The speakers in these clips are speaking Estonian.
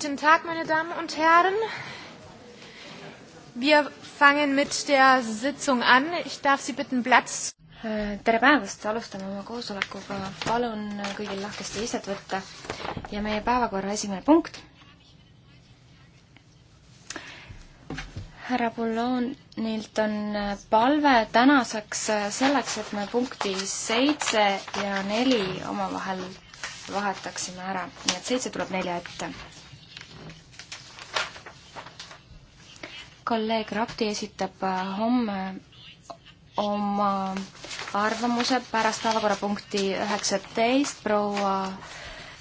Guten Tag, meine Damen und Herren. Wir fangen mit der Sitzung an. Ich darf Sie bitten, Platz. Äh, tere päevast, alustame oma koosolekuga. palun äh, kõigil lahkesti istet võtta ja meie päevakorra esimene punkt. härra Bullonilt on äh, palve tänaseks selleks, et me punkti seitse ja neli omavahel vahetaksime ära, nii et seitse tuleb nelja ette kolleeg Rapti esitab äh, homme oma arvamuse pärast päevakorrapunkti üheksateist proua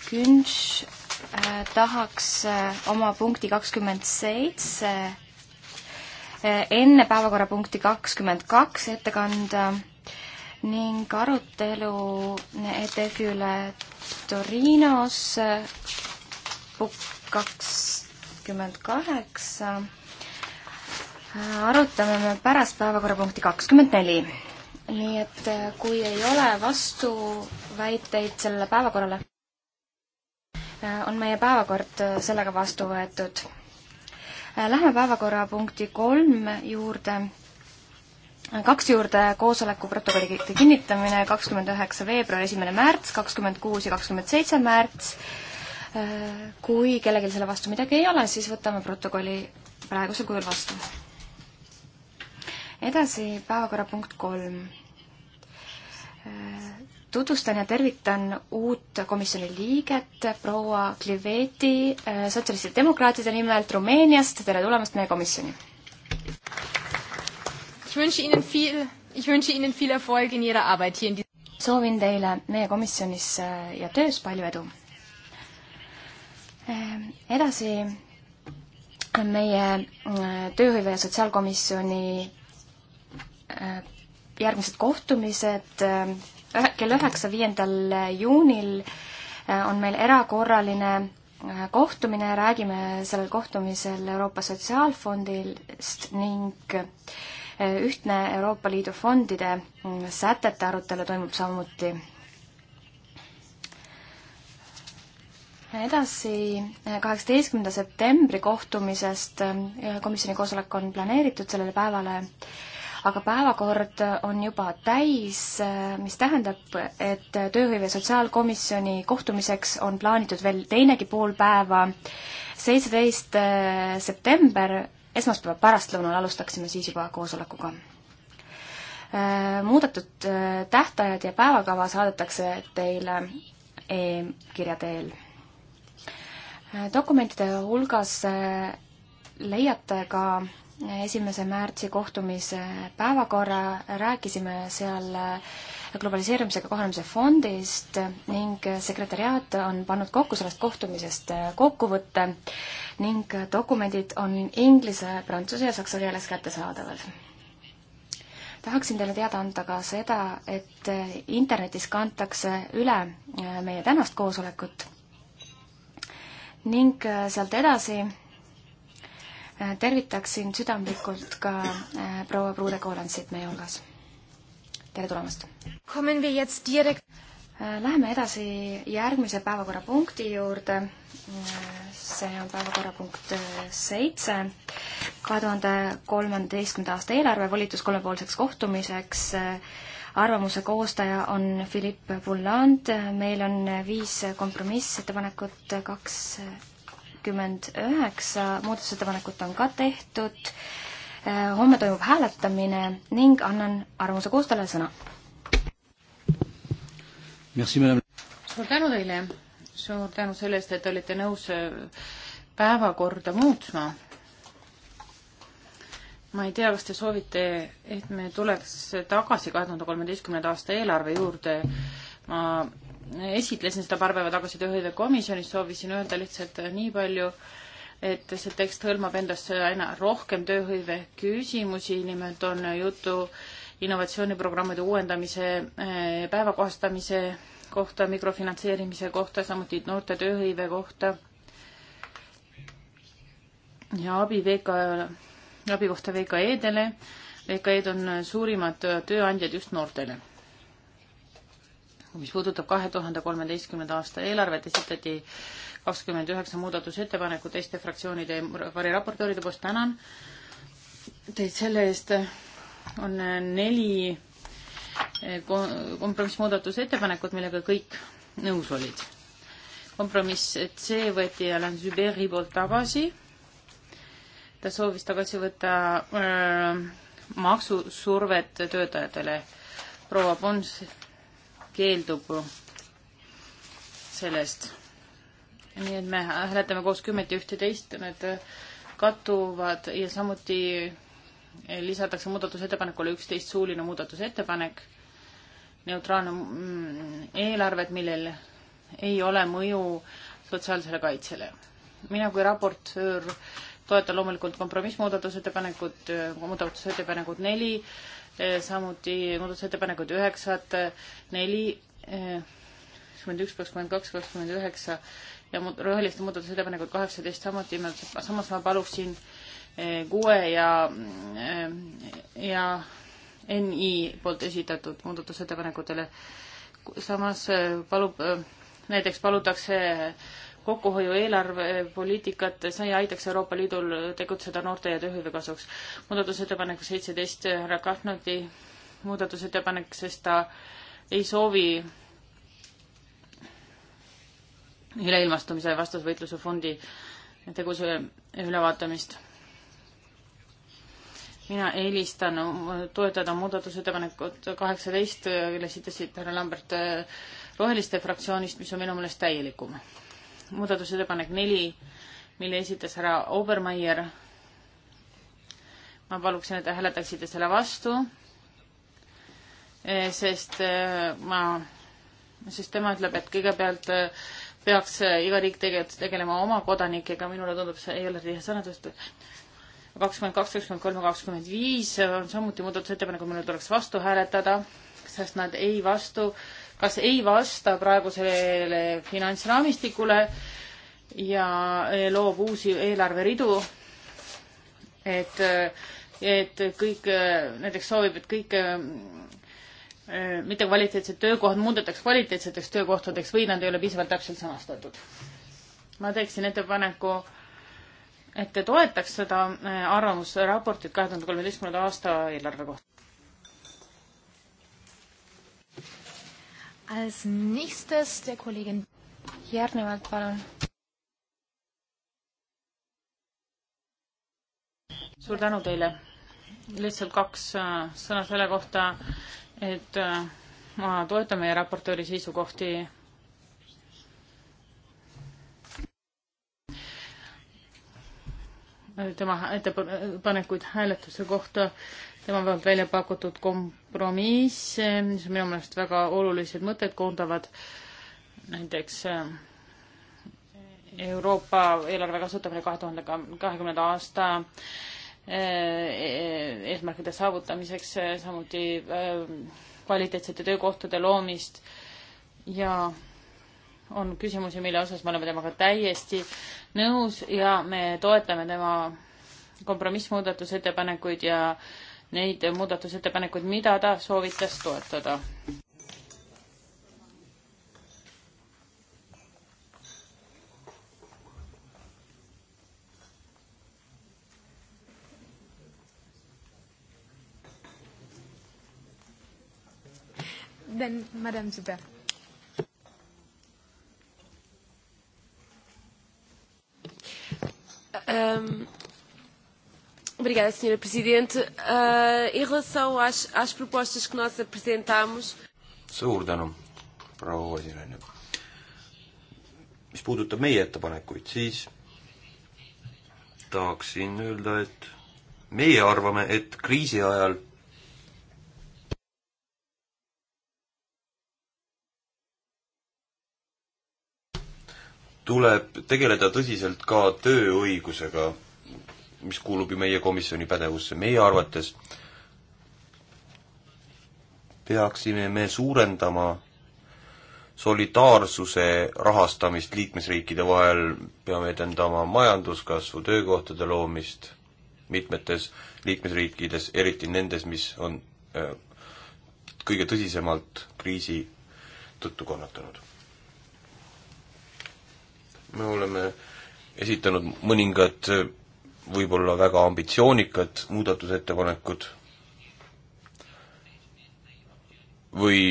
Künš äh, tahaks äh, oma punkti kakskümmend seitse enne päevakorrapunkti kakskümmend kaks ette kanda ning arutelu ETF-i üle Torinos kakskümmend kaheksa arutame me pärast päevakorrapunkti kakskümmend neli. nii et äh, kui ei ole vastuväiteid sellele päevakorrale, äh, on meie päevakord äh, sellega vastu võetud. Lähme päevakorrapunkti kolm juurde, kaks juurde koosoleku protokolli kinnitamine, kakskümmend üheksa veebruar, esimene märts, kakskümmend kuus ja kakskümmend seitse märts. kui kellelgi selle vastu midagi ei ole, siis võtame protokolli praegusel kujul vastu edasi päevakorrapunkt kolm. Äh, tutvustan ja tervitan uut komisjoni liiget, proua Kliveti äh, sotsialistide demokraatide nimelt Rumeeniast, tere tulemast meie komisjoni! soovin teile meie komisjonis äh, ja töös palju edu! Ähm, edasi meie tööhõive ja sotsiaalkomisjoni järgmised kohtumised. Eh, kell üheksa, viiendal juunil eh, on meil erakorraline eh, kohtumine, räägime sellel kohtumisel Euroopa Sotsiaalfondist ning ühtne Euroopa Liidu fondide mm, sätete arutelu toimub samuti. edasi kaheksateistkümnenda septembri kohtumisest, komisjoni koosolek on planeeritud sellele päevale aga päevakord on juba täis, mis tähendab, et tööhõive sotsiaalkomisjoni kohtumiseks on plaanitud veel teinegi pool päeva, seitseteist eh, september, esmaspäeva pärastlõunal alustaksime siis juba koosolekuga eh, muudetud eh, tähtajad ja päevakava saadetakse teile e-kirja teel. dokumentide hulgas leiate ka esimese märtsi kohtumise päevakorra, rääkisime seal globaliseerumisega kohanemise fondist ning sekretäriaat on pannud kokku sellest kohtumisest kokkuvõtte ning dokumendid on inglise, prantsuse ja saksa keeles kättesaadavad. tahaksin teile teada anda ka seda, et internetis kantakse üle meie tänast koosolekut ning sealt edasi Äh, tervitaksin südamlikult ka äh, proua Pruude Koolansit meie hulgas. tere tulemast! Äh, läheme edasi järgmise päevakorrapunkti juurde. see on päevakorrapunkt seitse, kahe tuhande kolmeteistkümnenda aasta eelarve volitus kolmepoolseks kohtumiseks arvamuse koostaja on Philippe Bouland, meil on viis kompromissettepanekut, kaks kakskümmend üheksa muudatusettepanekut on ka tehtud. Äh, homme toimub hääletamine ning annan arvamuse koostajale sõna. suur tänu teile, suur tänu selle eest, et olite nõus äh, päevakorda muutma. ma ei tea, kas te soovite, et me tuleks tagasi kahe tuhande kolmeteistkümnenda aasta eelarve juurde. ma esitlesin seda paar päeva tagasi tööhõive komisjonis, soovisin öelda lihtsalt äh, nii palju, et see tekst hõlmab endasse aina rohkem tööhõive küsimusi, nimelt on juttu innovatsiooniprogrammide uuendamise, äh, päevakohastamise kohta, mikrofinantseerimise kohta, samuti noorte tööhõive kohta ja abi VK, abi kohta VKE-dele. VKE-d on suurimad tööandjad just noortele mis puudutab kahe tuhande kolmeteistkümnenda aasta eelarvet, esitati kakskümmend üheksa muudatusettepanekut teiste fraktsioonide variraportööride poolt, tänan teid selle eest. on neli eh, kompromissmuudatusettepanekut, millega kõik nõus olid. kompromiss C võeti Alain Zuberi poolt tagasi. ta soovis tagasi võtta öö, äh, maksusurvet töötajatele. proua Pons keeldub sellest. nii et me hääletame koos kümmet ja ühteteist, need kattuvad ja samuti lisatakse muudatusettepanekule üksteist suuline muudatusettepanek, neutraalne mm, eelarved, millel ei ole mõju sotsiaalsele kaitsele. mina kui raportöör toetan loomulikult kompromissmuudatusettepanekut, muudatusettepanekut neli, Eh, samuti muudatusettepanekud üheksad, neli, eh, kakskümmend üks, kakskümmend kaks, kakskümmend üheksa ja roheliste muudatusettepanekud kaheksateist, samuti ma, samas ma palusin eh, kuue ja, mm, ja NI poolt esitatud muudatusettepanekutele. samas palub, näiteks palutakse kokkuhoiu eelarvepoliitikat, see aitaks Euroopa Liidul tegutseda noorte ja tööhõive kasuks. muudatusettepanek seitseteist härra Kahnati muudatusettepanek, sest ta ei soovi üleilmastumise vastasvõitluse fondi teguse ülevaatamist. mina eelistan toetada muudatusettepanekut kaheksateist, mille esitasid härra Lambert Roheliste fraktsioonist, mis on minu meelest täielikum muudatusettepanek neli, mille esitas härra Obermeier. ma paluksin, et te hääletaksite selle vastu, eh, sest eh, ma, sest tema ütleb, et kõigepealt eh, peaks iga riik tegelikult tegelema oma kodanikega, minule tundub, see ei ole teie sõnadest kakskümmend kaks, kakskümmend kolm ja kakskümmend viis on samuti muudatusettepanekud, millele tuleks vastu hääletada, sest nad ei vastu äh, kas ei vasta praegusele finantsraamistikule ja eh, loob uusi eelarveridu, et, eh, et kõik, eh, näiteks soovib, et kõik mittekvaliteetsed töökohad muudetakse kvaliteetseteks töökohtadeks või nad ei ole piisavalt täpselt sõnastatud. ma teeksin ettepaneku, et te toetaks seda arvamusraportit kahe tuhande kolmeteistkümnenda aasta eelarve kohta. Als nächstes der Kollegin. Järgnevalt palun. suur tänu teile. lihtsalt kaks äh, sõna selle kohta, et äh, ma toetan meie raportööri seisukohti. tema ettepanekuid hääletuse kohta tema poolt välja pakutud kompromiss, mis minu meelest väga olulised mõtted koondavad, näiteks äh, Euroopa eelarve kasutamine kahe tuhande kahekümnenda aasta äh, e-, eesmärkide saavutamiseks, äh, samuti kvaliteetsete töökohtade loomist ja on küsimusi, mille osas me oleme temaga täiesti nõus ja me toetame tema kompromissmuudatusettepanekuid ja äh, neid muudatusettepanekuid, mida ta soovitas toetada. Then Madame Zuber. Um, Obrigada, Sra. Presidente. Uh, em relação às, às propostas que nós apresentámos. suur tänu, proua esinaine. mis puudutab meie ettepanekuid, siis tahaksin öelda, et meie arvame, et kriisi ajal tuleb tegeleda tõsiselt ka tööõigusega mis kuulub ju meie komisjoni pädevusse, meie arvates peaksime me suurendama solidaarsuse rahastamist liikmesriikide vahel, peame edendama majanduskasvu, töökohtade loomist mitmetes liikmesriikides, eriti nendes, mis on äh, kõige tõsisemalt kriisi tõttu kannatanud. me oleme esitanud mõningad võib-olla väga ambitsioonikad muudatusettepanekud või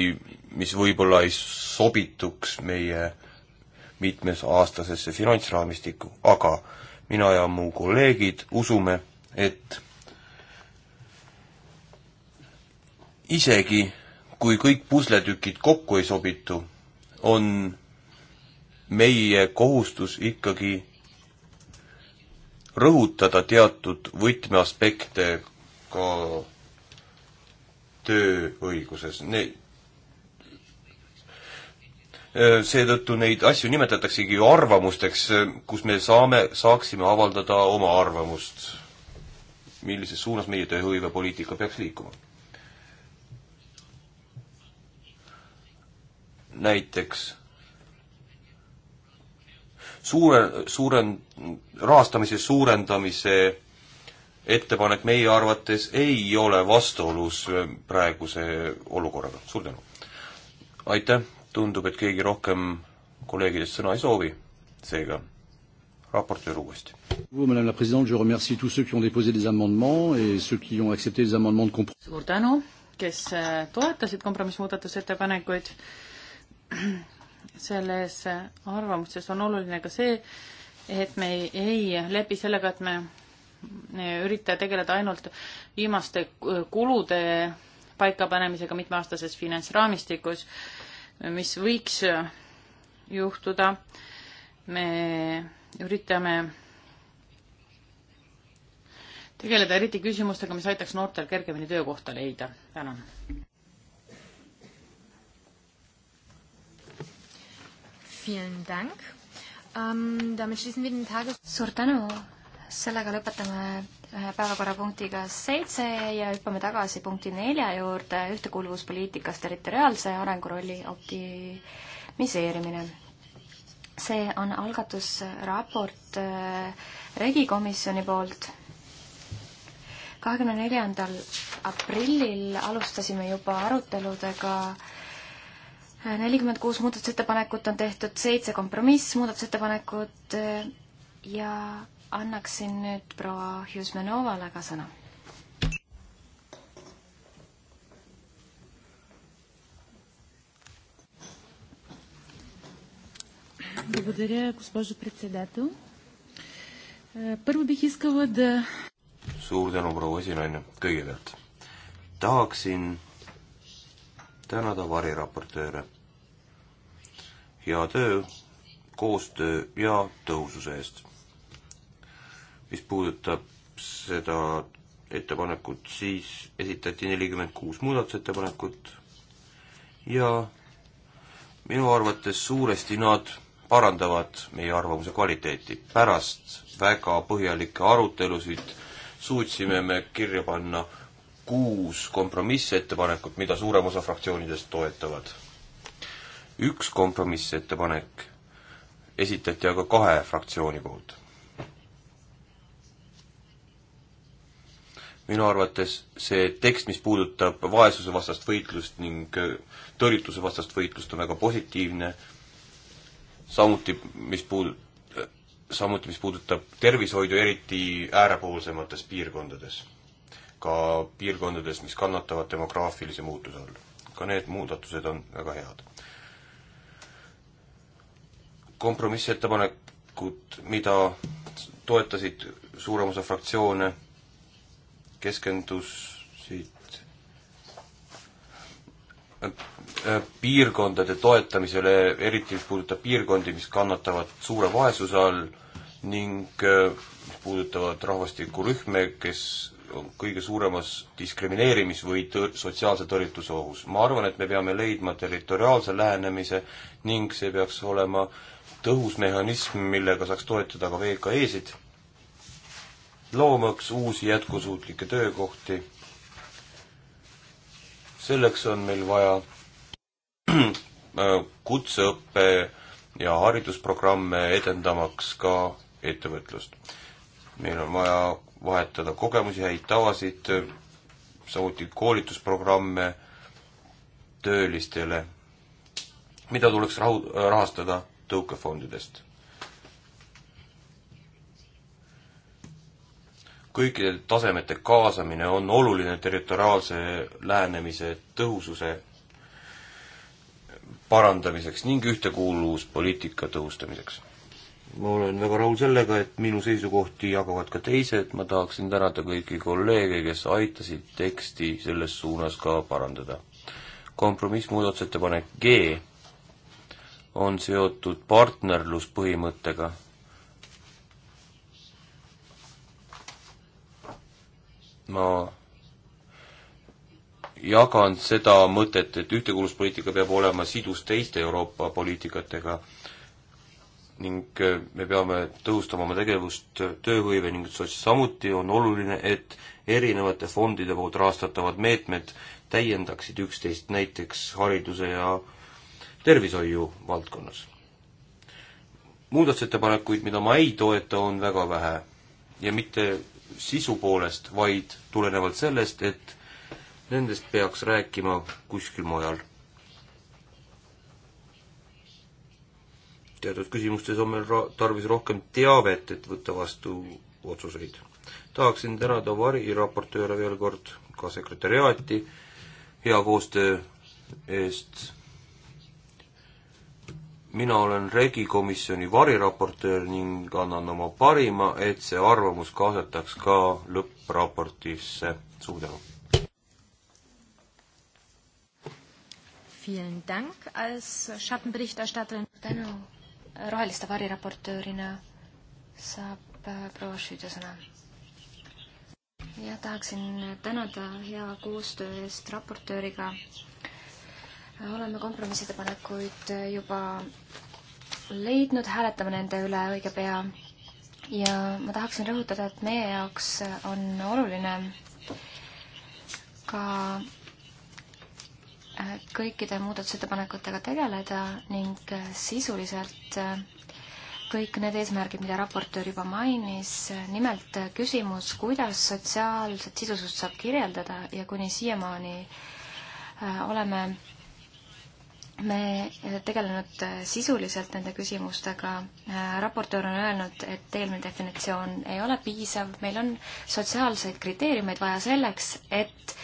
mis võib-olla ei sobituks meie mitmesaastasesse finantsraamistikku, aga mina ja mu kolleegid usume, et isegi kui kõik pusletükid kokku ei sobitu, on meie kohustus ikkagi rõhutada teatud võtmeaspekte ka tööõiguses. Ne-, seetõttu neid asju nimetataksegi ju arvamusteks, kus me saame, saaksime avaldada oma arvamust, millises suunas meie tööhõivepoliitika peaks liikuma. näiteks suure, suuren, rahastamise suurendamise ettepanek meie arvates ei ole vastuolus äh, praeguse olukorraga. suur tänu! aitäh, tundub, et keegi rohkem kolleegidest sõna ei soovi, seega raportöör uuesti. Madame la Présidente, je remercie tous ceux qui ont déposé des amendements et ceux qui ont accepté les amendements de compromis. suur tänu, kes äh, toetasid kompromissmuudatusettepanekuid selles arvamuses on oluline ka see, et me ei, ei lepi sellega, et me ürita tegeleda ainult viimaste kulude paikapanemisega mitmeaastases finantsraamistikus, mis võiks juhtuda. me üritame tegeleda eriti küsimustega, mis aitaks noortel kergemini töökohta leida. tänan. Vielen Dank. Ähm, damit schließen wir den Tages... Suur tänu. Sellega lõpetame äh, päevakorrapunktiga seitse ja hüppame tagasi punkti nelja juurde, ühtekuuluvuspoliitikas territoriaalse arengu rolli optimiseerimine. see on algatusraport äh, regikomisjoni poolt. kahekümne neljandal aprillil alustasime juba aruteludega äh, nelikümmend kuus muudatusettepanekut on tehtud, seitse kompromissmuudatusettepanekut eh, ja annaksin nüüd proua Hjusmenovale ka sõna. Благодаря, госпожо председател. Първо бих искала да... Suur tänu, proua esinaine, kõigepealt. tahaksin tänada variraportööre hea töö, koostöö ja tõhususe eest. mis puudutab seda ettepanekut, siis esitati nelikümmend kuus muudatusettepanekut ja minu arvates suuresti nad parandavad meie arvamuse kvaliteeti. pärast väga põhjalikke arutelusid suutsime me kirja panna kuus kompromissettepanekut, mida suurem osa fraktsioonidest toetavad üks kompromissettepanek esitati aga kahe fraktsiooni poolt. minu arvates see tekst, mis puudutab vaesusevastast võitlust ning äh, tõrjutusevastast võitlust, on väga positiivne, samuti mis puud-, äh, samuti mis puudutab tervishoidu, eriti äärepoolsemates piirkondades. ka piirkondades, mis kannatavad demograafilise muutuse all. ka need muudatused on väga head kompromissettepanekud, mida toetasid suurem osa fraktsioone, keskendusid äh, äh, piirkondade toetamisele, eriti mis puudutab piirkondi, mis kannatavad suure vaesuse all ning äh, mis puudutavad rahvastikurühme, kes on kõige suuremas diskrimineerimis- või tõ-, sotsiaalse tõrjutuse ohus. ma arvan, et me peame leidma territoriaalse lähenemise ning see peaks olema äh, tõhus mehhanism, millega saaks toetada ka VKE-sid, loomaks uusi jätkusuutlikke töökohti. selleks on meil vaja äh, kutseõppe ja haridusprogramme edendamaks ka ettevõtlust. meil on vaja vahetada kogemusi, häid tavasid, samuti koolitusprogramme töölistele, mida tuleks rahu-, rahastada tõukefondidest. kõikide tasemete kaasamine on oluline territoriaalse lähenemise tõhususe parandamiseks ning ühtekuuluvuspoliitika tõhustamiseks ma olen väga rahul sellega, et minu seisukohti jagavad ka teised, ma tahaksin tänada kõiki kolleege, kes aitasid teksti selles suunas ka parandada. kompromissmuudatusettepanek G on seotud partnerluspõhimõttega. ma jagan seda mõtet, et ühtekuuluvuspoliitika peab olema sidus teiste Euroopa poliitikatega ning me peame tõhustama oma tegevust tööhõive ning sots-, samuti on oluline, et erinevate fondide poolt rahastatavad meetmed täiendaksid üksteist näiteks hariduse ja äh, tervishoiu valdkonnas. muudatusettepanekuid, mida ma ei toeta, on väga vähe ja mitte sisu poolest, vaid tulenevalt sellest, et nendest peaks rääkima kuskil mujal. teatud küsimustes on meil ra-, tarvis rohkem teavet, et võtta vastu otsuseid. tahaksin tänada variraportööre veel kord, ka sekretäriaati hea koostöö eest mina olen Regi komisjoni variraportöör ning annan oma parima, et see arvamus kaasataks ka lõppraportisse. suur tänu! Vielen Dank als Schattenberichterstatterin. Tänu roheliste variraportöörina saab äh, proua Šüüde sõna. jah, tahaksin tänada hea koostöö eest raportööriga oleme kompromissettepanekuid juba leidnud, hääletame nende üle õige pea. ja ma tahaksin rõhutada, et meie jaoks on oluline ka äh, kõikide muudatusettepanekutega tegeleda ning sisuliselt äh, kõik need eesmärgid, mida raportöör juba mainis, äh, nimelt küsimus, kuidas sotsiaalset sisusust saab kirjeldada ja kuni siiamaani oleme me tegelenud äh, sisuliselt nende küsimustega. Äh, raportöör on öelnud, et eelmine definitsioon ei ole piisav, meil on sotsiaalseid kriteeriumeid vaja selleks, et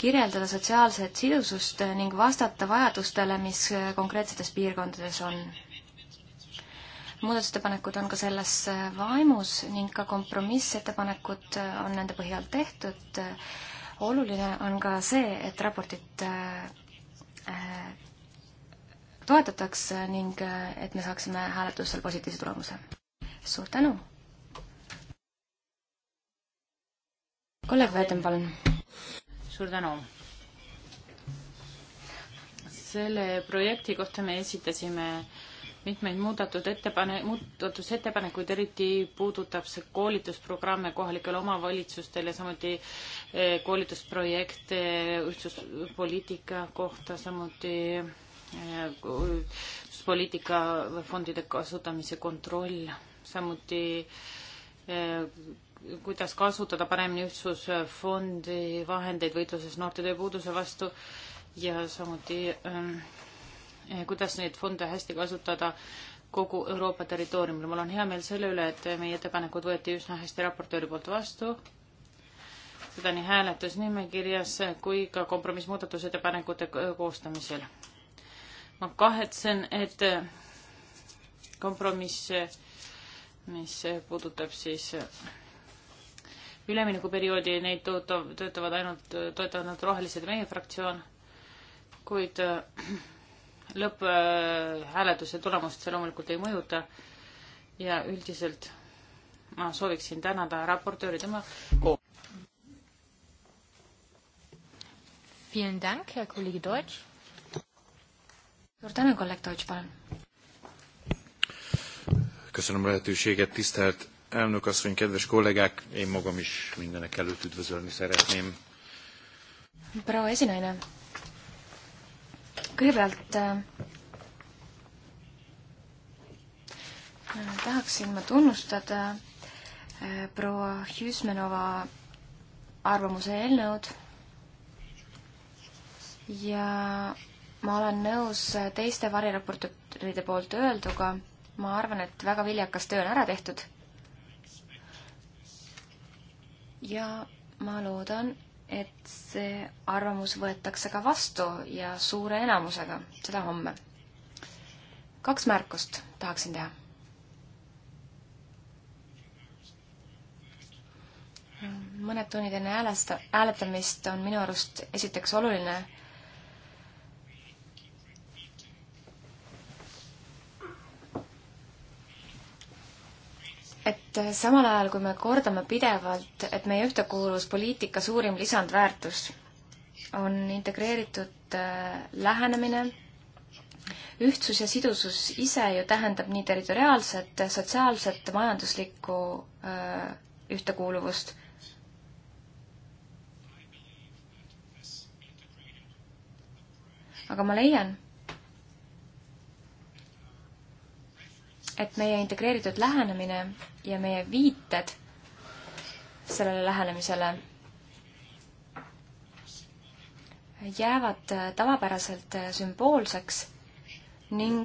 kirjeldada sotsiaalset sidusust ning vastata vajadustele, mis äh, konkreetsetes piirkondades on. muudatusettepanekud on ka selles vaimus ning ka kompromissettepanekud on nende põhjal tehtud. oluline on ka see, et raportit toetataks ning äh, et me saaksime hääletusel positiivse tulemuse. suur tänu! kolleeg Veetem, palun! suur tänu! selle projekti kohta me esitasime mitmeid muudatud ettepane-, muudatusettepanekuid, eriti puudutab see koolitusprogramme kohalikele omavalitsustele, samuti eh, koolitusprojekte ühtsuspoliitika kohta, samuti poliitikafondide kasutamise kontroll, samuti eh, kuidas kasutada paremini ühtsusfondi vahendeid võitluses noorte tööpuuduse vastu ja samuti eh, eh, kuidas neid fonde hästi kasutada kogu Euroopa territooriumil. mul on hea meel selle üle, et meie ettepanekud võeti üsna hästi raportööri poolt vastu, seda nii hääletusnimekirjas kui ka kompromissmuudatusettepanekute koostamisel ma kahetsen, et äh, kompromiss, äh, mis äh, puudutab siis üleminekuperioodi, neid töötav, töötavad ainult, toetavad ainult rohelised meie fraktsioon, kuid lõpphääletuse tulemust see loomulikult ei mõjuta ja üldiselt ma sooviksin tänada raportööri tema koos. Vielen Dank, Herr Kollege Deutsch suur tänu, kolleeg Deutsch, palun. köszönöm lehetőséget, tisztelt elnök asszony, kedves kollégák, én magam is mindenek előtt üdvözölni szeretném. proua esinaine, kõigepealt äh, tahaksin ma tunnustada äh, proua Hüüsmenova arvamuse eelnõud ja ma olen nõus äh, teiste variraportööride poolt öelduga, ma arvan, et väga viljakas töö on ära tehtud. ja ma loodan, et see arvamus võetakse ka vastu ja suure enamusega, seda homme. kaks märkust tahaksin teha. mõned tunnid enne häälest, hääletamist on minu arust esiteks oluline et samal ajal, kui me kordame pidevalt, et meie ühtekuuluvuspoliitika suurim lisandväärtus on integreeritud äh, lähenemine, ühtsus ja sidusus ise ju tähendab nii territoriaalset, sotsiaalset, majanduslikku äh, ühtekuuluvust. aga ma leian, et meie integreeritud lähenemine ja meie viited sellele lähenemisele jäävad tavapäraselt sümboolseks ning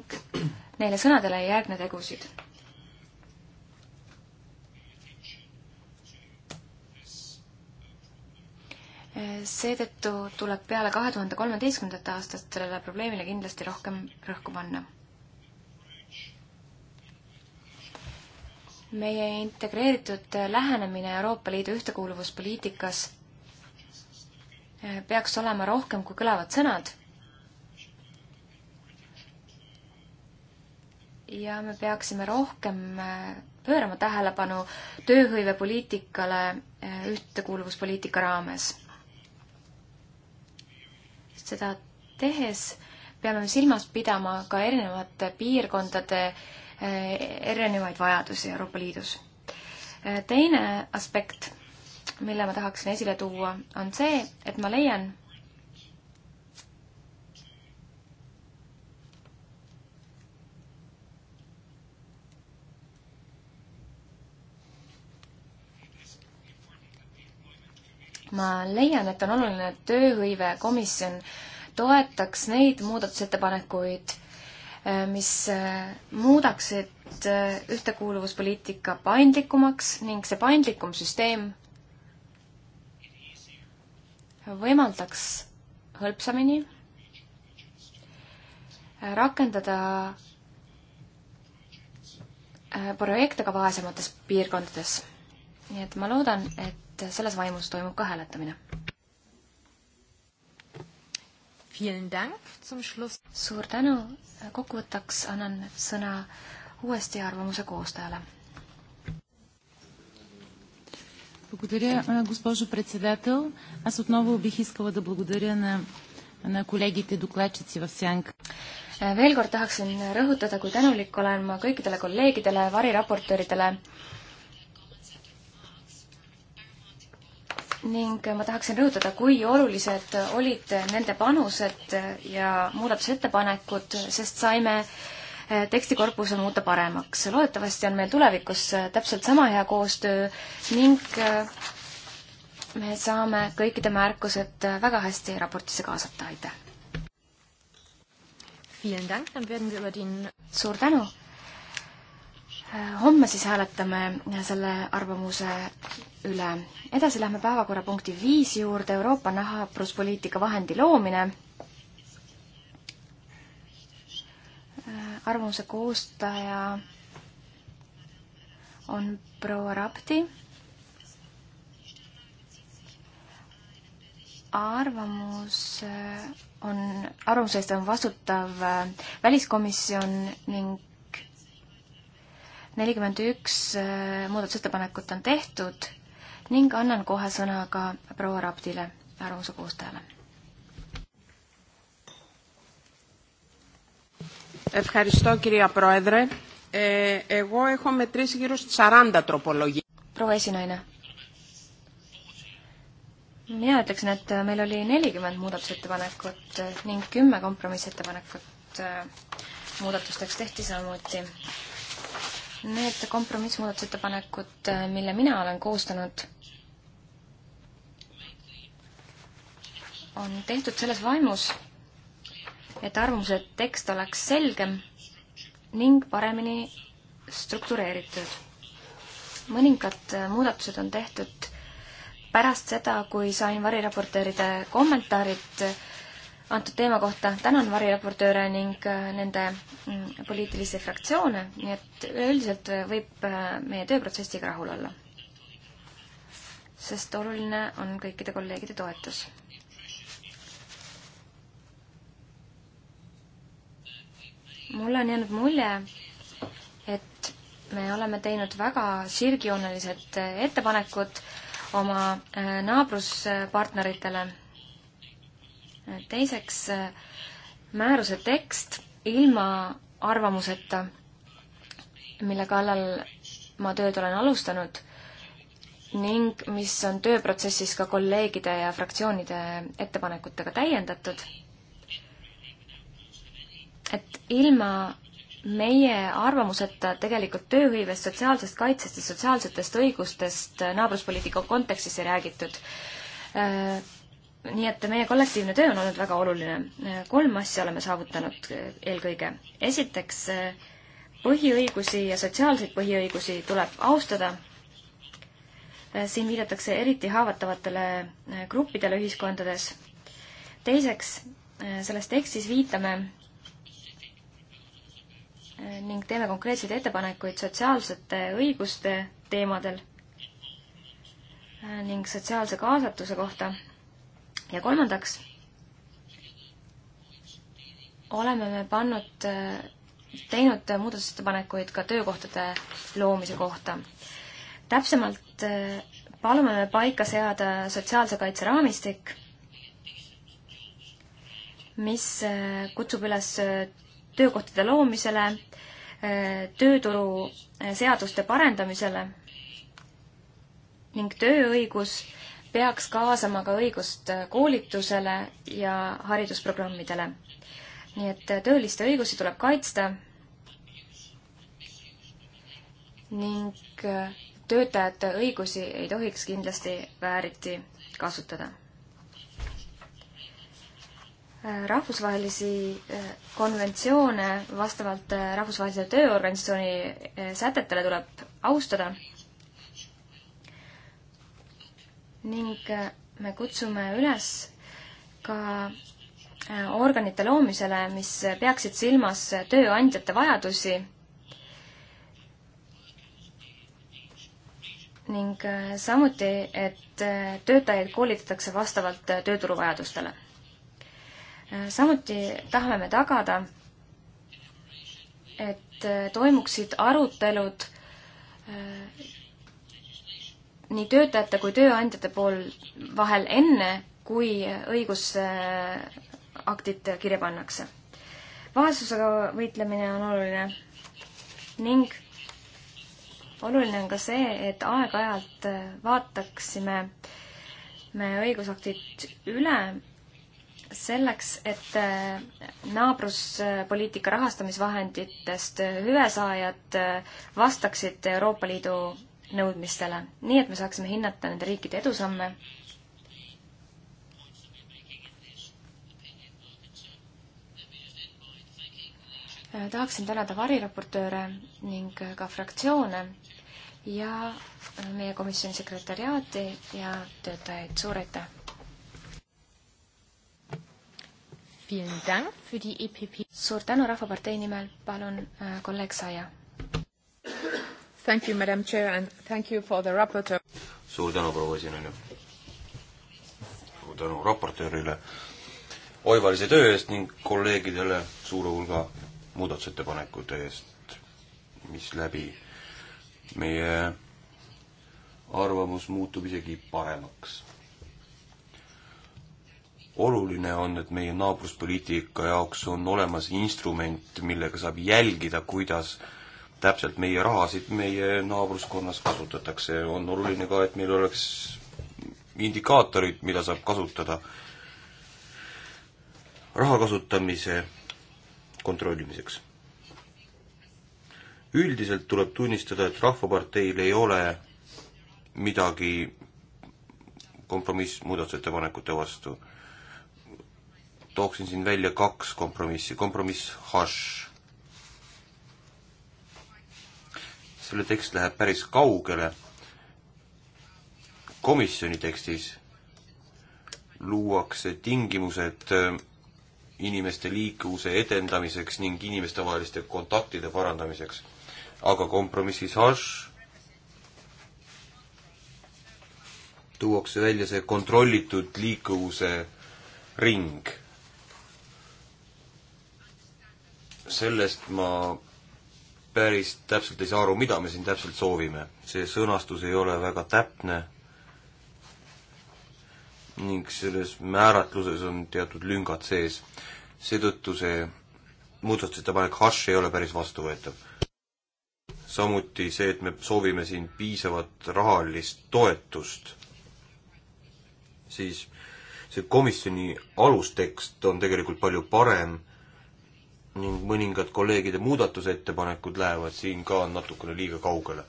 neile sõnadele ei järgne tegusid. seetõttu tuleb peale kahe tuhande kolmeteistkümnendat aastat sellele probleemile kindlasti rohkem rõhku panna meie integreeritud lähenemine Euroopa Liidu ühtekuuluvuspoliitikas eh, peaks olema rohkem kui kõlavad sõnad. ja me peaksime rohkem eh, pöörama tähelepanu tööhõivepoliitikale eh, ühtekuuluvuspoliitika raames. seda tehes peame silmas pidama ka erinevate piirkondade äh, Eh, erinevaid vajadusi Euroopa Liidus. Eh, teine aspekt, mille ma tahaksin esile tuua, on see, et ma leian, ma leian, et on oluline, et tööhõivekomisjon toetaks neid muudatusettepanekuid, mis äh, muudaksid äh, ühtekuuluvuspoliitika paindlikumaks ning see paindlikum süsteem võimaldaks hõlpsamini äh, rakendada projekte ka vaesemates piirkondades. nii et ma loodan, et selles vaimus toimub ka hääletamine suur tänu, kokkuvõtteks annan sõna uuesti arvamuse koostajale. Благодаря, госпожо председател. Аз отново бих искала да благодаря на, на колегите докладчици в Сянка. Veel kord tahaksin rõhutada, kui tänulik olen ma kõikidele kolleegidele, variraportööridele ning ma tahaksin rõhutada, kui olulised olid nende panused ja muudatusettepanekud, sest saime eh, tekstikorpuse muuta paremaks. loodetavasti on meil tulevikus eh, täpselt sama hea koostöö ning eh, me saame kõikide märkused väga hästi raportisse kaasata, aitäh! suur tänu! Äh, homme siis hääletame selle arvamuse üle. edasi lähme päevakorrapunkti viis juurde, Euroopa nahapruspoliitika vahendi loomine. Äh, arvamuse koostaja on proua Rapti. arvamus äh, on, arvamuse eest on vastutav väliskomisjon ning nelikümmend üks äh, muudatusettepanekut on tehtud ning annan kohe sõna ka proua Raptile, arvamuse koostajale. Ευχαριστώ κυρία Πρόεδρε. Ε, εγώ έχω μετρήσει γύρω στις 40 τροπολογίες. Proua esinaine. mina ütleksin, et meil oli nelikümmend muudatusettepanekut ning kümme kompromissettepanekut äh, muudatusteks tehti samuti. Need kompromissmuudatusettepanekud, äh, mille mina olen koostanud, on tehtud selles vaimus, et arvamuse tekst oleks selgem ning paremini struktureeritud. mõningad äh, muudatused on tehtud pärast seda, kui sain variraportööride kommentaarid äh, antud teema kohta tänan variraportööre ning äh, nende mm, poliitilisi fraktsioone, nii et üleüldiselt äh, võib äh, meie tööprotsessiga rahul olla. sest oluline on kõikide kolleegide toetus. mulle on jäänud mulje, et me oleme teinud väga sirgjoonelised ettepanekud oma naabruspartneritele teiseks, äh, määruse tekst ilma arvamuseta, mille kallal ma tööd olen alustanud ning mis on tööprotsessis ka kolleegide ja fraktsioonide ettepanekutega täiendatud, et ilma meie arvamuseta tegelikult tööhõivest, sotsiaalsest kaitsest ja sotsiaalsetest õigustest naabruspoliitika kontekstis ei räägitud äh, nii et meie kollektiivne töö on olnud väga oluline. kolm asja oleme saavutanud eelkõige. esiteks, põhiõigusi ja sotsiaalseid põhiõigusi tuleb austada. siin viidatakse eriti haavatavatele gruppidele ühiskondades. teiseks, selles tekstis viitame ning teeme konkreetseid ettepanekuid sotsiaalsete õiguste teemadel ning sotsiaalse kaasatuse kohta ja kolmandaks oleme me pannud, teinud muudatusettepanekuid ka töökohtade loomise kohta. täpsemalt palume me paika seada sotsiaalse kaitse raamistik, mis eh, kutsub üles eh, töökohtade loomisele, eh, tööturu seaduste parendamisele ning tööõigus peaks kaasama ka õigust koolitusele ja haridusprogrammidele. nii et tööliste õigusi tuleb kaitsta ning töötajate õigusi ei tohiks kindlasti vääriti kasutada. rahvusvahelisi eh, konventsioone vastavalt eh, Rahvusvahelise Tööorganisatsiooni eh, sätetele tuleb austada ning äh, me kutsume üles ka äh, organite loomisele, mis peaksid silmas tööandjate vajadusi ning äh, samuti, et töötajaid koolitatakse vastavalt tööturu vajadustele. samuti tahame me tagada, et toimuksid arutelud nii töötajate kui tööandjate pool vahel enne, kui õigusaktid kirja pannakse. vaesusega võitlemine on oluline ning oluline on ka see, et aeg-ajalt vaataksime me õigusaktid üle selleks, et naabruspoliitika rahastamisvahenditest hüvesaajad vastaksid Euroopa Liidu nõudmistele, nii et me saaksime hinnata nende riikide edusamme. Äh, tahaksin tänada variraportööre ning äh, ka fraktsioone ja äh, meie komisjoni sekretäriaati ja töötajaid, suur aitäh! E suur tänu Rahvapartei nimel, palun kolleeg Saia! Thank you, Madam Chair, and thank you for the raporteur. suur tänu, proua esineja. suur tänu raportöörile oivalise töö eest ning kolleegidele suure hulga muudatusettepanekute eest, mis läbi meie arvamus muutub isegi paremaks. oluline on, et meie naabruspoliitika jaoks on olemas instrument, millega saab jälgida, kuidas äh, täpselt meie rahasid meie naabruskonnas kasutatakse. on oluline ka, et meil oleks indikaatorid, mida saab kasutada raha kasutamise kontrollimiseks. üldiselt tuleb tunnistada, et Rahvaparteil ei ole midagi kompromissmuudatusettepanekute vastu. tooksin siin välja kaks kompromissi, kompromiss hašš selle tekst läheb päris kaugele komisjoni tekstis luuakse tingimused äh, inimeste liikuvuse edendamiseks ning inimestevaheliste kontaktide parandamiseks. aga kompromissis hash tuuakse välja see kontrollitud liikuvuse ring. sellest ma päris täpselt ei saa aru, mida me siin täpselt soovime. see sõnastus ei ole väga täpne ning selles määratluses on teatud lüngad sees. seetõttu see muudatusettepanek hash ei ole päris vastuvõetav. samuti see, et me soovime siin piisavat rahalist toetust, siis see komisjoni alustekst on tegelikult palju parem ning mõningad kolleegide muudatusettepanekud lähevad siin ka natukene liiga kaugele.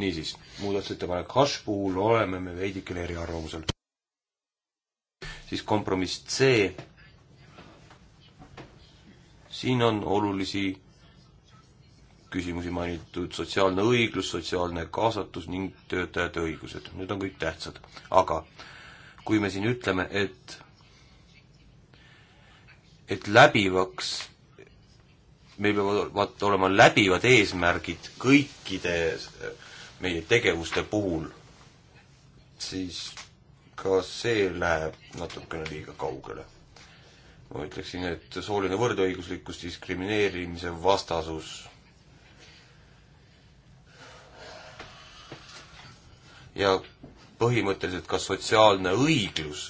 niisiis, muudatusettepanek Hush puhul oleme me veidikene eriarvamusel. siis kompromiss C. siin on olulisi küsimusi mainitud sotsiaalne õiglus, sotsiaalne kaasatus ning töötajate õigused, need on kõik tähtsad. aga kui me siin ütleme, et et läbivaks, meil peavad olema läbivad eesmärgid kõikide äh, meie tegevuste puhul, siis ka see läheb natukene liiga kaugele. ma ütleksin, et sooline võrdõiguslikkus, diskrimineerimise vastasus ja põhimõtteliselt ka sotsiaalne õiglus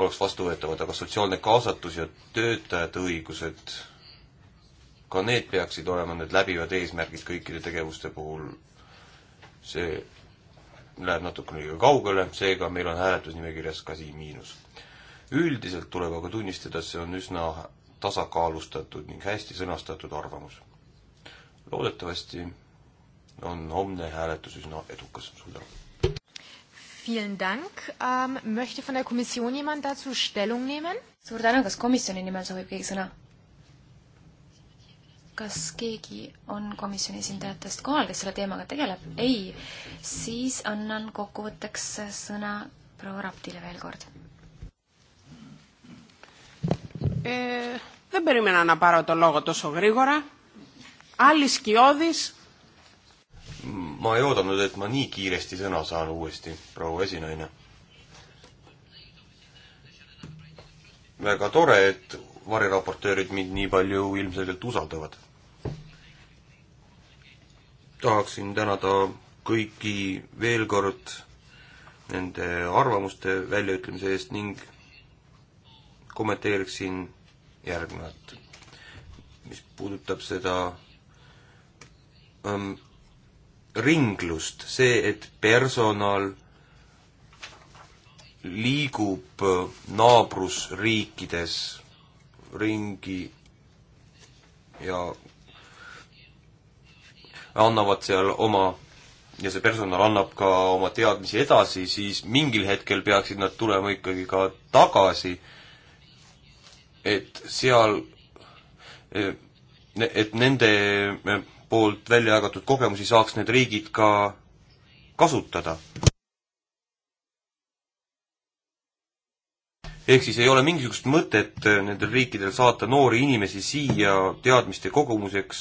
oleks vastuvõetavad, aga sotsiaalne kaasatus ja töötajate õigused, ka need peaksid olema need läbivad eesmärgid kõikide tegevuste puhul. see läheb natukene liiga kaugele, seega meil on hääletusnimekirjas ka siin miinus. üldiselt tuleb aga tunnistada, et see on üsna tasakaalustatud ning hästi sõnastatud arvamus. loodetavasti on homne hääletus üsna edukas. suur tänu! vielen Dank. Ähm, möchte von der Kommission jemand dazu Stellung nehmen? suur tänu, kas komisjoni nimel soovib keegi sõna? kas keegi on komisjoni esindajatest kohal, kes selle teemaga tegeleb? ei. siis annan kokkuvõtteks sõna proua Raptile veel kord. Δεν περιμένα να πάρω το λόγο τόσο γρήγορα. Άλλοι σκιώδεις ma ei oodanud, et ma nii kiiresti sõna saan uuesti, proua esinaine. väga tore, et variraportöörid mind nii palju ilmselgelt usaldavad. tahaksin tänada kõiki veel kord nende arvamuste väljaütlemise eest ning kommenteeriksin järgnevat, mis puudutab seda ähm, ringlust, see, et personal liigub äh, naabrusriikides ringi ja annavad seal oma ja see personal annab ka oma teadmisi edasi, siis mingil hetkel peaksid nad tulema ikkagi ka tagasi, et seal, äh, et nende äh, poolt välja jagatud kogemusi saaks need riigid ka kasutada. ehk siis ei ole mingisugust mõtet äh, nendel riikidel saata noori inimesi siia teadmiste kogumuseks,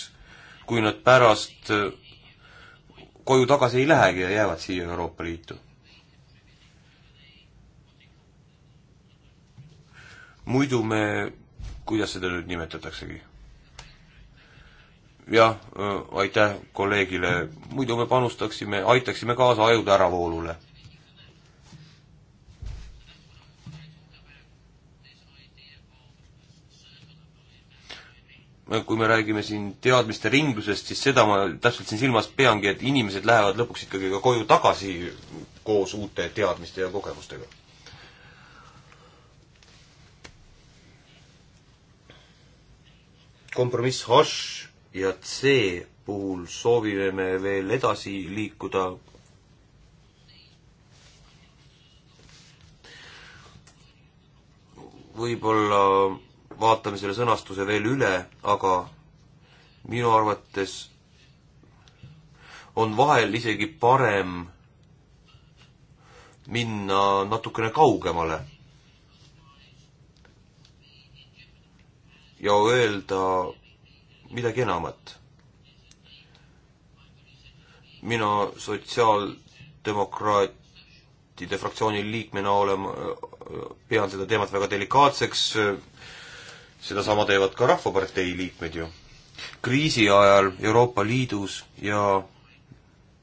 kui nad pärast äh, koju tagasi ei lähegi ja jäävad siia Euroopa Liitu. muidu me, kuidas seda nüüd nimetataksegi jah, äh, aitäh kolleegile, muidu me panustaksime, aitaksime kaasa ajude äravoolule. kui me räägime siin teadmiste ringlusest, siis seda ma täpselt siin silmas peangi, et inimesed lähevad lõpuks ikkagi ka koju tagasi koos uute teadmiste ja kogemustega kompromiss Hosh ja C puhul soovime me veel edasi liikuda. võib-olla vaatame selle sõnastuse veel üle, aga minu arvates on vahel isegi parem minna natukene kaugemale ja öelda midagi enamat. mina sotsiaaldemokraatide fraktsiooni liikmena olen, pean seda teemat väga delikaatseks, sedasama teevad ka Rahvapartei liikmed ju. kriisi ajal Euroopa Liidus ja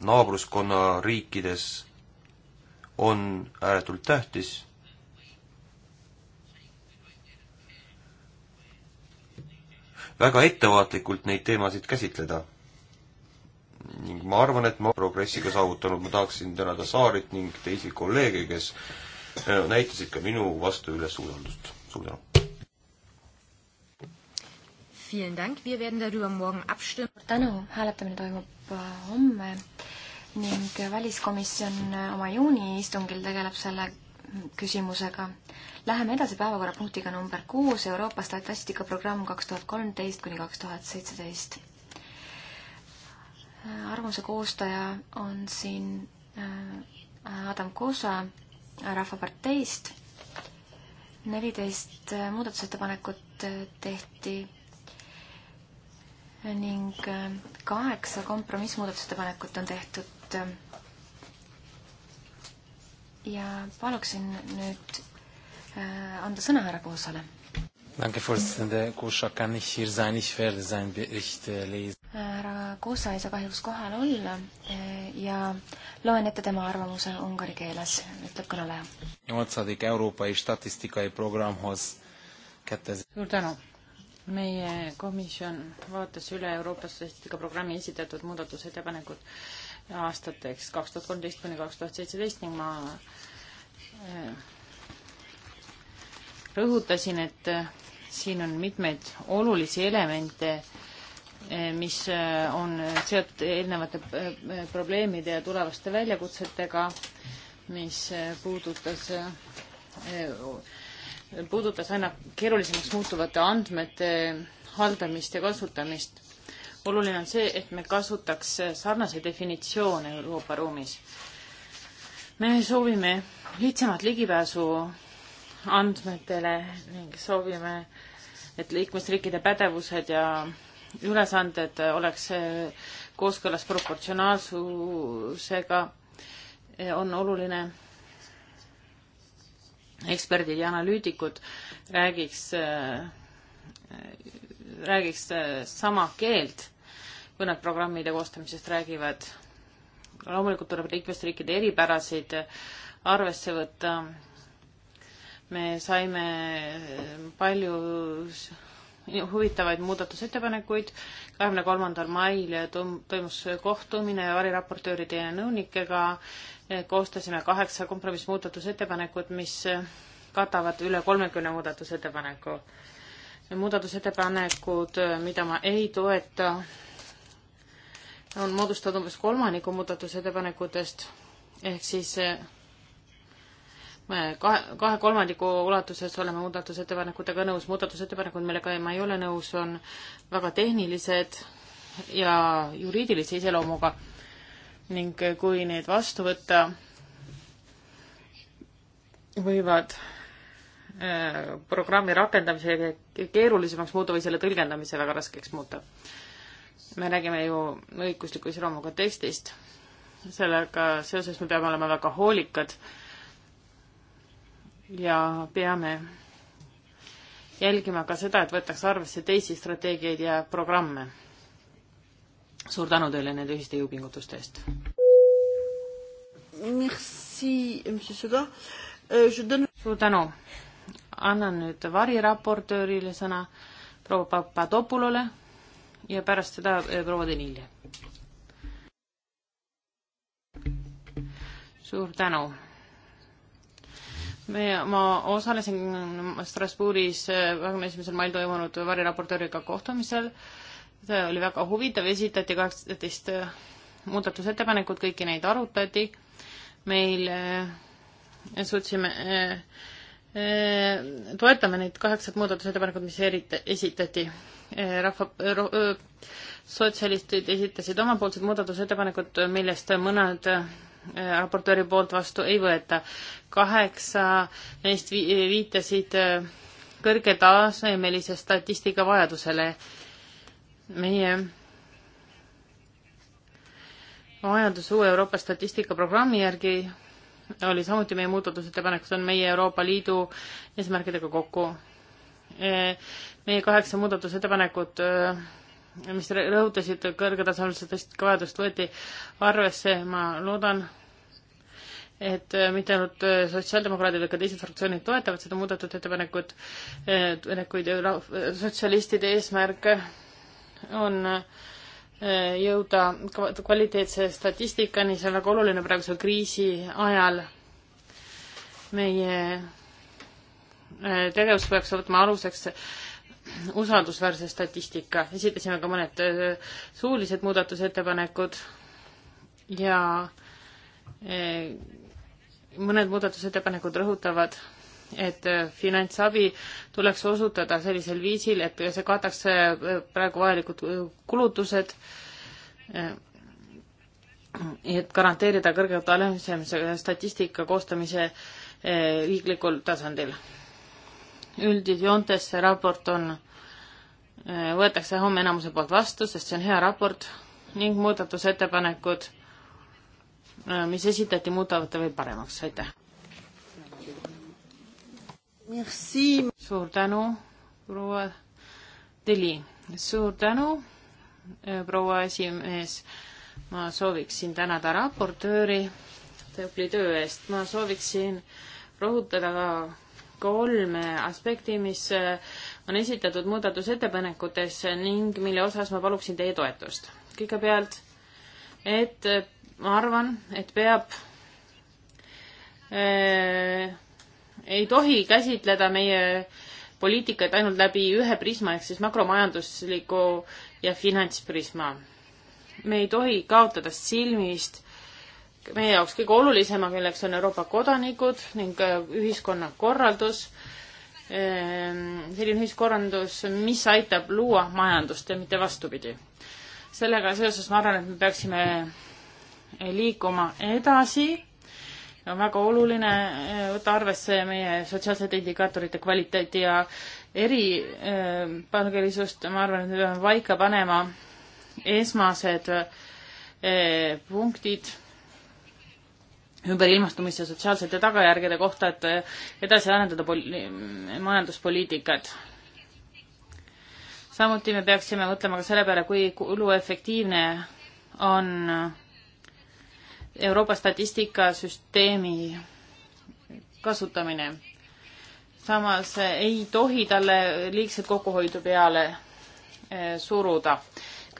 naabruskonna riikides on ääretult tähtis väga ettevaatlikult neid teemasid käsitleda. ning ma arvan, et ma progressiga saavutanud, ma tahaksin tänada Saarit ning teisi kolleege, kes äh, näitasid ka minu vastu üles usaldust. suur tänu! Vielen Dank. Wir werden darüber morgen abstimmen. tänu, hääletamine toimub äh, homme ning väliskomisjon äh, oma juuni istungil tegeleb sellega küsimusega. Läheme edasi päevakorrapunktiga number kuus, Euroopa statistikaprogramm kaks tuhat kolmteist kuni kaks tuhat seitseteist. arvamuse koostaja on siin äh, Adam Kosa Rahvaparteist. neliteist äh, muudatusettepanekut äh, tehti ning kaheksa kompromissmuudatusettepanekut on tehtud ja paluksin nüüd äh, anda sõna härra Kuusale. Äh, äh, härra Kuusa ei saa kahjuks kohal olla ja loen ette tema arvamuse ungari keeles, ütleb kõneleja. suur tänu meie komisjon vaatas üle Euroopa statistikaprogrammi esitatud muudatusettepanekud aastateks kaks tuhat kolmteist kuni kaks tuhat seitseteist ning ma äh, rõhutasin, et äh, siin on mitmeid olulisi elemente, äh, mis on seotud eelnevate probleemide ja tulevaste väljakutsetega, mis puudutas, puudutas aina keerulisemaks muutuvate andmete haldamist ja kasutamist oluline on see, et me kasutaks sarnaseid definitsioone Euroopa ruumis. me soovime lihtsamat ligipääsu andmetele ning soovime, et liikmesriikide pädevused ja ülesanded oleks kooskõlas proportsionaalsusega, on oluline eksperdid ja analüütikud räägiks, räägiks sama keelt kui nad programmide koostamisest räägivad. loomulikult tuleb liikmesriikide eripärasid arvesse võtta. me saime palju huvitavaid muudatusettepanekuid. kahekümne kolmandal mail toimus kohtumine variraportööride ja nõunikega. koostasime kaheksa kompromissmuudatusettepanekut, mis katavad üle kolmekümne muudatusettepaneku. muudatusettepanekud, mida ma ei toeta, on moodustanud umbes kolmandiku muudatusettepanekutest, ehk siis eh, me kahe, kahe kolmandiku ulatuses oleme muudatusettepanekutega nõus, muudatusettepanekud, millega ma ei ole nõus, on väga tehnilised ja juriidilise iseloomuga ning eh, kui need vastu võtta, võivad eh, programmi rakendamise keerulisemaks muuta või selle tõlgendamise väga raskeks muuta me räägime ju õigusliku iseloomuga tekstist. sellega seoses me peame olema väga hoolikad ja peame jälgima ka seda, et võtaks arvesse teisi strateegiaid ja programme. suur tänu teile nende ühiste jõupingutuste eest. Euh, suur tänu. annan nüüd variraportöörile sõna proua Papadopulole ja pärast seda eh, proua Denilje. suur tänu. me, ma osalesin Strasbourgis eh, kahekümne esimesel mail toimunud variraportööriga kohtumisel. see oli väga huvitav, esitati kaheksateist eh, muudatusettepanekut, kõiki neid arutati. meil suutsime äh, Äh, toetame neid kaheksat muudatusettepanekut, mis erita-, esitati. Äh, rahva, sotsialistid esitasid omapoolsed muudatusettepanekud, millest mõned äh, raportööri poolt vastu ei võeta. kaheksa neist viitasid kõrgetasemelise statistika vajadusele. meie vajadus uue Euroopa statistikaprogrammi järgi oli samuti meie muudatusettepanekus, on meie Euroopa Liidu eesmärkidega kokku. E, meie kaheksa muudatusettepanekut, e, mis rõhutasid kõrgetasemelist vajadust, võeti arvesse, ma loodan, et mitte ainult sotsiaaldemokraadid, vaid ka teised fraktsioonid toetavad seda muudetud ettepanekut, ettepanekuid, sotsialistide eesmärk on äh, Eh, jõuda kvaliteetse statistikani, see on väga oluline praeguse kriisi ajal. meie eh, tegevus peaks võtma aluseks usaldusväärse statistika. esitasime ka mõned eh, suulised muudatusettepanekud ja mõned muudatusettepanekud rõhutavad et äh, finantsabi tuleks osutada sellisel viisil, et see kataks äh, praegu vajalikud äh, kulutused, et garanteerida kõrge tasemise statistika koostamise riiklikul tasandil. üldjoontes see raport on, võetakse homme enamuse poolt vastu, sest see on hea raport ning muudatusettepanekud, mis esitati, muudavad ta veel paremaks, aitäh! suur tänu, proua Teli, suur tänu, eh, proua esimees. ma sooviksin tänada raportööri tubli töö eest. ma sooviksin rõhutada ka kolme aspekti, mis eh, on esitatud muudatusettepanekutes ning mille osas ma paluksin teie toetust. kõigepealt, et ma arvan, et peab äh, ei tohi käsitleda meie poliitikat ainult läbi ühe prisma ehk siis makromajandusliku ja finantsprisma. me ei tohi kaotada silmist meie jaoks kõige olulisema, milleks on Euroopa kodanikud ning äh, ühiskonna korraldus, ehm, selline ühiskorraldus, mis aitab luua majandust ja mitte vastupidi. sellega seoses ma arvan, et me peaksime liikuma edasi on väga oluline eh, võtta arvesse meie sotsiaalsete indikaatorite kvaliteeti ja eripalgelisust, eh, ma arvan, et me peame paika panema esmased eh, punktid ümberilmastumise sotsiaalsete tagajärgede kohta, et edasi arendada pol-, majanduspoliitikat. samuti me peaksime mõtlema ka selle peale, kui kuluefektiivne on Euroopa statistikasüsteemi kasutamine. samas ei tohi talle liigset kokkuhoidu peale eh, suruda.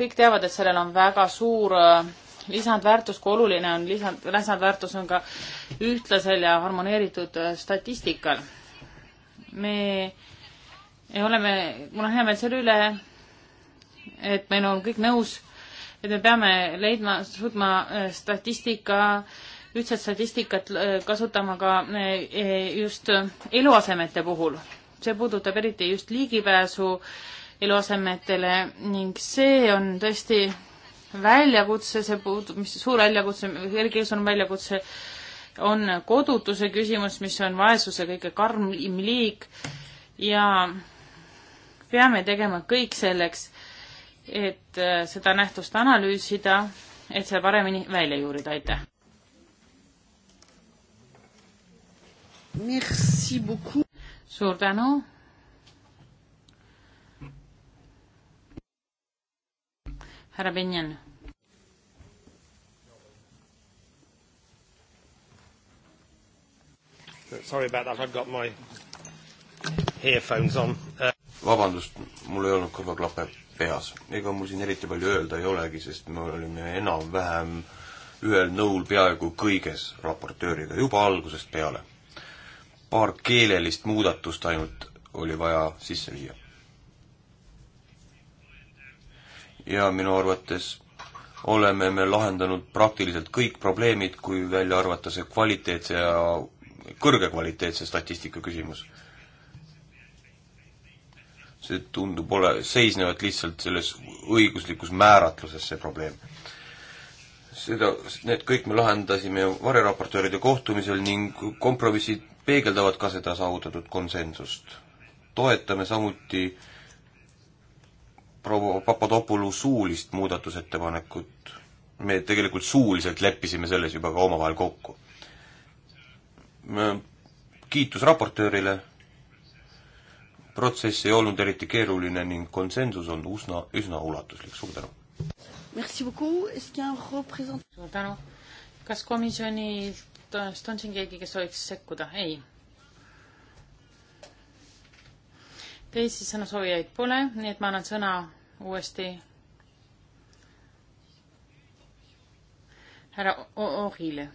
kõik teavad, et sellel on väga suur eh, lisandväärtus, kui oluline on lisand, lisandväärtus on ka ühtlasel ja harmoneeritud eh, statistikal. me oleme, mul on hea meel selle üle, et meil on kõik nõus et me peame leidma, suutma äh, statistika, ühtset statistikat äh, kasutama ka äh, e, just eluasemete puhul. see puudutab eriti just ligipääsu eluasemetele ning see on tõesti väljakutse, see puudub, mis suur väljakutse, eriti just on väljakutse, on kodutuse küsimus, mis on vaesuse kõige karm liig ja peame tegema kõik selleks, et äh, seda nähtust analüüsida, et see paremini välja juurida, aitäh. suur tänu. härra Benjan. Sorry about that, I have got my earphones on uh.... vabandust, mul ei olnud kõrvaklape pehas. ega mul siin eriti palju öelda ei olegi, sest me olime enam-vähem ühel nõul peaaegu kõiges raportööriga juba algusest peale. paar keelelist muudatust ainult oli vaja sisse viia. ja minu arvates oleme me lahendanud praktiliselt kõik probleemid, kui välja arvata see kvaliteetse ja kõrgekvaliteetse statistika küsimus see tundub ole-, seisnevat lihtsalt selles õiguslikus määratluses, see probleem. seda, need kõik me lahendasime vareraportööride kohtumisel ning kompromissid peegeldavad ka seda saavutatud konsensust. toetame samuti proua Papadopoulou suulist muudatusettepanekut, me tegelikult suuliselt leppisime selles juba ka omavahel kokku. kiitus raportöörile protsess ei olnud eriti keeruline ning konsensus on usna, üsna ulatuslik. suur tänu! suur tänu! kas komisjonist äh, on siin keegi, kes sooviks sekkuda? ei. teisi sõnasoovijaid pole, nii et ma annan sõna uuesti härra Ohile.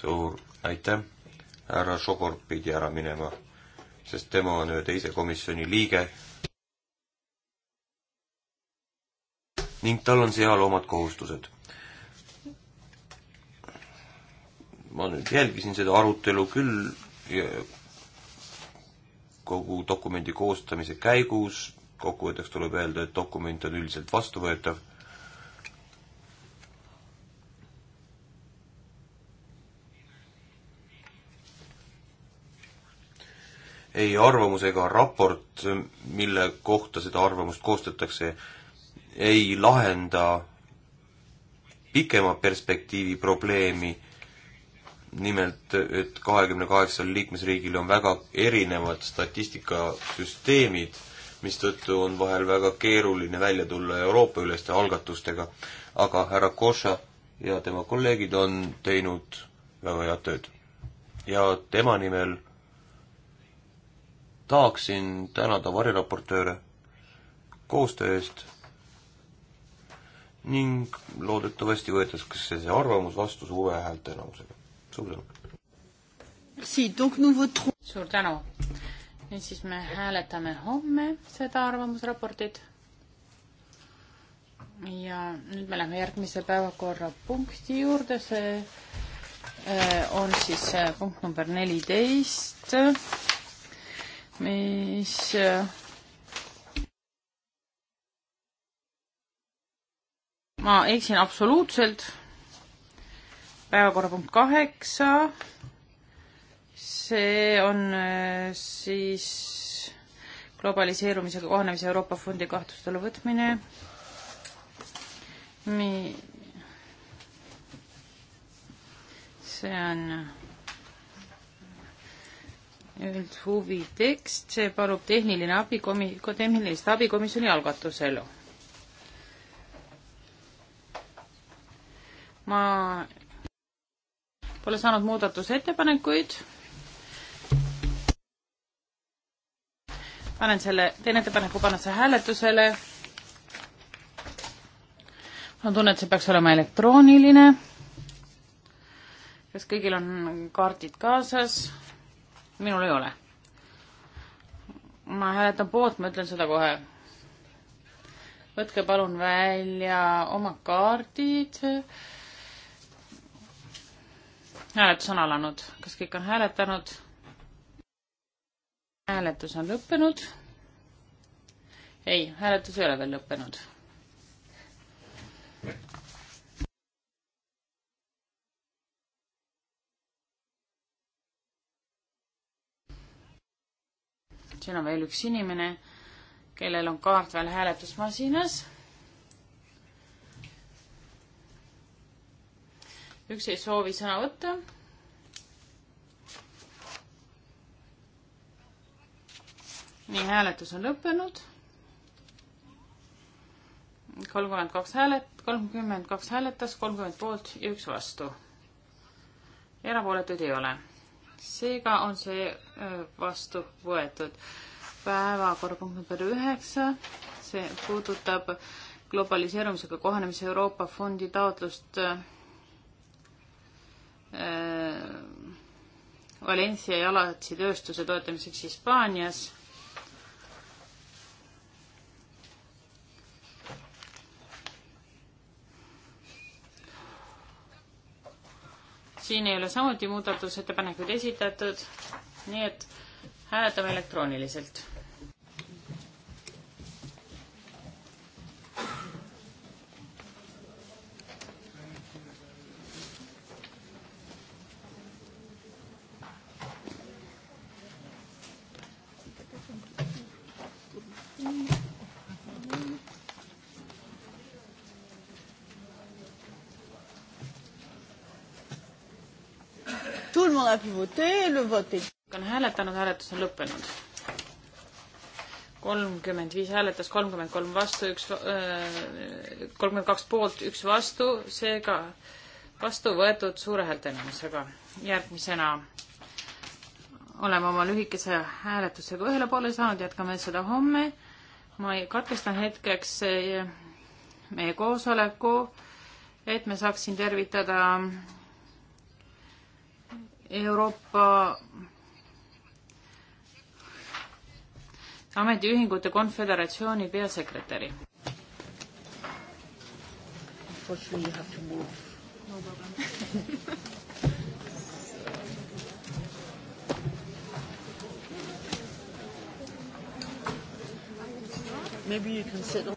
suur aitäh! härra Šogor pidi ära minema, sest tema on ühe teise komisjoni liige. ning tal on seal omad kohustused. ma nüüd jälgisin seda arutelu küll kogu dokumendi koostamise käigus, kokkuvõtteks tuleb öelda, et dokument on üldiselt vastuvõetav ei arvamus ega raport, mille kohta seda arvamust koostatakse, ei lahenda pikema perspektiivi probleemi, nimelt et kahekümne kaheksal liikmesriigil on väga erinevad statistikasüsteemid, mistõttu on vahel väga keeruline välja tulla Euroopa-üleste algatustega, aga härra Koša ja tema kolleegid on teinud väga head tööd. ja tema nimel tahaksin tänada variraportööre koostöö eest ning loodetavasti võetakse see arvamus vastu suure häälteenamusega. suur tänu! suur tänu! niisiis me hääletame homme seda arvamusraportit. ja nüüd me läheme järgmise päevakorrapunkti juurde, see äh, on siis äh, punkt number neliteist mis ma eksin absoluutselt. päevakorrapunkt kaheksa. see on äh, siis globaliseerumisega kohanemise Euroopa Fondi kahtlustele võtmine. see on üldhuvitekst, see palub tehniline abi komi-, tehnilist abi komisjoni algatusel. ma pole saanud muudatusettepanekuid. panen selle, teen ettepaneku panna see hääletusele. ma tunnen, et see peaks olema elektrooniline. kas kõigil on kaardid kaasas? minul ei ole. ma hääletan poolt, ma ütlen seda kohe. võtke palun välja oma kaardid. hääletus on alanud, kas kõik on hääletanud? hääletus on lõppenud. ei, hääletus ei ole veel lõppenud. siin on veel üks inimene, kellel on kaart veel hääletusmasinas. üks ei soovi sõna võtta. nii, hääletus on lõppenud. kolmkümmend kaks häälet, kolmkümmend kaks hääletas, kolmkümmend poolt ja üks vastu. erapooletuid ei ole seega on see äh, vastu võetud. päevakorrapunkt number üheksa, see puudutab globaliseerumisega kohanemise Euroopa Fondi taotlust äh, äh, Valencia jalatsi tööstuse toetamiseks Hispaanias siin ei ole samuti muudatusettepanekuid esitatud, nii et hääletame elektrooniliselt on hääletanud, hääletus on lõppenud. kolmkümmend viis hääletas, kolmkümmend kolm vastu, üks, äh, kolmkümmend kaks poolt, üks vastu, seega vastu võetud suure häälteenamusega. järgmisena oleme oma lühikese hääletusega ühele poole saanud, jätkame seda homme. ma katkestan hetkeks äh, meie koosoleku, et me saaksin tervitada Euroopa Ametiühingute Konföderatsiooni peasekretäri. Unfortunately you have to move. No problem. Maybe you can sit on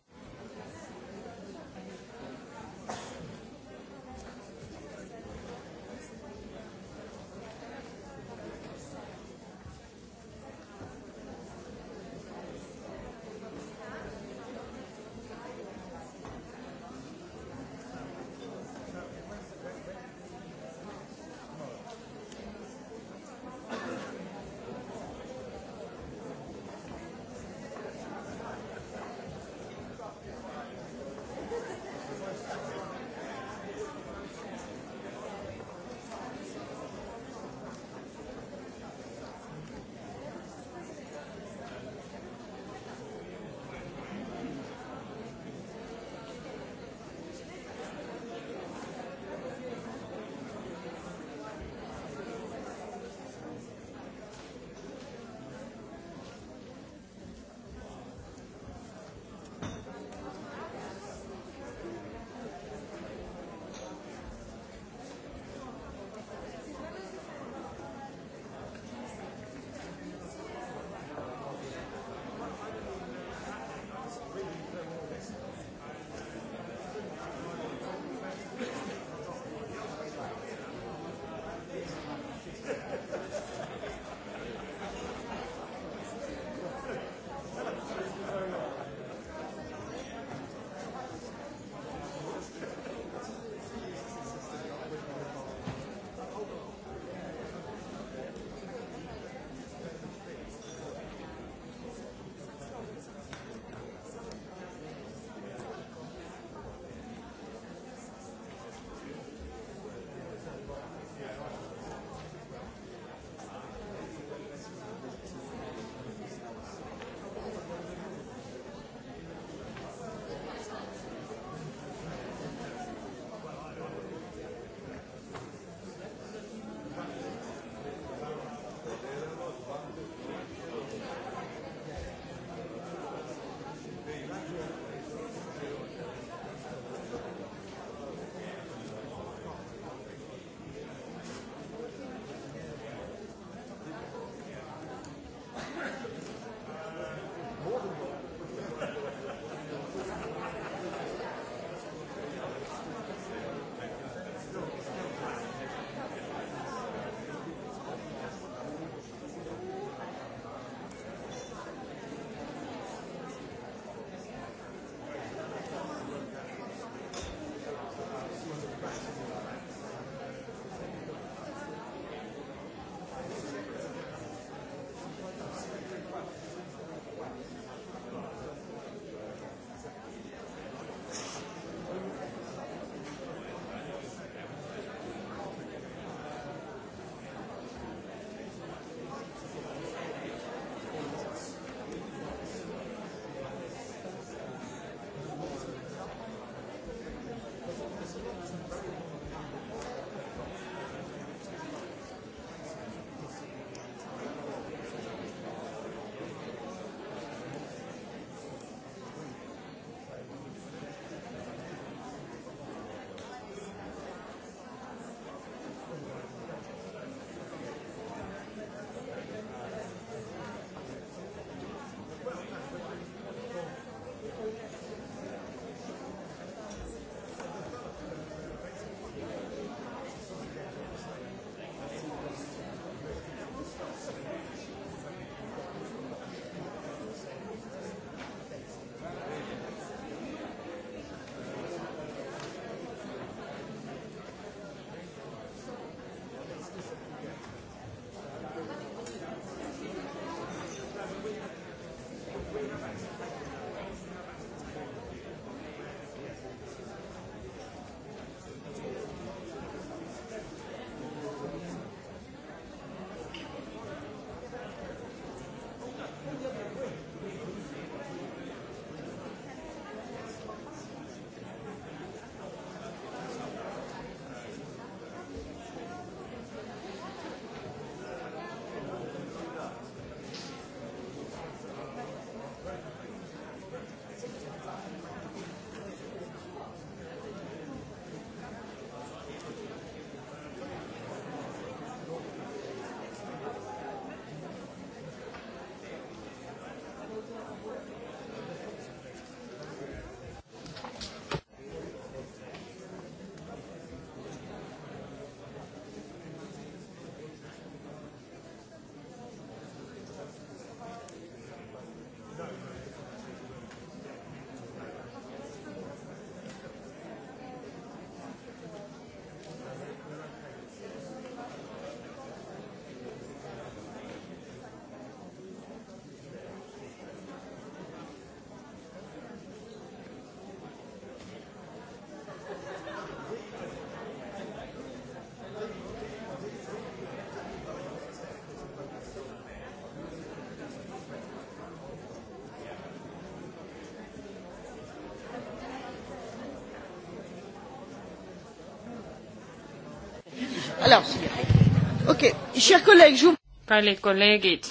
kallid kolleegid,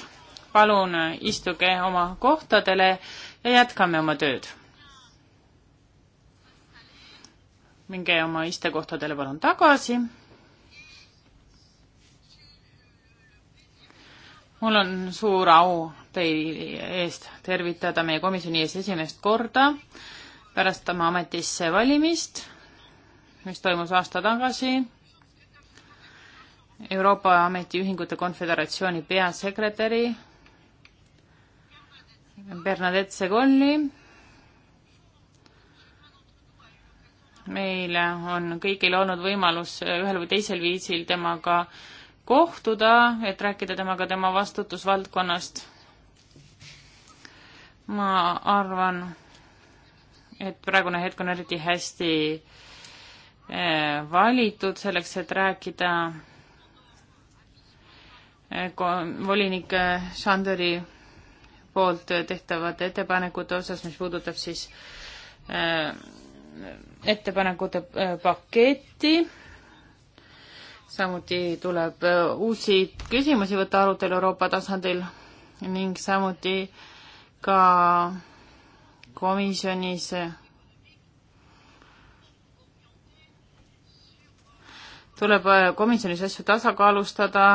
palun istuge oma kohtadele ja jätkame oma tööd. minge oma istekohtadele palun tagasi. mul on suur au teie eest tervitada meie komisjoni ees esimest korda pärast oma ametisse valimist, mis toimus aasta tagasi Euroopa Ametiühingute Konföderatsiooni peasekretäri Bernadette Segolli. meil on kõigil olnud võimalus ühel või teisel viisil temaga kohtuda, et rääkida temaga tema vastutusvaldkonnast. ma arvan, et praegune hetk on eriti hästi eh, valitud selleks, et rääkida Eh, volinik Sandori eh, poolt eh, tehtavate ettepanekute osas, mis puudutab siis ettepanekute paketti. samuti tuleb uusi küsimusi võtta arutelu Euroopa tasandil ning samuti ka komisjonis tuleb komisjonis asju tasakaalustada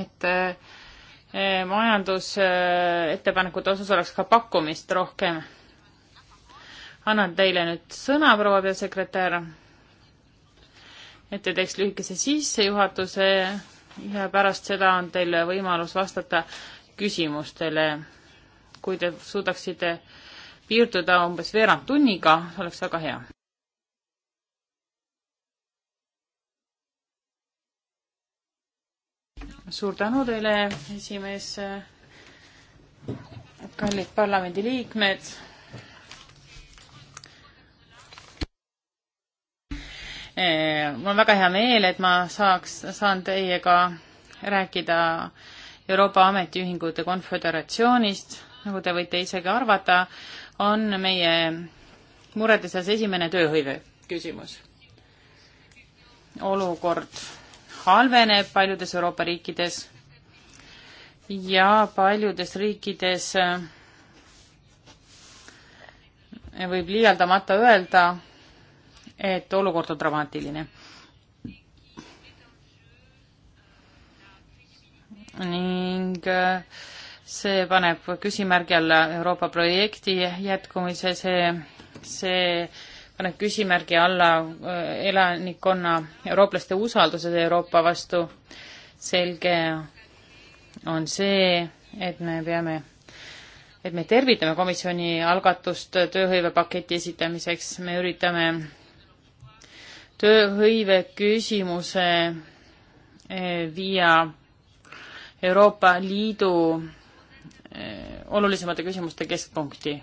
et eh, majandusettepanekute osas oleks ka pakkumist rohkem. annan teile nüüd sõna, proua peasekretär, et te teeks lühikese sissejuhatuse ja pärast seda on teil võimalus vastata küsimustele. kui te suudaksite piirduda umbes veerand tunniga, oleks väga hea. suur tänu teile, esimees, kallid parlamendiliikmed. Eh, mul on väga hea meel, et ma saaks, saan teiega rääkida Euroopa Ametiühingute Konföderatsioonist, nagu te võite isegi arvata, on meie murede seas esimene tööhõive küsimus. olukord halveneb paljudes Euroopa riikides ja paljudes riikides eh, võib liialdamata öelda, et olukord on dramaatiline. ning eh, see paneb küsimärgi alla Euroopa projekti jätkumise, see, see paneb küsimärgi alla äh, elanikkonna, eurooplaste usalduse Euroopa vastu. selge on see, et me peame, et me tervitame komisjoni algatust tööhõivepaketi esitamiseks, me üritame tööhõive küsimuse äh, viia Euroopa Liidu äh, olulisemate küsimuste keskpunkti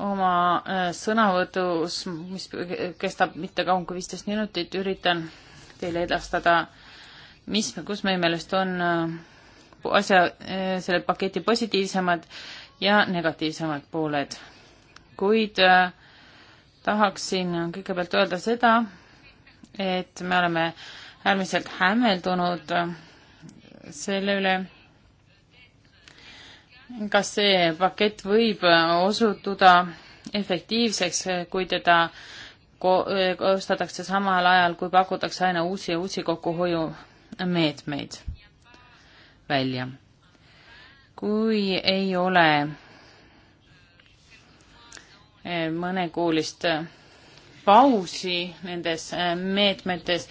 oma äh, sõnavõtus, mis kestab mitte kauem kui viisteist minutit, üritan teile edastada, mis, kus meie meelest on äh, asja, äh, selle paketi positiivsemad ja negatiivsemad pooled. kuid tahaksin kõigepealt öelda seda, et me oleme äärmiselt hämmeldunud selle üle, kas see pakett võib osutuda efektiivseks, kui teda koostatakse samal ajal, kui pakutakse aina uusi ja uusi kokkuhoiumeetmeid välja. kui ei ole eh, mõnekuulist eh, pausi nendes eh, meetmetes,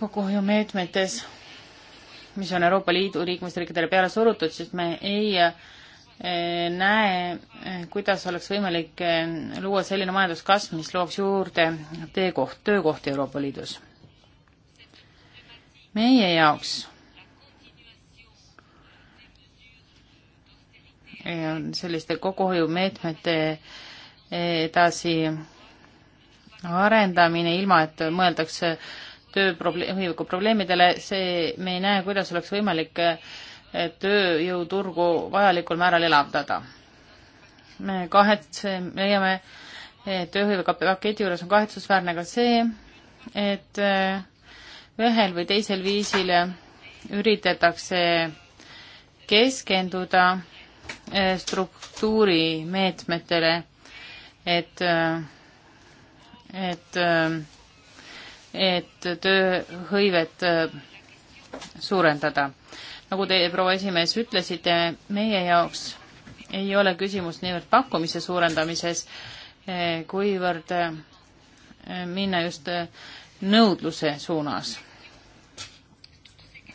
kokkuhoiumeetmetes, mis on Euroopa Liidu liikmesriikidele peale surutud, siis me ei eh, näe, eh, kuidas oleks võimalik eh, luua selline majanduskasv, mis looks juurde teekoht, töökohti Euroopa Liidus. meie jaoks selliste kokkuhoiumeetmete edasi arendamine, ilma et mõeldakse tööprobleemiga probleemidele, see, me ei näe, kuidas oleks võimalik eh, tööjõuturgu vajalikul määral elavdada. me kahetse-, leiame, et tööhõivepaketi juures on kahetsusväärne ka see, et eh, ühel või teisel viisil üritatakse keskenduda eh, struktuurimeetmetele, et, et et tööhõivet äh, suurendada. nagu te, proua esimees, ütlesite, meie jaoks ei ole küsimus niivõrd pakkumise suurendamises, äh, kuivõrd äh, minna just nõudluse suunas.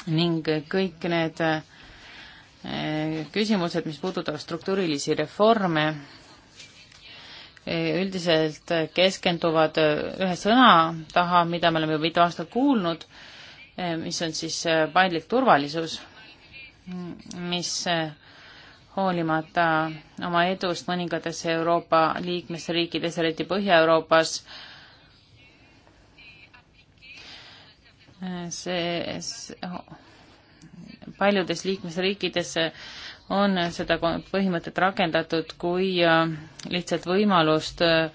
ning kõik need küsimused, mis puudutavad struktuurilisi reforme, üldiselt keskenduvad ühe sõna taha, mida me oleme juba mitu aastat kuulnud, mis on siis paindlik turvalisus, mis hoolimata oma edust mõningates Euroopa liikmesriikides, eriti Põhja-Euroopas, see, see paljudes liikmesriikides on seda põhimõtet rakendatud kui äh, lihtsalt võimalust äh,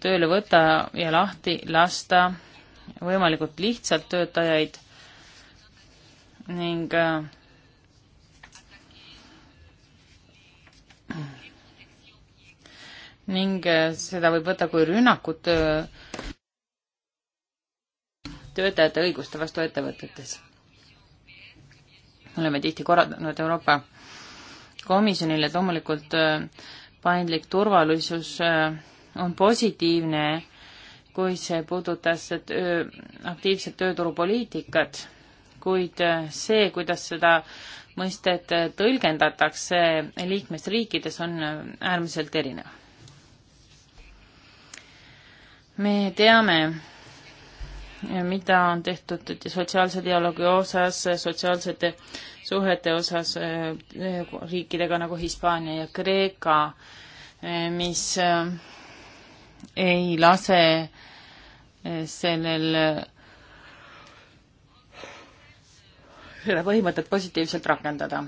tööle võtta ja lahti lasta võimalikult lihtsalt töötajaid ning äh, ning seda võib võtta kui rünnakut töötajate õiguste vastu ettevõtetes. oleme tihti korraldanud Euroopa komisjonile, et loomulikult äh, paindlik turvalisus äh, on positiivne, kui see puudutas töö, aktiivset tööturupoliitikat, kuid äh, see, kuidas seda mõistet tõlgendatakse liikmesriikides, on äärmiselt erinev. me teame, mida on tehtud sotsiaalse dialoogi osas, sotsiaalsete suhete osas eh, riikidega nagu Hispaania ja Kreeka, eh, mis eh, ei lase sellel seda põhimõtet positiivselt rakendada.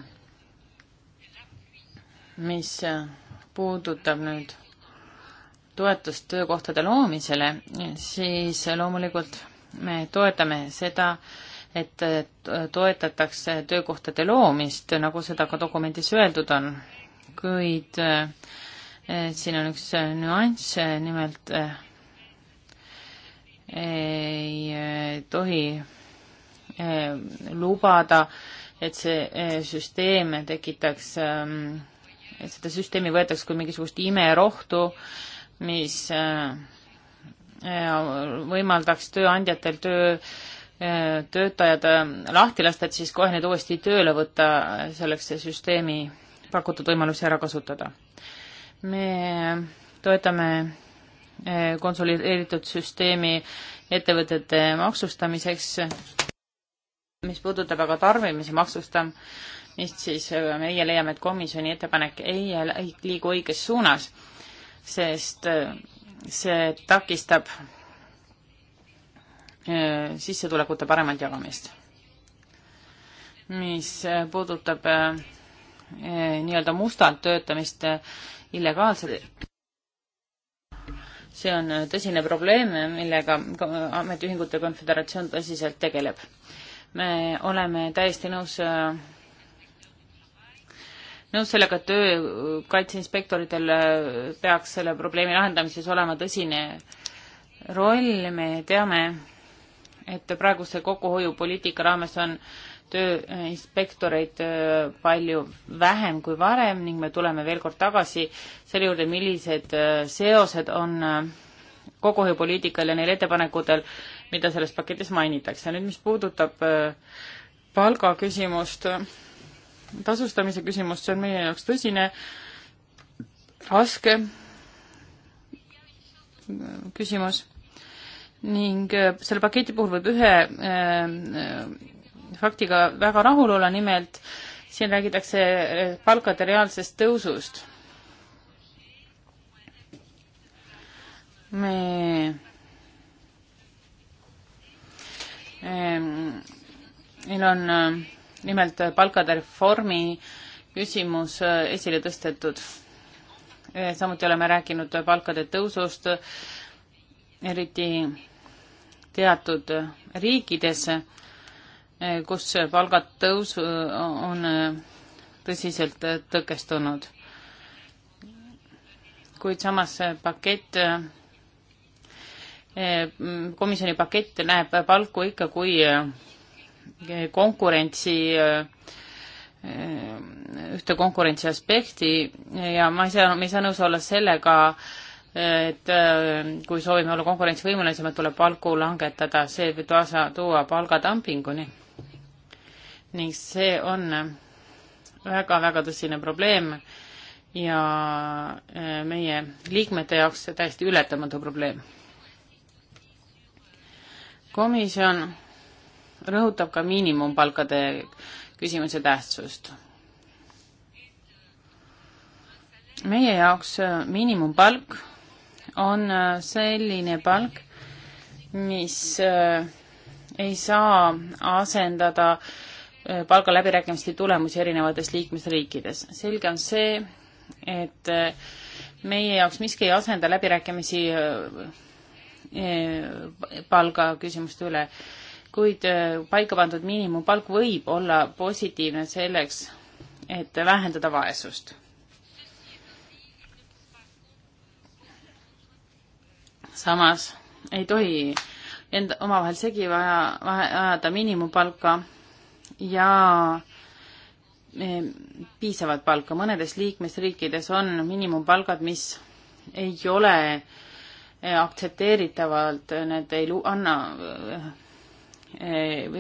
mis puudutab nüüd toetust töökohtade loomisele, siis loomulikult me toetame seda äh, et toetatakse töökohtade loomist, nagu seda ka dokumendis öeldud on, kuid eh, siin on üks eh, nüanss, eh, nimelt ei tohi lubada, et see süsteem tekitaks, et seda süsteemi võetaks kui mingisugust imerohtu, mis võimaldaks tööandjatel töö töötajad äh, lahti lasta, et siis kohe need uuesti tööle võtta, selleks see süsteemi pakutud võimalusi ära kasutada. me toetame äh, konsolideeritud süsteemi ettevõtete maksustamiseks, mis puudutab aga tarbimise maksustamist, siis äh, meie leiame, et komisjoni ettepanek ei liigu õiges suunas, sest see takistab Äh, sissetulekute paremat jagamist. mis äh, puudutab äh, nii-öelda mustalt töötamist illegaalselt, see on tõsine probleem, millega Ametiühingute Konföderatsioon tõsiselt tegeleb. me oleme täiesti nõus nõus sellega, et töökaitseinspektoritel peaks selle probleemi lahendamises olema tõsine roll, me teame, et praeguse kokkuhoiupoliitika raames on tööinspektoreid äh, palju vähem kui varem ning me tuleme veel kord tagasi selle juurde, millised äh, seosed on äh, kokkuhoiupoliitikal ja neil ettepanekutel, mida selles paketis mainitakse. nüüd, mis puudutab palgaküsimust, tasustamise küsimust, see on meie jaoks tõsine, raske küsimus ning äh, selle paketi puhul võib ühe äh, faktiga väga rahul olla, nimelt siin räägitakse äh, palkade reaalsest tõusust. me ähm, meil on nimelt palkade reformi küsimus esile tõstetud. samuti oleme rääkinud palkade tõusust, eriti teatud riikides, kus palgad tõus on tõsiselt tõkestunud. kuid samas pakett, komisjoni pakett näeb palku ikka kui konkurentsi ühte konkurentsi aspekti ja ma ei saa, me ei saa nõus olla sellega, et äh, kui soovime olla konkurentsivõimelisemad, tuleb palku langetada, see võib kaasa tuua palgadampinguni. ning see on väga-väga tõsine probleem ja äh, meie liikmete jaoks täiesti ületamatu probleem. komisjon rõhutab ka miinimumpalkade küsimuse tähtsust meie jaoks miinimumpalk on äh, selline palk, mis äh, ei saa asendada äh, palgaläbirääkimiste tulemusi erinevates liikmesriikides. selge on see, et meie jaoks miski ei asenda läbirääkimisi palgaküsimuste üle, kuid paika pandud miinimumpalk võib olla positiivne selleks, et vähendada vaesust samas ei tohi enda, omavahel segi vaja, vahe, ajada miinimumpalka ja eh, piisavat palka. mõnedes liikmesriikides on miinimumpalgad, mis ei ole eh, aktsepteeritavalt, eh, need ei anna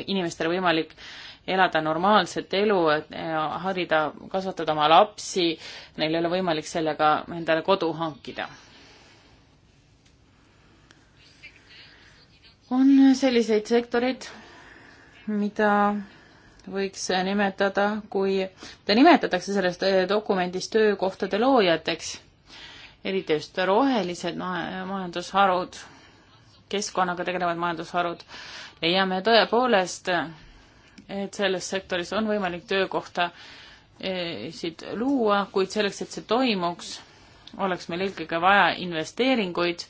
inimestele võimalik elada normaalset elu, harida, kasvatada oma lapsi, neil ei ole võimalik sellega endale kodu hankida. on selliseid sektoreid, mida võiks nimetada, kui, mida nimetatakse selles eh, dokumendis töökohtade loojateks, eriti just rohelised majandusharud, keskkonnaga tegelevad majandusharud, leiame tõepoolest, et selles sektoris on võimalik töökohta eh, siit luua, kuid selleks, et see toimuks, oleks meil eelkõige vaja investeeringuid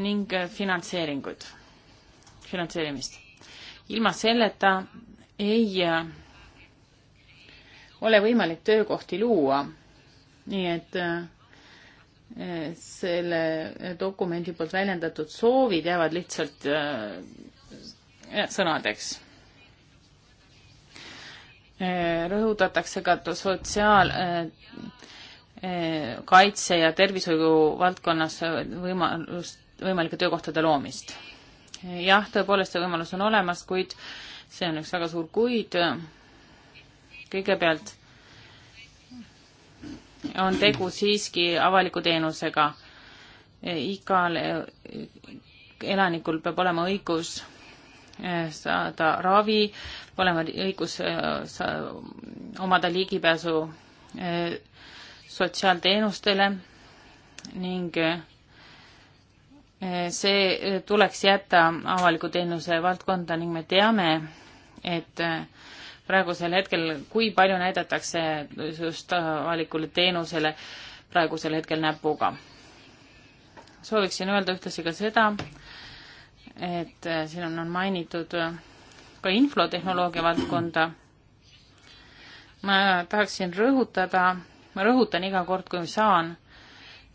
ning eh, finantseeringuid finantseerimist. ilma selleta ei äh, ole võimalik töökohti luua. nii et äh, selle dokumendi poolt väljendatud soovid jäävad lihtsalt äh, sõnadeks. rõhutatakse ka sotsiaalkaitse ja tervishoiu valdkonnas võimalust, võimalike töökohtade loomist jah, tõepoolest see võimalus on olemas, kuid see on üks väga suur kuid. kõigepealt on tegu siiski avaliku teenusega. igal elanikul peab olema õigus eh, saada ravi, olema õigus eh, sa, omada ligipääsu eh, sotsiaalteenustele ning see tuleks jätta avaliku teenuse valdkonda ning me teame, et praegusel hetkel, kui palju näidatakse just avalikule teenusele praegusel hetkel näpuga. sooviksin öelda ühtlasi ka seda, et siin on, on mainitud ka infotehnoloogia valdkonda. ma tahaksin rõhutada, ma rõhutan iga kord, kui saan,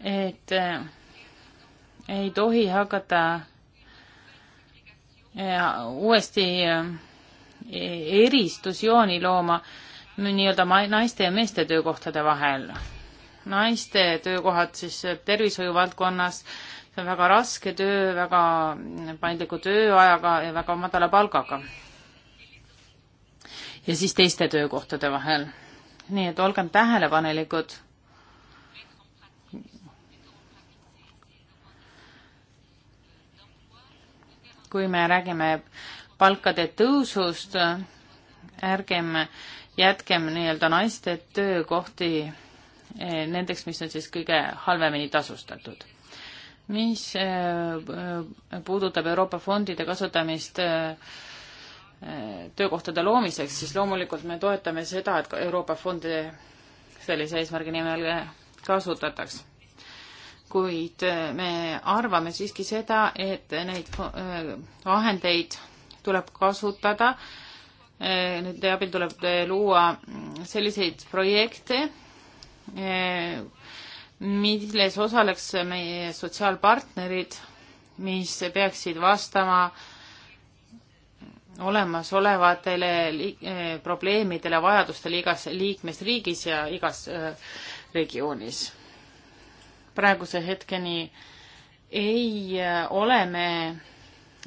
et ei tohi hakata uuesti e, eristusjooni looma nii-öelda naiste ja meeste töökohtade vahel. naiste töökohad siis tervishoiuvaldkonnas, see on väga raske töö, väga paindliku tööajaga ja väga madala palgaga. ja siis teiste töökohtade vahel. nii et olgem tähelepanelikud kui me räägime palkade tõusust, ärgem jätkem nii-öelda naiste töökohti eh, nendeks, mis on siis kõige halvemini tasustatud. mis eh, puudutab Euroopa fondide kasutamist eh, töökohtade loomiseks, siis loomulikult me toetame seda, et Euroopa fonde sellise eesmärgi nimel kasutataks kuid äh, me arvame siiski seda, et neid äh, vahendeid tuleb kasutada, äh, nende abil tuleb luua mm, selliseid projekte, milles osaleks meie sotsiaalpartnerid, mis peaksid vastama olemasolevatele probleemidele, vajadustele igas liikmesriigis ja igas regioonis praeguse hetkeni ei äh, ole me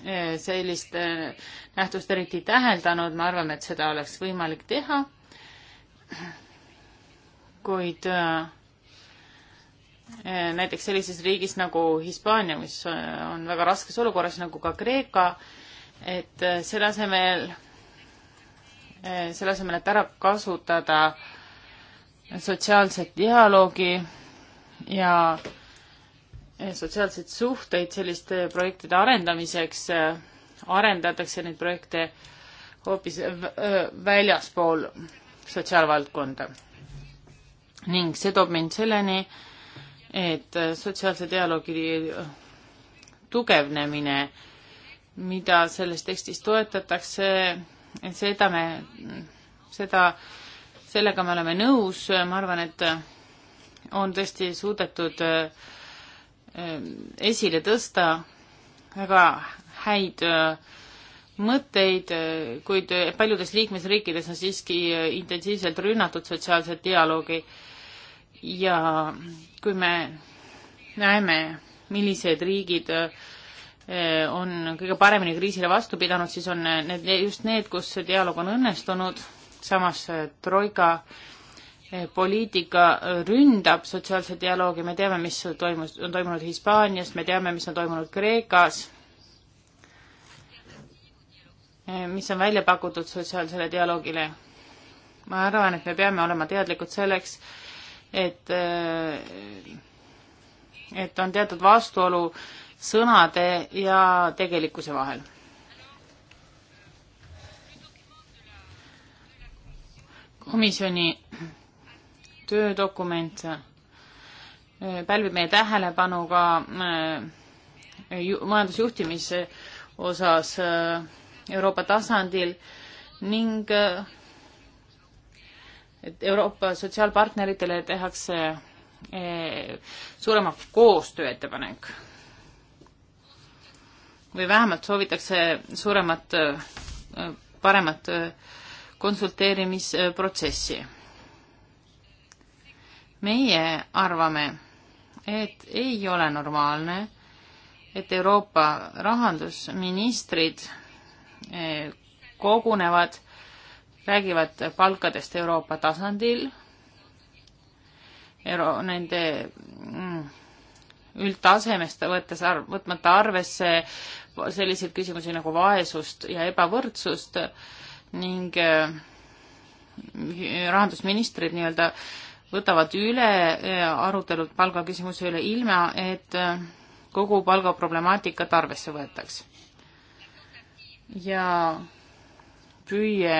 äh, sellist äh, nähtust eriti täheldanud, me arvame, et seda oleks võimalik teha, kuid näiteks sellises riigis nagu Hispaania, mis on väga raskes olukorras, nagu ka Kreeka, et selle asemel, selle asemel, et ära kasutada sotsiaalset dialoogi ja sotsiaalseid suhteid selliste projektide arendamiseks, äh, arendatakse neid projekte hoopis äh, väljaspool sotsiaalvaldkonda. ning see toob mind selleni, et äh, sotsiaalse dialoogi tugevnemine, mida selles tekstis toetatakse, seda me, seda, sellega me oleme nõus, ma arvan, et on tõesti suudetud äh, äh, esile tõsta väga häid äh, mõtteid, kuid paljudes liikmesriikides on siiski intensiivselt rünnatud sotsiaalset dialoogi ja kui me näeme, millised riigid on kõige paremini kriisile vastu pidanud, siis on need just need, kus see dialoog on õnnestunud, samas Troika äh, Eh, poliitika eh, ründab sotsiaalse dialoogi, me teame, mis toimus, on toimunud Hispaanias, me teame, mis on toimunud Kreekas, eh, mis on välja pakutud sotsiaalsele dialoogile. ma arvan, et me peame olema teadlikud selleks, et, et on teatud vastuolu sõnade ja tegelikkuse vahel komisjoni töödokument äh, pälvib meie tähelepanu ka äh, majandusjuhtimise osas äh, Euroopa tasandil ning et Euroopa sotsiaalpartneritele tehakse suurema koostöö ettepanek. või vähemalt soovitakse suuremat, paremat konsulteerimisprotsessi meie arvame, et ei ole normaalne, et Euroopa rahandusministrid eh, kogunevad, räägivad palkadest Euroopa tasandil, euro, nende mm, üldtasemest võttes arv,, võtmata arvesse selliseid küsimusi nagu vaesust ja ebavõrdsust ning eh, rahandusministrid nii-öelda äh, võtavad üle eh, arutelud palgaküsimuse üle ilma, et eh, kogu palgaproblemaatikat arvesse võetaks. ja püüe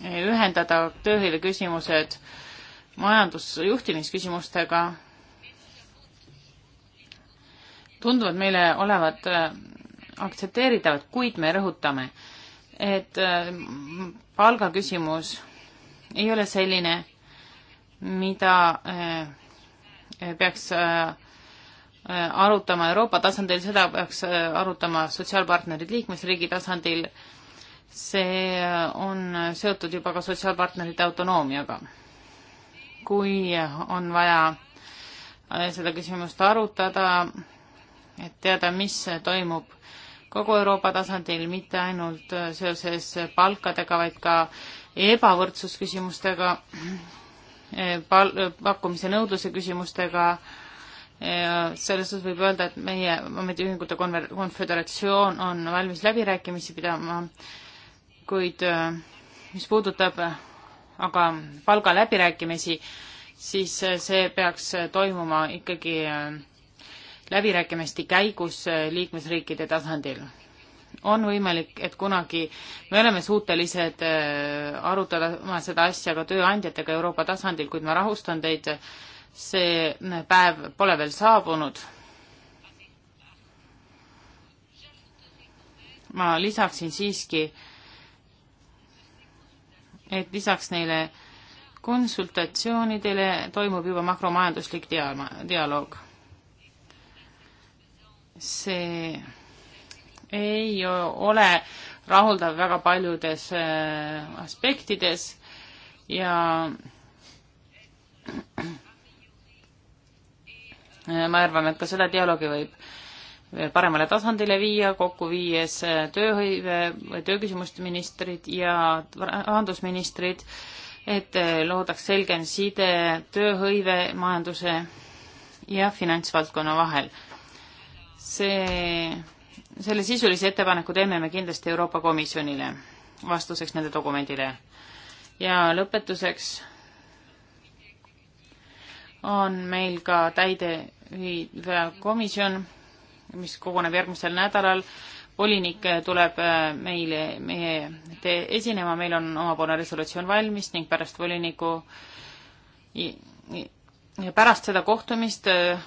ühendada tööhõive küsimused majandusjuhtimisküsimustega tunduvad meile olevat eh, aktsepteeritavad, kuid me rõhutame, et palgaküsimus ei ole selline, mida eh, eh, peaks eh, arutama Euroopa tasandil, seda peaks arutama sotsiaalpartnerid liikmesriigi tasandil. see on seotud juba ka sotsiaalpartnerite autonoomiaga. kui on vaja seda küsimust arutada, et teada, mis toimub kogu Euroopa tasandil, mitte ainult äh, seoses äh, palkadega, vaid ka ebavõrdsusküsimustega, äh, pal-, pakkumise nõudluse küsimustega, selles suhtes võib öelda, et meie ametiühingute konver-, konföderatsioon on valmis läbirääkimisi pidama, kuid mis puudutab aga palgaläbirääkimisi, siis see peaks toimuma ikkagi äh, läbirääkimiste käigus äh, liikmesriikide tasandil. on võimalik, et kunagi me oleme suutelised äh, arutama seda asja ka tööandjatega Euroopa tasandil, kuid ma rahustan teid, see äh, päev pole veel saabunud. ma lisaksin siiski, et lisaks neile konsultatsioonidele toimub juba makromajanduslik dialoog see ei ole rahuldav väga paljudes äh, aspektides ja äh, ma arvan, et ka seda dialoogi võib paremale tasandile viia, kokku viies äh, tööhõive või tööküsimuste ministrid ja rahandusministrid, et loodaks selgem side tööhõive, majanduse ja finantsvaldkonna vahel see, selle sisulise ettepaneku teeme me kindlasti Euroopa Komisjonile vastuseks nende dokumendile. ja lõpetuseks on meil ka täideviiv komisjon, mis koguneb järgmisel nädalal. volinik tuleb äh, meile, meie esinema, meil on omapoolne resolutsioon valmis ning pärast voliniku, pärast seda kohtumist äh,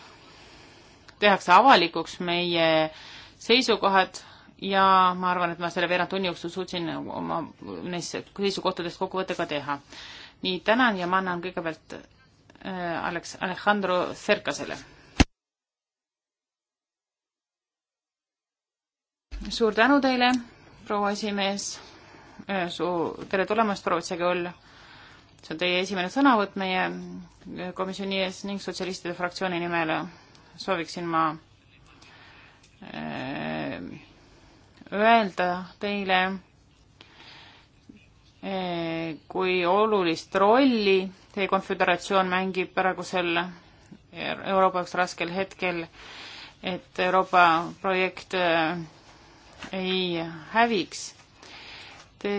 tehakse avalikuks meie seisukohad ja ma arvan, et ma selle veerand tunni jooksul suutsin oma neist seisukohtadest kokkuvõtte ka teha. nii, tänan ja ma annan kõigepealt äh, Alex, Alejandro Cercasele. suur tänu teile, proua esimees, äh, su-, tere tulemast, proua Otsekõll see on teie esimene sõnavõtt meie komisjoni ees ning sotsialistide fraktsiooni nimel sooviksin ma äh, öelda teile, äh, kui olulist rolli teie konföderatsioon mängib praegusel Euroopa jaoks raskel hetkel, et Euroopa projekt äh, ei häviks. Te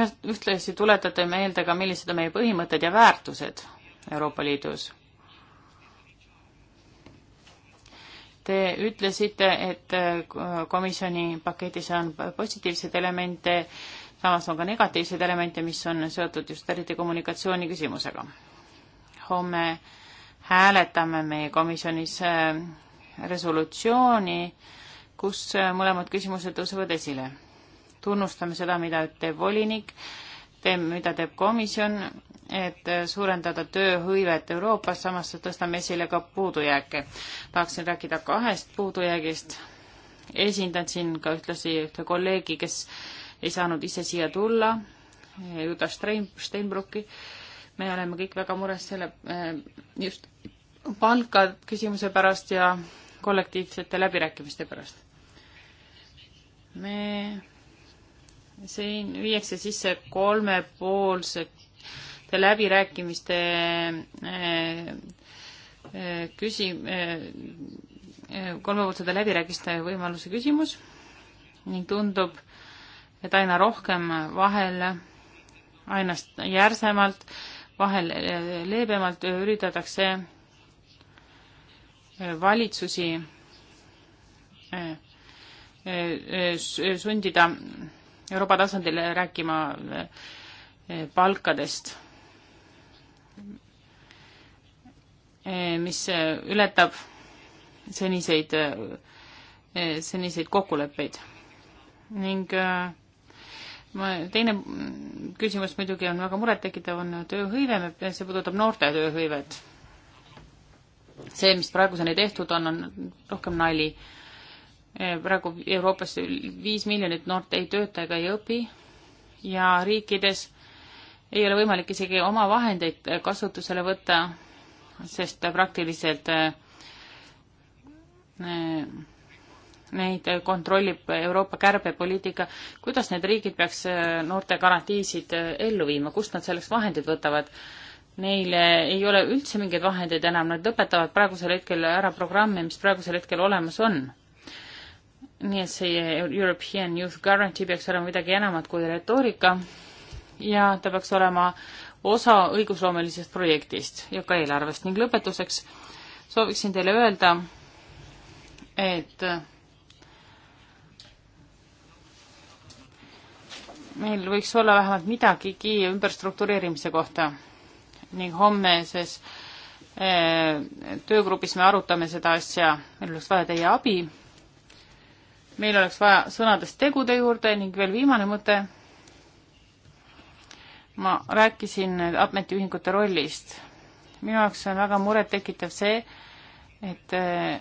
ühest, ühtlasi tuletate meelde ka, millised on meie põhimõtted ja väärtused Euroopa Liidus. Te ütlesite, et äh, komisjoni paketis on positiivseid elemente, samas on ka negatiivseid elemente, mis on seotud just eriti kommunikatsiooni küsimusega. homme hääletame meie komisjonis äh, resolutsiooni, kus äh, mõlemad küsimused tõusevad esile tunnustame seda, mida teeb volinik, teeb, mida teeb komisjon, et suurendada tööhõivet Euroopas, samas tõstame esile ka puudujääke. tahaksin rääkida kahest puudujäägist. esindan siin ka ühtlasi ühte kolleegi, kes ei saanud ise siia tulla, Juta Stein, Steinbrocki. me oleme kõik väga mures selle eh, just palka küsimuse pärast ja kollektiivsete läbirääkimiste pärast. me siin viiakse sisse kolmepoolsete läbirääkimiste eh, eh, küsi-, eh, kolmepoolsete läbirääkimiste võimaluse küsimus ning tundub, et aina rohkem vahel, aina järsemalt, vahel leebemalt üritatakse valitsusi sundida Euroopa tasandil rääkima eh, palkadest, eh, mis eh, ületab seniseid, seniseid kokkuleppeid. ning teine küsimus muidugi on väga murettekitav, on tööhõive, see puudutab noorte tööhõivet. see, mis praeguseni tehtud on, on rohkem nali Eh, praegu Euroopas viis miljonit noort ei tööta ega ei õpi ja riikides ei ole võimalik isegi oma vahendeid kasutusele võtta, sest praktiliselt eh, neid kontrollib Euroopa kärbepoliitika. kuidas need riigid peaks eh, noorte garantiisid ellu viima, kust nad selleks vahendid võtavad? Neile ei ole üldse mingeid vahendeid enam, nad lõpetavad praegusel hetkel ära programmi, mis praegusel hetkel olemas on nii et see European Youth Guarantee peaks olema midagi enamat kui retoorika ja ta peaks olema osa õigusloomelisest projektist ja ka eelarvest ning lõpetuseks sooviksin teile öelda, et meil võiks olla vähemalt midagigi ümberstruktureerimise kohta ning hommeses eh, töögrupis me arutame seda asja, meil oleks vaja teie abi meil oleks vaja sõnadest tegude juurde ning veel viimane mõte. ma rääkisin ametiühingute rollist. minu jaoks on väga murettekitav see, et eh,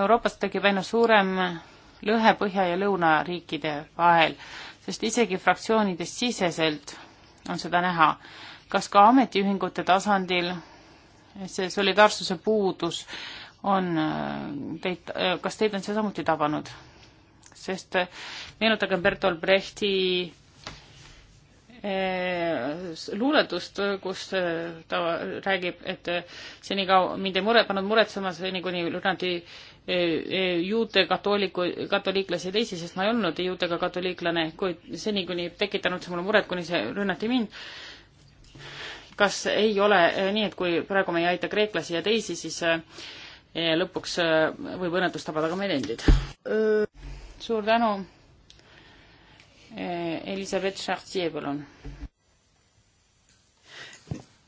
Euroopas tekib aina suurem lõhe põhja- ja lõunariikide vahel, sest isegi fraktsioonidest siseselt on seda näha. kas ka ametiühingute tasandil see solidaarsuse puudus on eh, teid, eh, kas teid on see samuti tabanud? sest eh, meenutagem Bertolt Brechti eh, luuletust, kus eh, ta räägib, et senikaua mind ei mure, pannud muretsema seni, kuni Lüganti juute katoliku, katoliiklasi teisi, sest ma ei olnud juutega katoliiklane, kuid seni, kuni tekitanud see mulle muret, kuni see rünnati mind. kas ei ole nii, et kui praegu me ei aita kreeklasi ja teisi, siis lõpuks võib õnnetus tabada ka meil endid? suur tänu. Eh, Elisabeth Chartier, palun.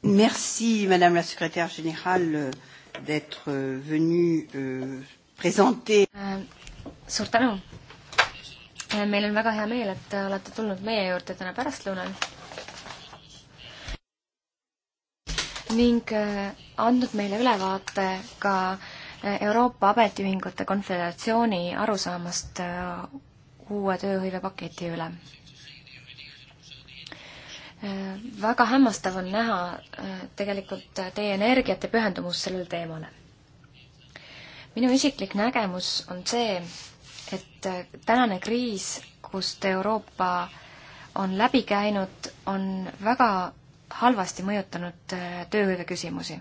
Merci, madame la secrétaire générale, d'être euh, venue euh, présenter. Eh, suur tänu. Eh, meil on väga hea meel, et te olete tulnud meie juurde täna pärastlõunal. ning andnud meile ülevaate ka äh, Euroopa Ametiühingute Konföderatsiooni arusaamast äh, uue tööhõivepaketi üle. Äh, väga hämmastav on näha äh, tegelikult teie energiat ja pühendumust sellele teemale. minu isiklik nägemus on see, et tänane kriis, kust Euroopa on läbi käinud, on väga halvasti mõjutanud tööhõive küsimusi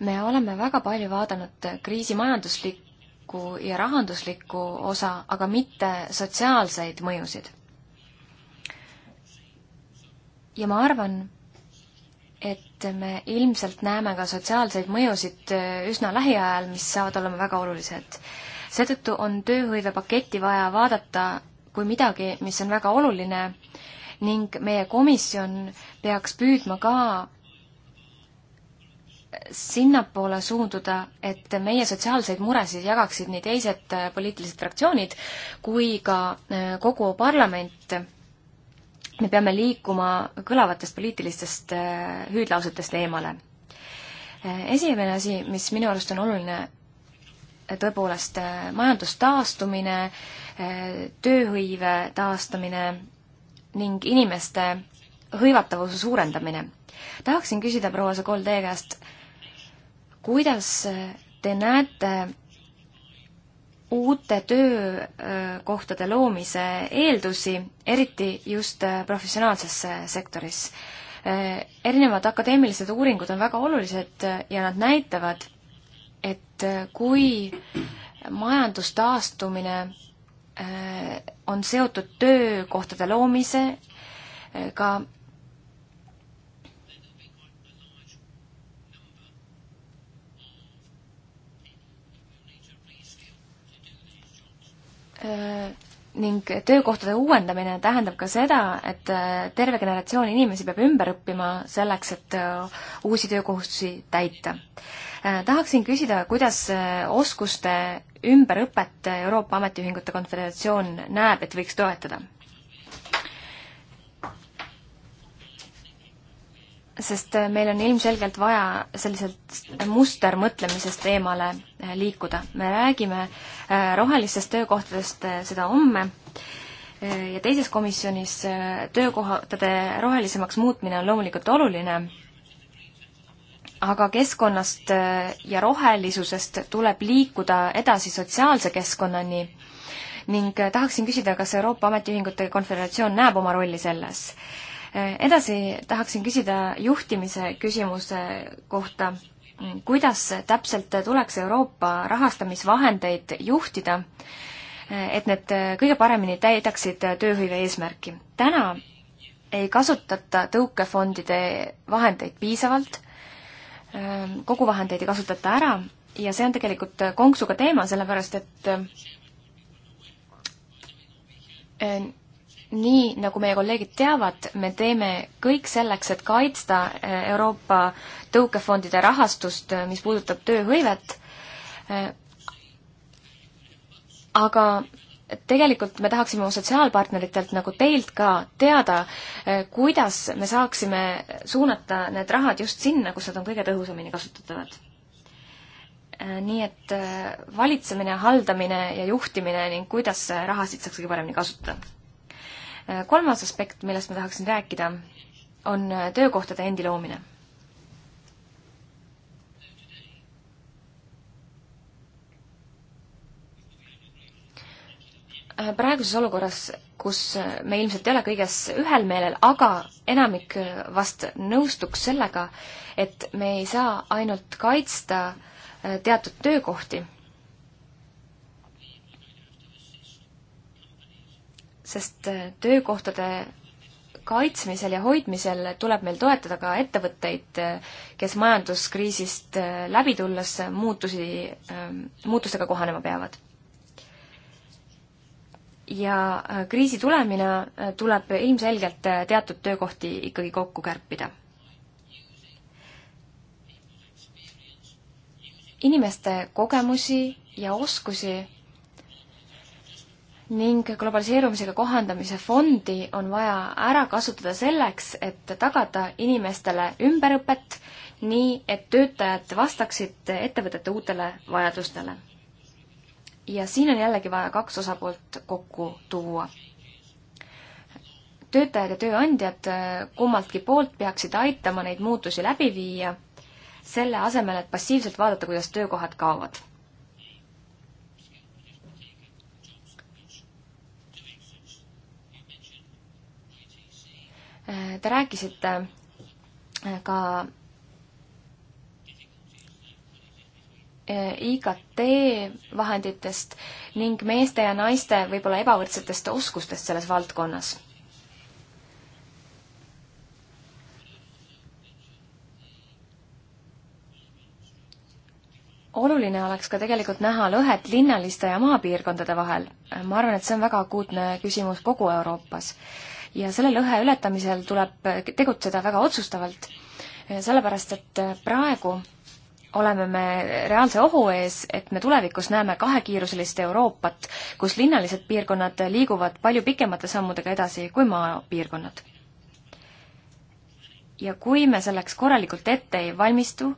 me oleme väga palju vaadanud kriisi majanduslikku ja rahanduslikku osa, aga mitte sotsiaalseid mõjusid. ja ma arvan, et me ilmselt näeme ka sotsiaalseid mõjusid üsna lähiajal, mis saavad olema väga olulised. seetõttu on tööhõivepaketti vaja vaadata kui midagi, mis on väga oluline ning meie komisjon peaks püüdma ka sinnapoole suunduda, et meie sotsiaalseid muresid jagaksid nii teised äh, poliitilised fraktsioonid kui ka äh, kogu parlament. me peame liikuma kõlavatest poliitilistest äh, hüüdlausetest eemale. esimene asi, mis minu arust on oluline, tõepoolest majandustaastumine, tööhõive taastamine ning inimeste hõivatavuse suurendamine. tahaksin küsida, proua Sokol, teie käest äh, kuidas te näete uute töökohtade loomise eeldusi, eriti just professionaalses sektoris? erinevad akadeemilised uuringud on väga olulised ja nad näitavad, et kui majandustaastumine äh, on seotud töökohtade loomisega, äh, Äh, ning töökohtade uuendamine tähendab ka seda, et äh, terve generatsioon inimesi peab ümber õppima selleks, et äh, uusi töökohustusi täita. tahaksin küsida, kuidas oskuste ümberõpet Euroopa Ametiühingute Konföderatsioon näeb, et võiks toetada? sest äh, meil on ilmselgelt vaja selliselt mustermõtlemisest eemale äh, liikuda. me räägime äh, rohelistest töökohtadest seda homme ja teises komisjonis töökohtade rohelisemaks muutmine on loomulikult oluline, aga keskkonnast ja rohelisusest tuleb liikuda edasi sotsiaalse keskkonnani ning tahaksin küsida, kas Euroopa Ametiühingute Konföderatsioon näeb oma rolli selles Äh, edasi tahaksin küsida juhtimise küsimuse kohta. kuidas täpselt tuleks Euroopa rahastamisvahendeid juhtida, äh, et need kõige paremini täidaksid tööhõive eesmärki? täna ei kasutata tõukefondide vahendeid piisavalt, äh, koguvahendeid ei kasutata ära ja see on tegelikult konksuga teema, sellepärast et nii nagu meie kolleegid teavad, me teeme kõik selleks, et kaitsta eh, Euroopa tõukefondide rahastust, eh, mis puudutab tööhõivet, eh, aga tegelikult me tahaksime oma sotsiaalpartneritelt nagu teilt ka teada, kuidas me saaksime suunata need rahad just sinna, kus nad on kõige tõhusamini kasutatavad nii et valitsemine, haldamine ja juhtimine ning kuidas rahasid saaks kõige paremini kasutada Äh, kolmas aspekt, millest ma tahaksin rääkida, on äh, töökohtade endi loomine. Äh, praeguses olukorras, kus me ilmselt ei ole kõiges ühel meelel, aga enamik vast nõustuks sellega, et me ei saa ainult kaitsta teatud töökohti sest äh, töökohtade kaitsmisel ja hoidmisel tuleb meil toetada ka ettevõtteid, äh, kes majanduskriisist äh, läbi tulles muutusi, ähm, muutustega kohanema peavad. ja kriisi tulemina tuleb ilmselgelt teatud töökohti ikkagi kokku kärpida. inimeste kogemusi ja oskusi ning globaliseerumisega kohandamise fondi on vaja ära kasutada selleks, et tagada inimestele ümberõpet, nii et töötajad vastaksid ettevõtete uutele vajadustele. ja siin on jällegi vaja kaks osapoolt kokku tuua. töötajad ja tööandjad kummaltki poolt peaksid aitama neid muutusi läbi viia, selle asemel, et passiivselt vaadata, kuidas töökohad kaovad Te rääkisite äh, ka äh, IKT vahenditest ning meeste ja naiste võib-olla ebavõrdsetest oskustest selles valdkonnas. oluline oleks ka tegelikult näha lõhet linnaliste ja maapiirkondade vahel. Äh, ma arvan, et see on väga akuutne küsimus kogu Euroopas ja selle lõhe ületamisel tuleb tegutseda väga otsustavalt, sellepärast et praegu oleme me reaalse ohu ees, et me tulevikus näeme kahekiiruselist Euroopat, kus linnalised piirkonnad liiguvad palju pikemate sammudega edasi kui maapiirkonnad. ja kui me selleks korralikult ette ei valmistu,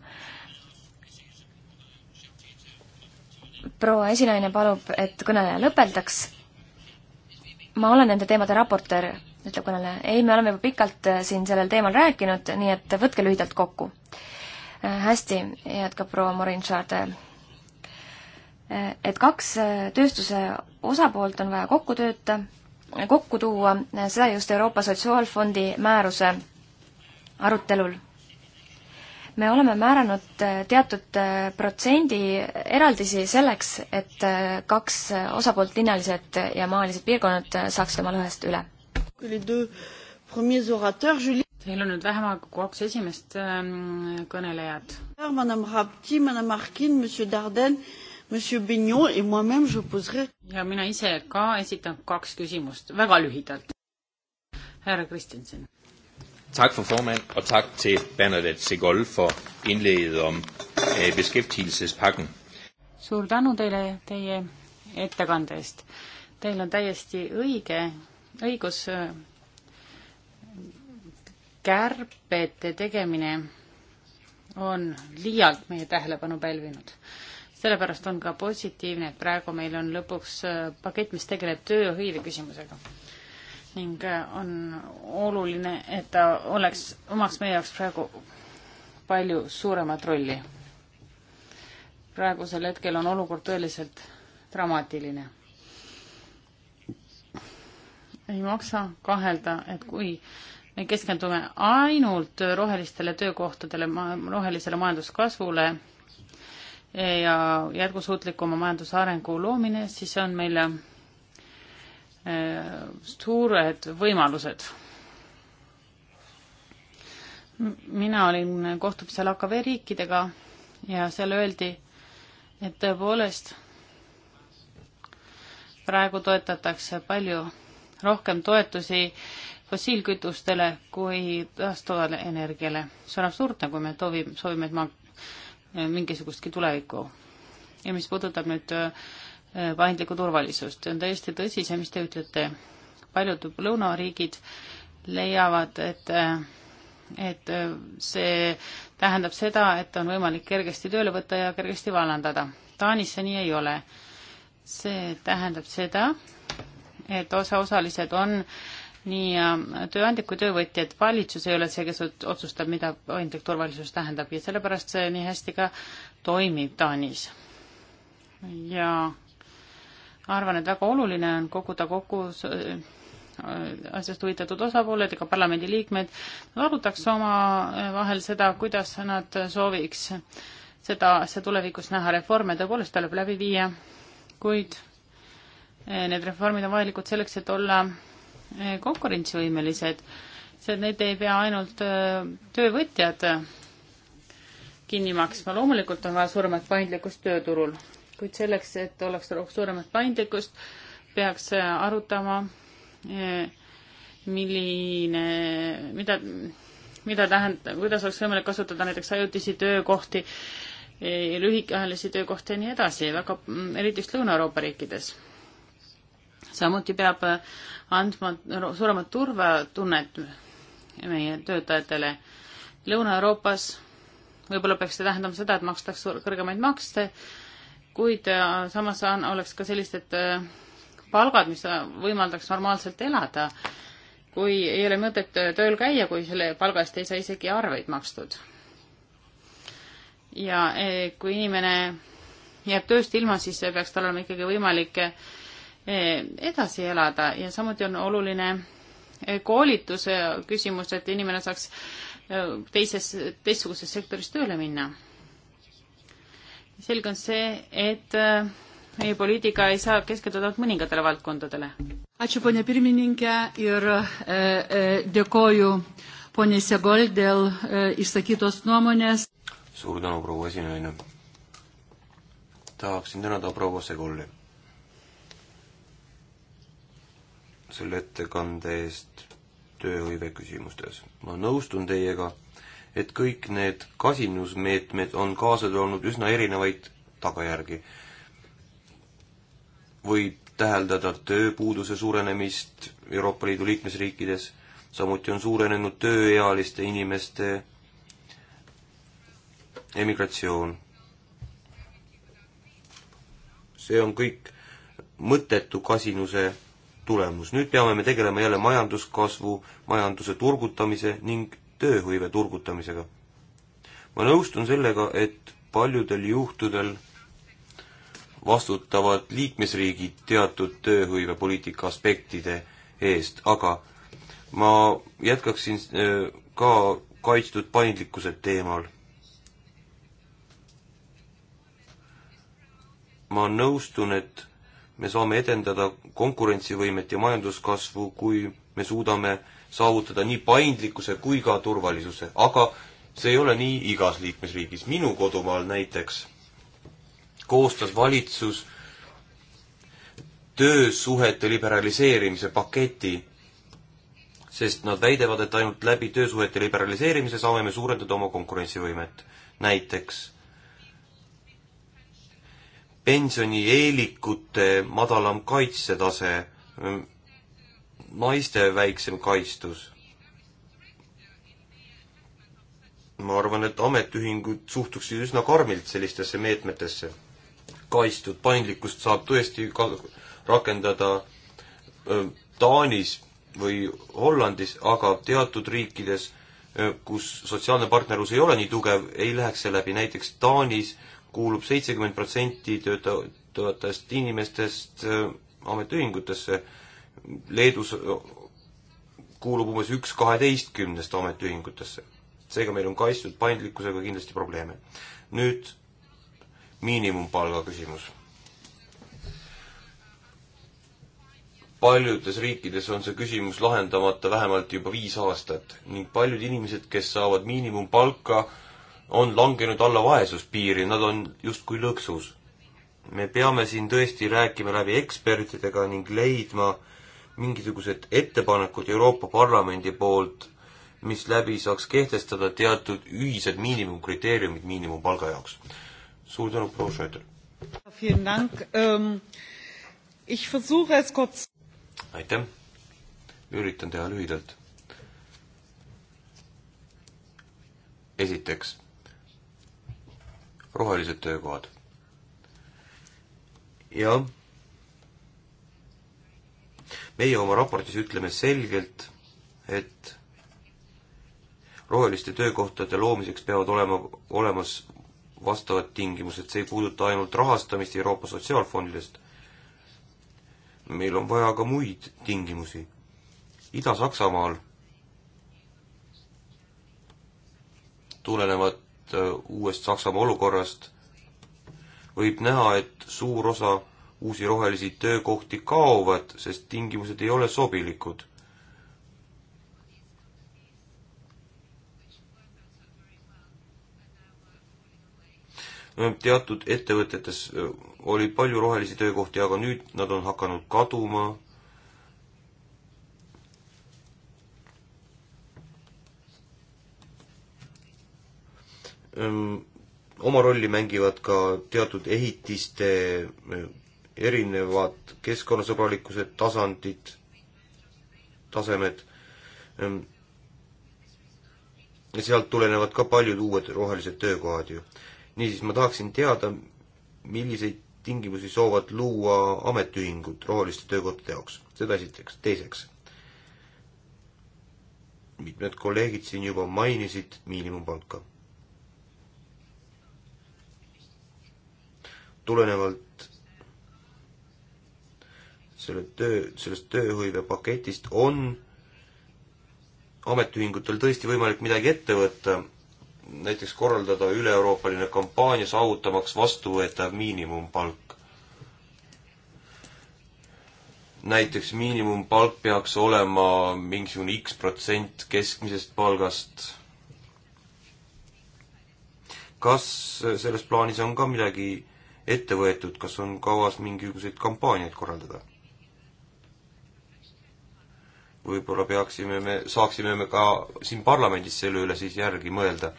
proua esinaine palub, et kõneleja lõpetaks. ma olen nende teemade raportöör ütleb kõneleja. ei, me oleme juba pikalt äh, siin sellel teemal rääkinud, nii et võtke lühidalt kokku. Äh, hästi, jätkab proua Marin Šarde. Äh, et kaks tööstuse osapoolt on vaja kokku tööta, kokku tuua, seda just Euroopa Sotsiaalfondi määruse arutelul me oleme määranud teatud protsendi eraldisi selleks, et kaks osapoolt linnalised ja maalised piirkonnad saaksid oma lõhest üle que les deux premiers orateurs. Julie... Teil on nüüd vähem aega kui kaks esimest ähm, kõnelejat. Madame Rapti, Madame Harkin, Monsieur Dardenne, Monsieur Bignon et moi-même je poserai. ja mina ise ka esitan kaks küsimust, väga lühidalt. härra Kristjanson. Tak for formand, og tak til Bernadette Segol for indlægget om äh, beskæftigelsespakken. Suur tänu teile teie ettekande eest. Teil on täiesti õige õigus äh, kärbete tegemine on liialt meie tähelepanu pälvinud. sellepärast on ka positiivne, et praegu meil on lõpuks äh, pakett, mis tegeleb tööhõive küsimusega. ning äh, on oluline, et ta oleks, omaks meie jaoks praegu palju suuremat rolli. praegusel hetkel on olukord tõeliselt dramaatiline ei maksa kahelda, et kui me keskendume ainult rohelistele töökohtadele, rohelisele majanduskasvule ja jätkusuutlikuma majandusarengu loomine, siis on meil äh, suured võimalused. mina olin kohtumisel AKV riikidega ja seal öeldi, et tõepoolest praegu toetatakse palju rohkem toetusi fossiilkütustele kui taastuvale energiale. see on absurdne, kui me toovime, soovime, et ma eh, mingisugustki tulevikku. ja mis puudutab nüüd eh, paindlikku turvalisust, see on täiesti tõsi, see, mis te ütlete. paljud lõunariigid leiavad, et eh, et see tähendab seda, et on võimalik kergesti tööle võtta ja kergesti vallandada. Taanis see nii ei ole. see tähendab seda, et osaosalised on nii äh, tööandjad kui töövõtjad, valitsus ei ole see, kes otsustab, mida paindlik turvalisus tähendab ja sellepärast see nii hästi ka toimib Taanis. ja arvan, et väga oluline on koguda kokku äh, asjast huvitatud osapooled ja ka parlamendiliikmed arutaks omavahel äh, seda, kuidas nad sooviks seda asja tulevikus näha, reforme tõepoolest tuleb läbi viia, kuid Eh, need reformid on vajalikud selleks, et olla eh, konkurentsivõimelised, see, et neid ei pea ainult eh, töövõtjad kinni maksma, loomulikult on vaja suuremat paindlikkust tööturul, kuid selleks, et oleks suuremat paindlikkust, peaks arutama, milline, mida, mida tähendab, kuidas oleks võimalik kasutada näiteks ajutisi töökohti, lühikeajalisi töökohti ja nii edasi, väga, mm, eriti just Lõuna-Euroopa riikides samuti peab äh, andma suuremat turvatunnet meie töötajatele. Lõuna-Euroopas võib-olla peaks see tähendama seda, et makstakse kõrgemaid makse, kuid äh, samas oleks ka sellised äh, palgad, mis võimaldaks normaalselt elada, kui ei ole mõtet tööl käia, kui selle palga eest ei saa isegi arveid makstud. ja kui inimene jääb tööst ilma, siis peaks tal olema ikkagi võimalik Eh, edasi elada ja samuti on oluline eh, koolituse eh, küsimus, et inimene saaks teises, teistsuguses sektoris tööle minna. selge on see, et meie poliitika ei saa keskenduda ainult mõningatele valdkondadele. Ačiū, ponia pirmininkė, ir e, e, dėkoju poniai Segol dėl e, išsakytos nuomonės. suur tänu, proua esinaine. tahaksin tänada proua Segolli selle ettekande eest tööhõive küsimustes. ma nõustun teiega, et kõik need kasinusmeetmed on kaasa toonud üsna erinevaid tagajärgi. võib täheldada tööpuuduse suurenemist Euroopa Liidu liikmesriikides, samuti on suurenenud tööealiste inimeste emigratsioon. see on kõik mõttetu kasinuse tulemus. nüüd peame me tegelema jälle majanduskasvu, majanduse turgutamise ning tööhõive turgutamisega. ma nõustun sellega, et paljudel juhtudel vastutavad liikmesriigid teatud tööhõivepoliitika aspektide eest, aga ma jätkaksin äh, ka kaitstud paindlikkuse teemal. ma nõustun, et me saame edendada konkurentsivõimet ja majanduskasvu, kui me suudame saavutada nii paindlikkuse kui ka turvalisuse, aga see ei ole nii igas liikmesriigis. minu kodumaal näiteks koostas valitsus töösuhete liberaliseerimise paketi, sest nad väidavad, et ainult läbi töösuhete liberaliseerimise saame me suurendada oma konkurentsivõimet. näiteks pensionieelikute madalam kaitsetase, mm, naiste väiksem kaitstus. ma arvan, et ametiühingud suhtuksid üsna karmilt sellistesse meetmetesse. kaitstud paindlikkust saab tõesti ka rakendada mm, Taanis või Hollandis, aga teatud riikides, mm, kus sotsiaalne partnerlus ei ole nii tugev, ei läheks see läbi, näiteks Taanis äh, kuulub seitsekümmend protsenti töötavatest inimestest äh, ametiühingutesse. Leedus äh, kuulub umbes üks kaheteistkümnest ametiühingutesse. seega meil on kaitstud paindlikkusega kindlasti probleeme. nüüd miinimumpalga küsimus. paljudes riikides on see küsimus lahendamata vähemalt juba viis aastat ning paljud inimesed, kes saavad miinimumpalka, on langenud alla vaesuspiiri, nad on justkui lõksus. me peame siin tõesti rääkima läbi ekspertidega ning leidma mingisugused ettepanekud Euroopa Parlamendi poolt, mis läbi saaks kehtestada teatud ühised miinimumkriteeriumid miinimumpalga jaoks. suur tänu, proua Schröder! Ähm, aitäh! üritan teha lühidalt. esiteks, rohelised töökohad. jah, meie oma raportis ütleme selgelt, et roheliste töökohtade loomiseks peavad olema olemas vastavad tingimused, see ei puuduta ainult rahastamist Euroopa Sotsiaalfondidest, meil on vaja ka muid tingimusi. Ida-Saksamaal tulenevad sellest äh, uuest Saksamaa olukorrast võib näha, et suur osa uusi rohelisi töökohti kaovad, sest tingimused ei ole sobilikud. teatud ettevõtetes äh, oli palju rohelisi töökohti, aga nüüd nad on hakanud kaduma oma rolli mängivad ka teatud ehitiste erinevad keskkonnasõbralikkuse tasandid, tasemed. ja sealt tulenevad ka paljud uued rohelised töökohad ju. niisiis, ma tahaksin teada, milliseid tingimusi soovad luua ametiühingud roheliste töökohtade jaoks, seda esiteks, teiseks. mitmed kolleegid siin juba mainisid miinimumpalka tulenevalt selle töö, sellest tööhõivepaketist on ametiühingutel tõesti võimalik midagi ette võtta, näiteks korraldada üle-euroopaline kampaania saavutamaks vastuvõetav miinimumpalk. näiteks miinimumpalk peaks olema mingisugune X protsent keskmisest palgast. kas selles plaanis on ka midagi ette võetud, kas on kavas mingisuguseid kampaaniaid korraldada? võib-olla peaksime me, saaksime me ka siin parlamendis selle üle siis järgi mõelda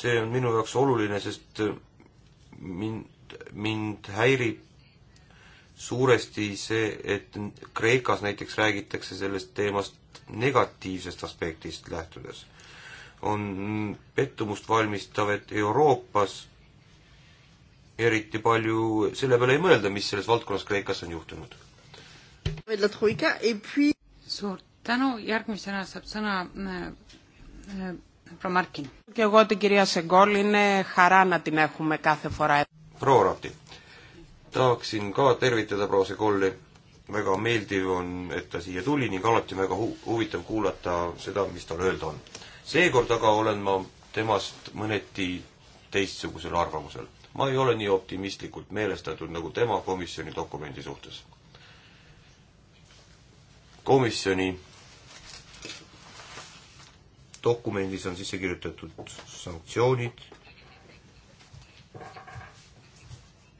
see on minu jaoks oluline, sest mind, mind häirib suuresti see, et Kreekas näiteks räägitakse sellest teemast negatiivsest aspektist lähtudes on pettumust valmistav, et Euroopas eriti palju selle peale ei mõelda, mis selles valdkonnas Kreekas on juhtunud. suur tänu, järgmisena saab sõna äh, äh, proua Markin. proua Rati, tahaksin ka tervitada proua Segolli väga meeldiv on, et ta siia tuli ning alati on väga hu-, huvitav kuulata seda, mis tal öelda on seekord aga olen ma temast mõneti teistsugusel arvamusel. ma ei ole nii optimistlikult meelestatud nagu tema komisjoni dokumendi suhtes. komisjoni dokumendis on sisse kirjutatud sanktsioonid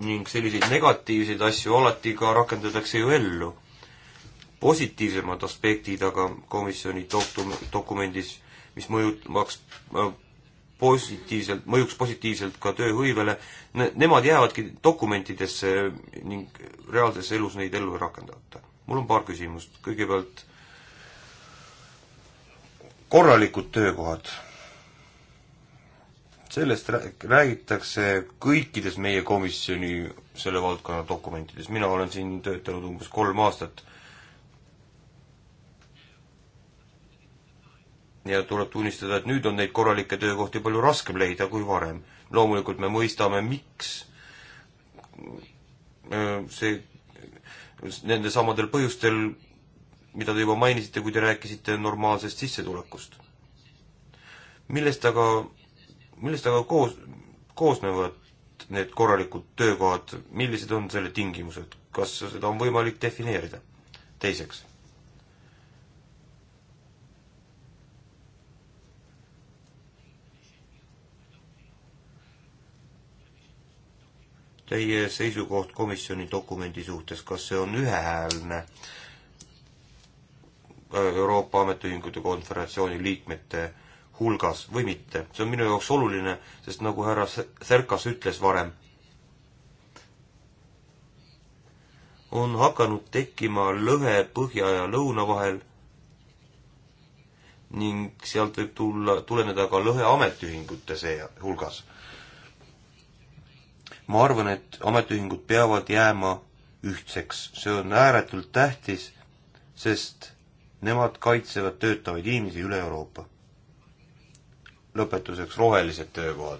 ning selliseid negatiivseid asju alati ka rakendatakse ju ellu. positiivsemad aspektid aga komisjoni dokum-, dokumendis mis mõjutaks äh, positiivselt, mõjuks positiivselt ka tööhõivele ne,, nemad jäävadki dokumentidesse ning reaalses elus neid ellu ei rakendata. mul on paar küsimust, kõigepealt korralikud töökohad. sellest räägitakse kõikides meie komisjoni selle valdkonna dokumentides, mina olen siin töötanud umbes kolm aastat ja tuleb tunnistada, et nüüd on neid korralikke töökohti palju raskem leida kui varem. loomulikult me mõistame, miks äh, see nende samadel põhjustel, mida te juba mainisite, kui te rääkisite normaalsest sissetulekust. millest aga, millest aga koos, koosnevad need korralikud töökohad, millised on selle tingimused, kas seda on võimalik defineerida? teiseks, teie seisukoht komisjoni dokumendi suhtes, kas see on ühehäälne Euroopa Ametiühingute Konföderatsiooni liikmete hulgas või mitte. see on minu jaoks oluline, sest nagu härra Serkas ütles varem, on hakanud tekkima lõhe põhja ja lõuna vahel ning sealt võib tulla, tuleneda ka lõhe ametiühingute see hulgas ma arvan, et ametiühingud peavad jääma ühtseks, see on ääretult tähtis, sest nemad kaitsevad töötavaid inimesi üle Euroopa. lõpetuseks rohelised töökohad.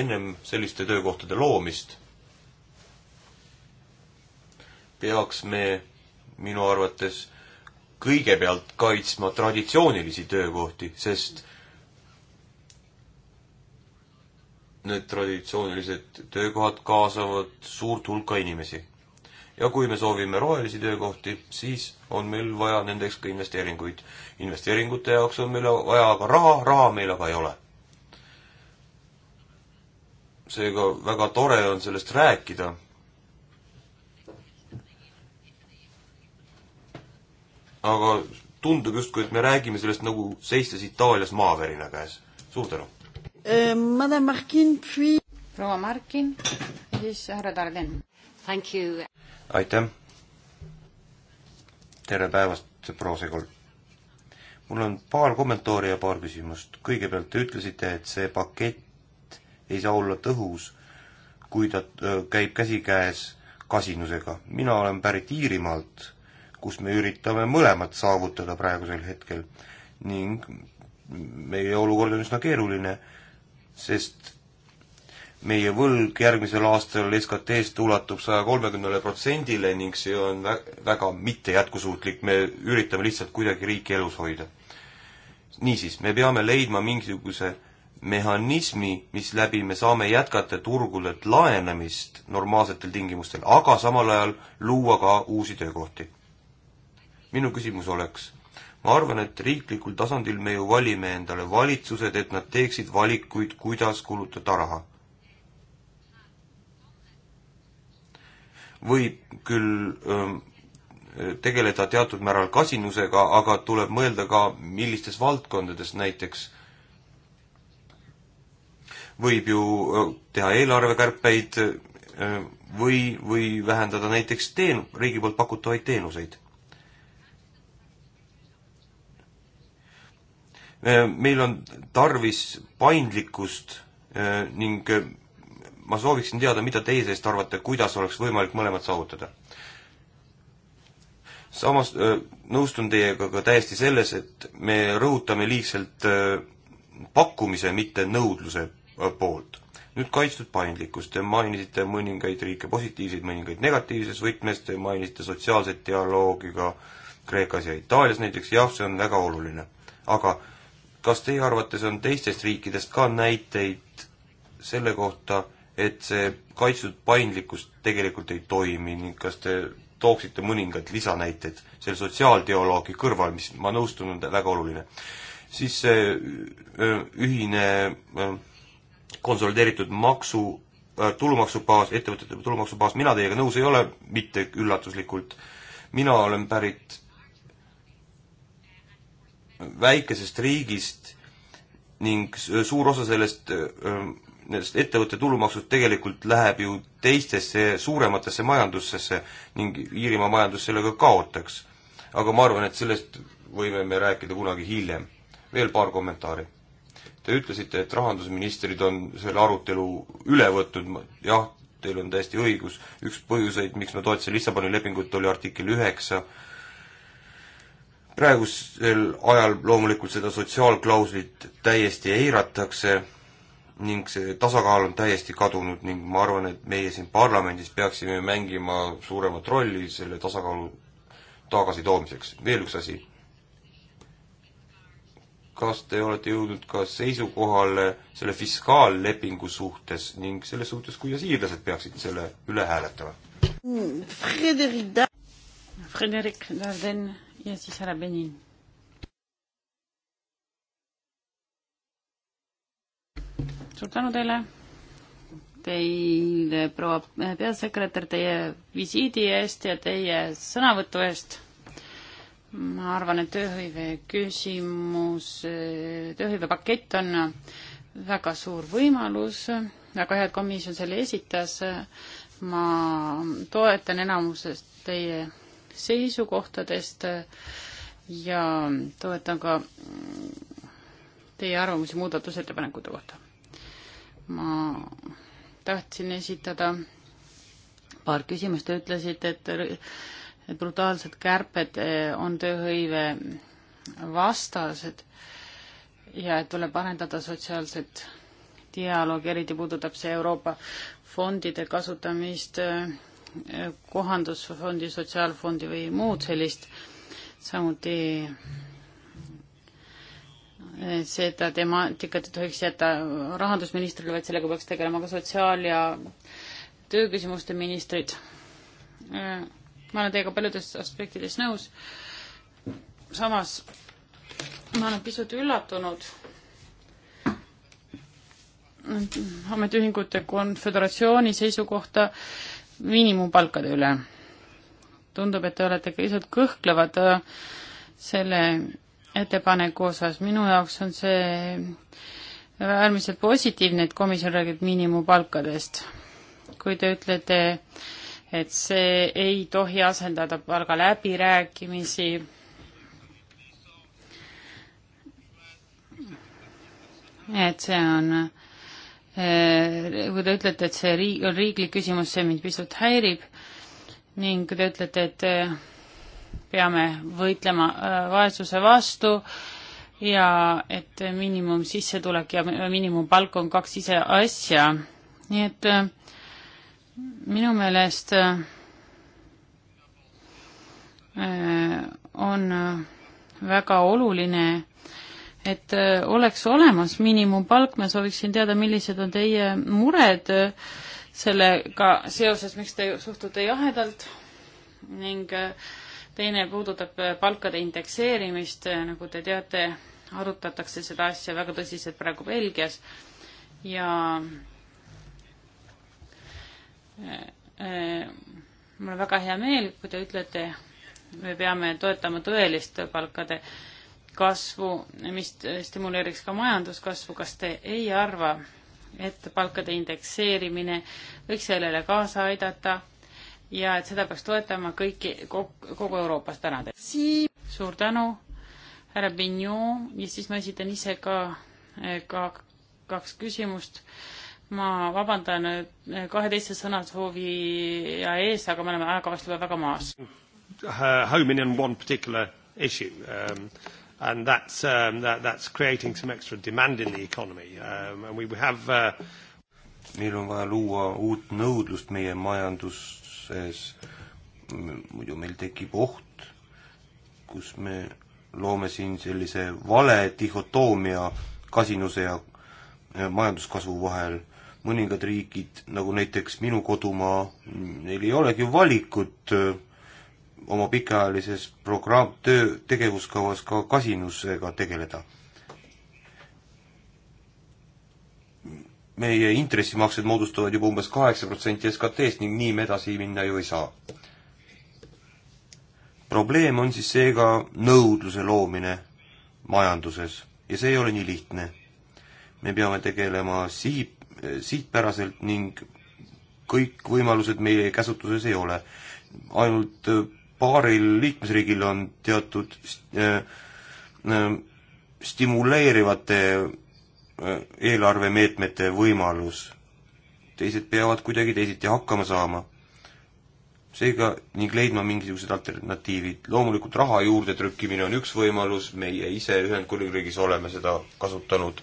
ennem selliste töökohtade loomist peaks me minu arvates kõigepealt kaitsma traditsioonilisi töökohti, sest need traditsioonilised töökohad kaasavad suurt hulka inimesi. ja kui me soovime rohelisi töökohti, siis on meil vaja nendeks ka investeeringuid. investeeringute jaoks on meil vaja aga raha, raha meil aga ei ole. seega väga tore on sellest rääkida aga tundub justkui, et me räägime sellest nagu seistes Itaalias maavärina käes. suur tänu! Euh, Madame Markin, puis... proua Markin ja siis härra Tarden. aitäh. tere päevast, proua Segol. mul on paar kommentaari ja paar küsimust. kõigepealt te ütlesite, et see pakett ei saa olla tõhus, kui ta käib käsikäes kasinusega. mina olen pärit Iirimaalt, kus me üritame mõlemat saavutada praegusel hetkel ning meie olukord on üsna keeruline sest meie võlg järgmisel aastal SKT-st ulatub saja kolmekümnele protsendile ning see on vä-, väga mitte jätkusuutlik, me üritame lihtsalt kuidagi riiki elus hoida. niisiis, me peame leidma mingisuguse mehhanismi, mis läbi me saame jätkata turgudelt laenamist normaalsetel tingimustel, aga samal ajal luua ka uusi töökohti. minu küsimus oleks, ma arvan, et riiklikul tasandil me ju valime endale valitsused, et nad teeksid valikuid, kuidas kulutada raha. võib küll öö, ähm, tegeleda teatud määral kasinusega, aga tuleb mõelda ka, millistes valdkondades näiteks võib ju äh, teha eelarvekärpeid äh, või, või vähendada näiteks teen-, riigi poolt pakutavaid teenuseid. Äh, meil on tarvis paindlikkust äh, ning äh, ma sooviksin teada, mida teie sellest arvate, kuidas oleks võimalik mõlemat saavutada? samas nõustun teiega ka täiesti selles, et me rõhutame liigselt pakkumise, mitte nõudluse poolt. nüüd kaitstud paindlikkus, te mainisite mõningaid riike positiivseid, mõningaid negatiivses võtmes, te mainisite sotsiaalset dialoogi ka Kreekas ja Itaalias näiteks, jah, see on väga oluline. aga äh, kas teie arvates on teistest riikidest ka näiteid selle kohta, et see kaitstud paindlikkus tegelikult ei toimi ning kas te tooksite mõningad lisanäited selle sotsiaaldialoogi kõrval, mis ma nõustun, on väga oluline. siis see ühine konsolideeritud maksu, tulumaksubaas, ettevõtete tulumaksubaas, mina teiega nõus ei ole, mitte üllatuslikult. mina olen pärit väikesest riigist ning suur osa sellest, nendest ettevõtte tulumaksust tegelikult läheb ju teistesse suurematesse majandustesse ning Iirimaa majandus sellega kaotaks. aga ma arvan, et sellest võime me rääkida kunagi hiljem. veel paar kommentaari. Te ütlesite, et rahandusministrid on selle arutelu üle võtnud, jah, teil on täiesti õigus, üks põhjuseid, miks ma toetasin Lissaboni lepingut, oli artikkel üheksa, praegusel ajal loomulikult seda sotsiaalklauslit täiesti eiratakse ning see tasakaal on täiesti kadunud ning ma arvan, et meie siin parlamendis peaksime mängima suuremat rolli selle tasakaalu tagasitoomiseks. veel üks asi. kas te olete jõudnud ka seisukohale selle fiskaallepingu suhtes ning selles suhtes, kuidas iirlased peaksid selle üle hääletama? Hmm, Frederik Darden ja siis härra Benin. suur tänu teile, teile, proua eh, peasekretär, teie visiidi eest ja teie sõnavõtu eest ma arvan, et tööhõive küsimus, eh, tööhõivepakett on väga suur võimalus, väga hea, et komisjon selle esitas. ma toetan enamusest teie seisukohtadest ja toetan ka teie arvamusi muudatusettepanekute kohta. ma tahtsin esitada paar küsimust, te ütlesite, et et brutaalsed kärped eh, on tööhõive vastased ja et tuleb arendada sotsiaalset dialoogi, eriti puudutab see Euroopa fondide kasutamist äh, kohandusfondi, sotsiaalfondi või muud sellist, samuti eh, seda temaatikat ei tohiks jätta rahandusministrile, vaid sellega peaks tegelema ka sotsiaal- ja tööküsimuste ministrid. Eh, ma olen teiega paljudes aspektides nõus, samas ma olen pisut üllatunud ametiühingute konföderatsiooni seisukohta, miinimumpalkade üle. tundub, et te olete pisut kõhklevad äh, selle ettepaneku osas, minu jaoks on see äärmiselt positiivne, et komisjon räägib miinimumpalkadest. kui te ütlete, et see ei tohi asendada palgaläbirääkimisi, et see on äh, Äh, kui te ütlete, et see riik, on riiklik küsimus, see mind pisut häirib ning te ütlete, et äh, peame võitlema äh, vaesuse vastu ja et miinimumsissetulek ja miinimumpalk on kaks ise asja. nii et minu meelest on väga oluline äh, et äh, oleks olemas miinimumpalk, ma sooviksin teada, millised on teie mured äh, sellega seoses, miks te suhtute jahedalt ning äh, teine puudutab palkade indekseerimist, nagu te teate, arutatakse seda asja väga tõsiselt praegu Belgias ja mul on väga hea meel, kui te ütlete, me peame toetama tõelist palkade äh, kasvu, mis stimuleeriks ka majanduskasvu, kas te ei arva, et palkade indekseerimine võiks sellele kaasa aidata ja et seda peaks toetama kõiki, kogu Euroopas täna si? suur tänu, härra Pignon ja siis ma esitan ise ka, ka kaks küsimust. ma vabandan kaheteise sõnasoovi ja ees, aga me oleme ajakavast juba väga maas. Home in on one particular issue um, and that's, um, that, that's creating some extra demand in the economy. Um, and we have uh... meil on vaja luua uut nõudlust meie majanduses, muidu meil tekib oht, kus me loome siin sellise vale dihhotoomia kasinuse ja majanduskasvu vahel. mõningad riigid, nagu näiteks minu kodumaa, neil ei olegi valikut äh, oma pikaajalises programm, töö, tegevuskavas ka kasinusega tegeleda. meie intressimaksed moodustavad juba umbes kaheksa protsenti SKT-st ning nii me edasi minna ju ei saa. probleem on siis seega nõudluse loomine majanduses ja see ei ole nii lihtne. me peame tegelema sihi, sihtpäraselt ning kõik võimalused meie käsutuses ei ole. ainult paaril liikmesriigil on teatud äh, äh, stimuleerivate äh, eelarvemeetmete võimalus, teised peavad kuidagi teisiti hakkama saama. seega, ning leidma mingisugused alternatiivid. loomulikult raha juurdetrükkimine on üks võimalus, meie ise Ühendkuningriigis oleme seda kasutanud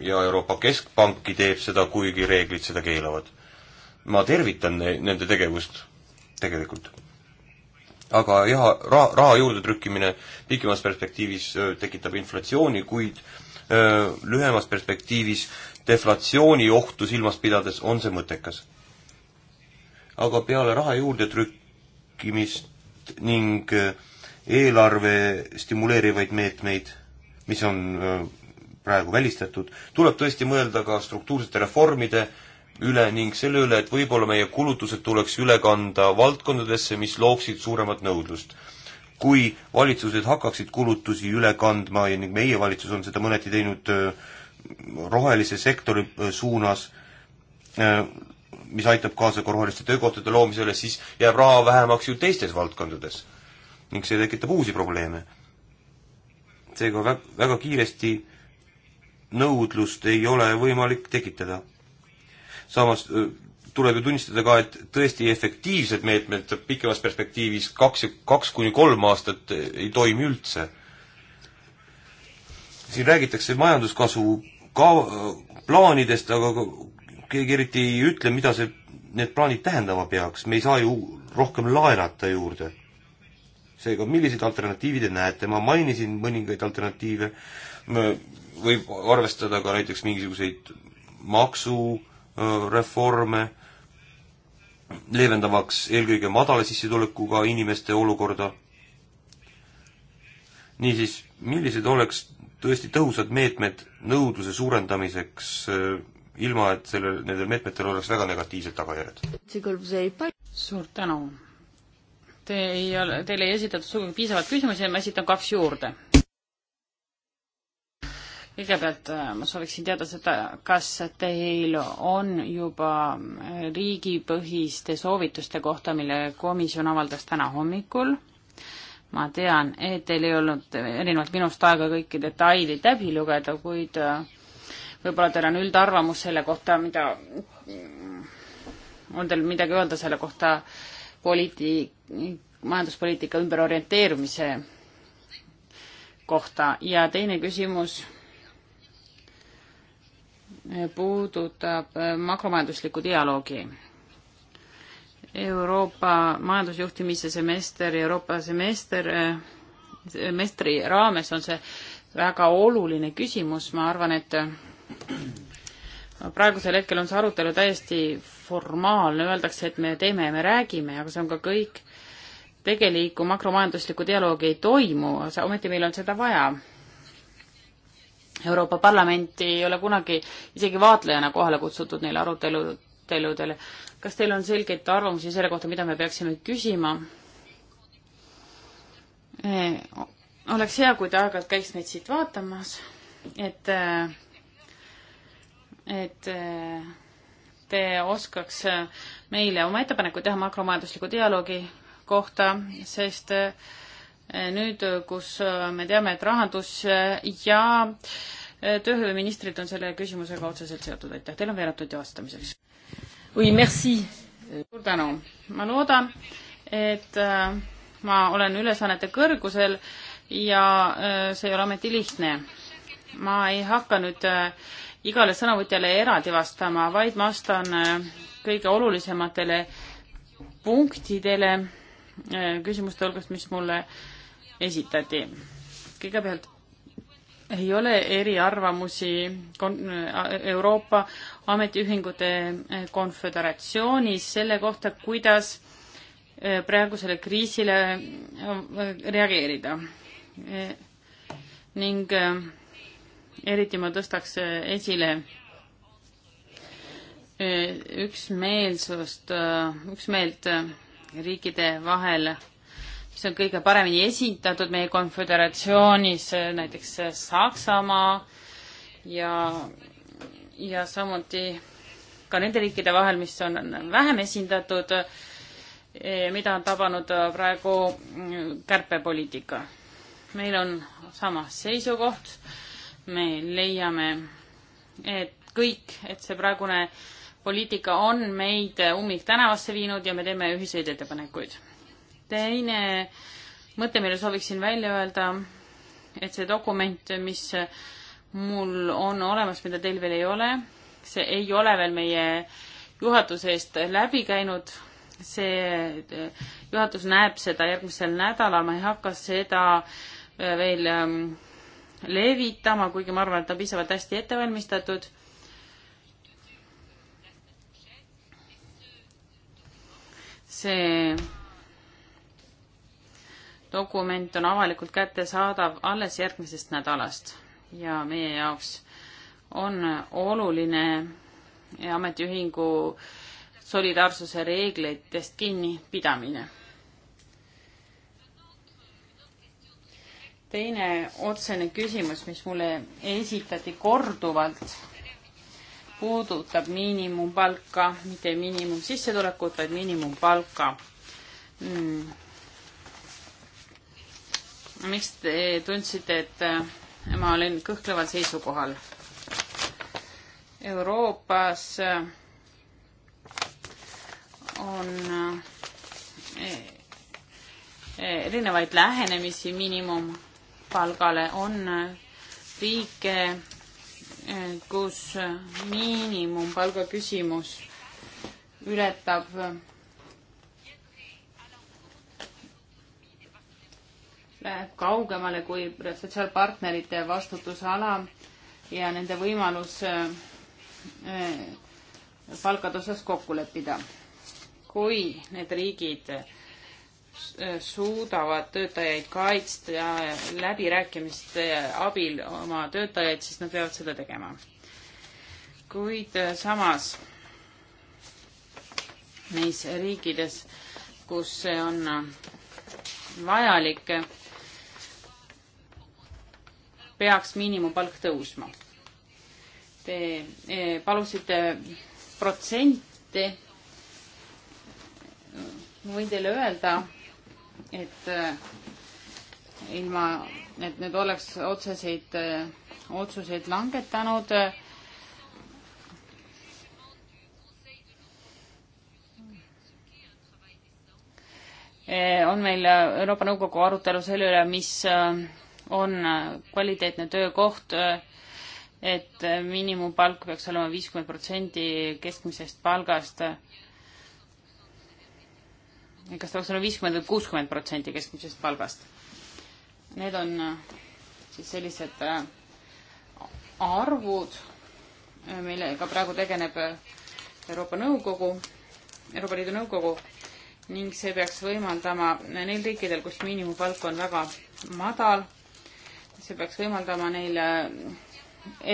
ja Euroopa Keskpanki teeb seda, kuigi reeglid seda keelavad. ma tervitan ne nende tegevust tegelikult aga jah, raha, raha juurdetrükkimine pikemas perspektiivis tekitab inflatsiooni, kuid öö, lühemas perspektiivis deflatsiooni ohtu silmas pidades on see mõttekas. aga peale raha juurdetrükkimist ning eelarve stimuleerivaid meetmeid, mis on öö, praegu välistatud, tuleb tõesti mõelda ka struktuursete reformide öö, üle ning selle üle, et võib-olla meie kulutused tuleks üle kanda valdkondadesse, mis looksid suuremat nõudlust. kui valitsused hakkaksid kulutusi üle kandma ja ning meie valitsus on seda mõneti teinud äh, rohelise sektori äh, suunas, äh, mis aitab kaasa ka roheliste töökohtade loomisele, siis jääb raha vähemaks ju teistes valdkondades. ning see tekitab uusi probleeme. seega väga kiiresti nõudlust ei ole võimalik tekitada samas äh, tuleb ju tunnistada ka, et tõesti efektiivsed meetmed pikemas perspektiivis kaks, kaks kuni kolm aastat äh, ei toimi üldse. siin räägitakse majanduskasvu ka äh, plaanidest, aga keegi eriti ei ütle, mida see, need plaanid tähendama peaks, me ei saa ju rohkem laenata juurde. seega, millised alternatiivid te näete, ma mainisin mõningaid alternatiive, võib arvestada ka näiteks mingisuguseid maksu, reforme, leevendamaks eelkõige madala sissetulekuga inimeste olukorda. niisiis, millised oleks tõesti tõhusad meetmed nõudluse suurendamiseks, ilma et sellel, nendel meetmetel oleks väga negatiivsed tagajärjed? suur tänu. Te ei ole, teile ei esitatud sugugi piisavalt küsimusi ja ma esitan kaks juurde kõigepealt äh, ma sooviksin teada seda, kas teil on juba äh, riigipõhiste soovituste kohta, mille komisjon avaldas täna hommikul. ma tean, et teil ei olnud erinevalt minust aega kõiki detailid läbi lugeda, kuid äh, võib-olla teil on üldarvamus selle kohta, mida, mm, on teil midagi öelda selle kohta poliiti-, majanduspoliitika ümberorienteerumise kohta ja teine küsimus puudutab äh, makromajanduslikku dialoogi. Euroopa majandusjuhtimise semester ja Euroopa semester, äh, semestri raames on see väga oluline küsimus, ma arvan, et äh, praegusel hetkel on see arutelu täiesti formaalne, öeldakse, et me teeme ja me räägime, aga see on ka kõik, tegelikku makromajanduslikku dialoogi ei toimu, ometi meil on seda vaja Euroopa Parlamenti ei ole kunagi isegi vaatlejana kohale kutsutud neile aruteludele. kas teil on selgeid arvamusi selle kohta, mida me peaksime küsima? Eh, oleks hea, kui te aeg-ajalt käiks meid siit vaatamas, et, eh, et eh, te oskaks meile oma ettepaneku teha makromajandusliku dialoogi kohta, sest äh, nüüd, kus äh, me teame, et rahandus äh, ja äh, tööhõiveministrid on selle küsimusega otseselt seotud, aitäh, teil on veerand tundi vastamiseks. Oui, merci. suur tänu, ma loodan, et ma olen ülesannete kõrgusel ja see ei ole ometi lihtne. ma ei hakka nüüd igale sõnavõtjale eraldi vastama, vaid ma vastan kõige olulisematele punktidele küsimuste hulgast, mis mulle äh, esitati. kõigepealt ei ole eriarvamusi kon-, Euroopa Ametiühingute eh, Konföderatsioonis selle kohta, kuidas eh, praegusele kriisile eh, reageerida. ning eriti ma tõstaks esile üksmeelsust, üksmeelt riikide vahel mis on kõige paremini esindatud meie konföderatsioonis, näiteks Saksamaa ja, ja samuti ka nende riikide vahel, mis on vähem esindatud, eh, mida on tabanud praegu kärpepoliitika. meil on sama seisukoht, me leiame, et kõik, et see praegune poliitika on meid ummiktänavasse viinud ja me teeme ühiseid ettepanekuid teine mõte, mille sooviksin välja öelda, et see dokument, mis mul on olemas, mida teil veel ei ole, see ei ole veel meie juhatuse eest läbi käinud, see, juhatus näeb seda järgmisel nädalal, ma ei hakka seda äh, veel ähm, levitama, kuigi ma arvan, et ta on piisavalt hästi ette valmistatud see dokument on avalikult kättesaadav alles järgmisest nädalast ja meie jaoks on oluline ametiühingu solidaarsuse reeglitest kinnipidamine. teine otsene küsimus, mis mulle esitati korduvalt, puudutab miinimumpalka, mitte miinimumsissetulekut, vaid miinimumpalka mm miks te tundsite, et äh, ma olin kõhkleval seisukohal? Euroopas äh, on äh, e-, erinevaid lähenemisi miinimumpalgale, on riike, kus miinimumpalga küsimus ületab läheb kaugemale kui sotsiaalpartnerite vastutusala ja nende võimalus äh, palkade osas kokku leppida. kui need riigid äh, suudavad töötajaid kaitsta ja läbirääkimiste abil oma töötajaid, siis nad peavad seda tegema. kuid äh, samas neis riikides, kus see on vajalik, peaks miinimumpalk tõusma. Te e, palusite protsente. võin teile öelda, et e, ilma, et nüüd oleks otseseid e, otsuseid langetanud, on meil Euroopa Nõukogu arutelu selle üle, mis on äh, kvaliteetne töökoht, äh, et äh, miinimumpalk peaks olema viiskümmend protsenti keskmisest palgast. kas ta peaks olema viiskümmend või kuuskümmend protsenti keskmisest palgast? Need on siis sellised arvud, millega praegu tegeleb Euroopa Nõukogu, Euroopa Liidu Nõukogu ning see peaks võimaldama neil riikidel, kus miinimumpalk on väga madal, see peaks võimaldama neil äh,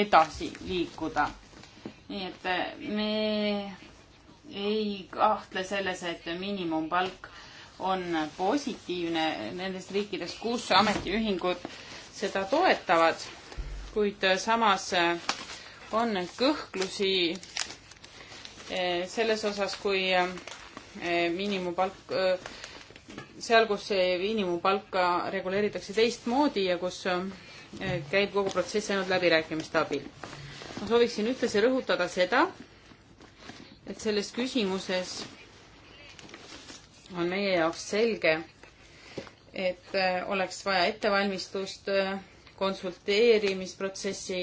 edasi liikuda. nii et äh, me ei kahtle selles, et miinimumpalk on positiivne nendes riikides, kus ametiühingud seda toetavad, kuid äh, samas on kõhklusi selles osas, kui miinimumpalk seal, kus miinimumpalka reguleeritakse teistmoodi ja kus äh, käib kogu protsess ainult läbirääkimiste abil. ma sooviksin ühtlasi rõhutada seda, et selles küsimuses on meie jaoks selge, et äh, oleks vaja ettevalmistust, äh, konsulteerimisprotsessi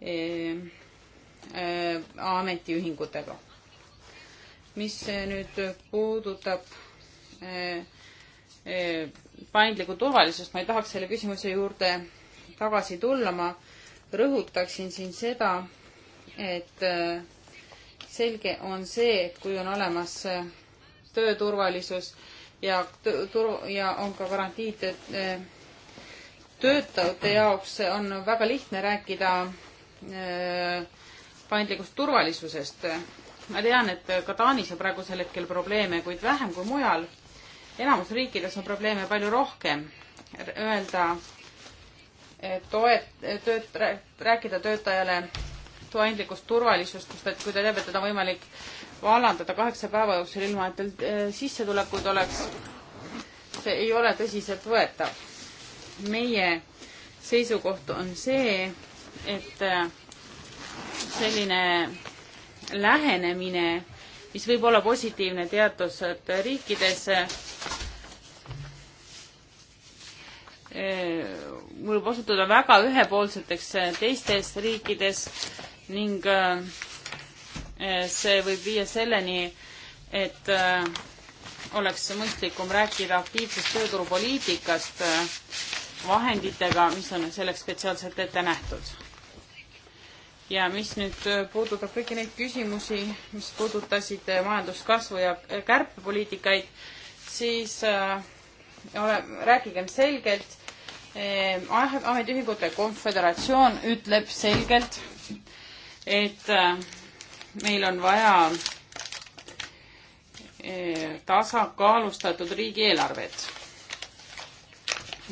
eh, eh, ametiühingutega. mis nüüd puudutab Eh, eh, paindlikku turvalisust, ma ei tahaks selle küsimuse juurde tagasi tulla, ma rõhutaksin siin seda, et eh, selge on see, et kui on olemas tööturvalisus ja turu- ja on ka garantiid, et töötajate jaoks on väga lihtne rääkida paindlikust turvalisusest. ma tean, et ka Taanis on praegusel hetkel probleeme, kuid vähem kui mujal enamus riikides on probleeme palju rohkem. Öelda toet-, tööt-, rääkida töötajale toendlikust turvalisustest, et kui ta teab, et teda on võimalik vallandada kaheksa päeva jooksul, ilma et tal äh, sissetulekuid oleks, see ei ole tõsiseltvõetav. meie seisukoht on see, et äh, selline lähenemine, mis võib olla positiivne teatud riikides, Eh, võib osutuda väga ühepoolseteks eh, teistes riikides ning eh, see võib viia selleni, et oleks mõistlikum rääkida aktiivsest tööturupoliitikast vahenditega, mis on selleks spetsiaalselt ette nähtud. ja mis nüüd puudutab kõiki neid küsimusi, mis puudutasid majanduskasvu ja kärpepoliitikaid, siis äh, ole, rääkigem selgelt Eh, ametiühingute ah-, konföderatsioon ütleb selgelt, et eh, meil on vaja eh, tasakaalustatud riigieelarvet.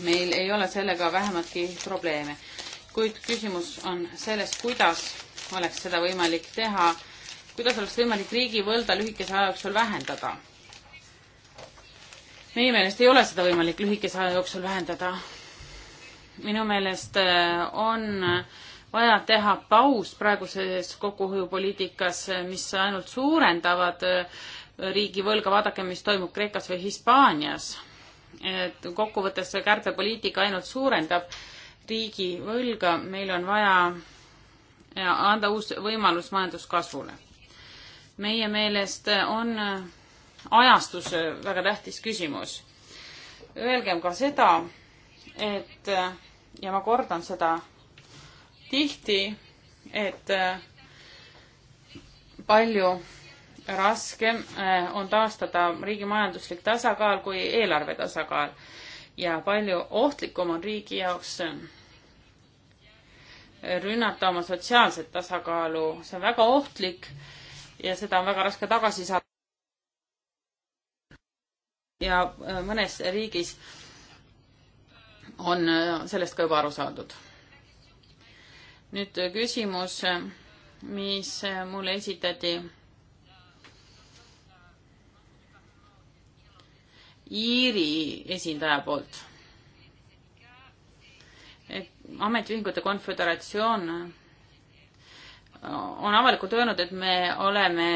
meil ei ole sellega vähematki probleeme, kuid küsimus on selles, kuidas oleks seda võimalik teha, kuidas oleks võimalik riigivõlda lühikese aja jooksul vähendada. meie meelest ei ole seda võimalik lühikese aja jooksul vähendada minu meelest äh, on vaja teha paus praeguses kokkuhoiupoliitikas, äh, mis ainult suurendavad äh, riigivõlga, vaadake, mis toimub Kreekas või Hispaanias. et kokkuvõttes see kärpepoliitika ainult suurendab riigivõlga, meil on vaja anda uus võimalus majanduskasvule. meie meelest on ajastus väga tähtis küsimus. Öelgem ka seda, et ja ma kordan seda tihti, et palju raskem eh, on taastada riigi majanduslik tasakaal kui eelarve tasakaal ja palju ohtlikum on riigi jaoks eh, rünnata oma sotsiaalset tasakaalu, see on väga ohtlik ja seda on väga raske tagasi saada. ja eh, mõnes riigis on äh, sellest ka juba aru saadud. nüüd äh, küsimus, äh, mis mulle esitati. Iiri esindaja poolt. ametiühingute konföderatsioon on avalikult öelnud, et me oleme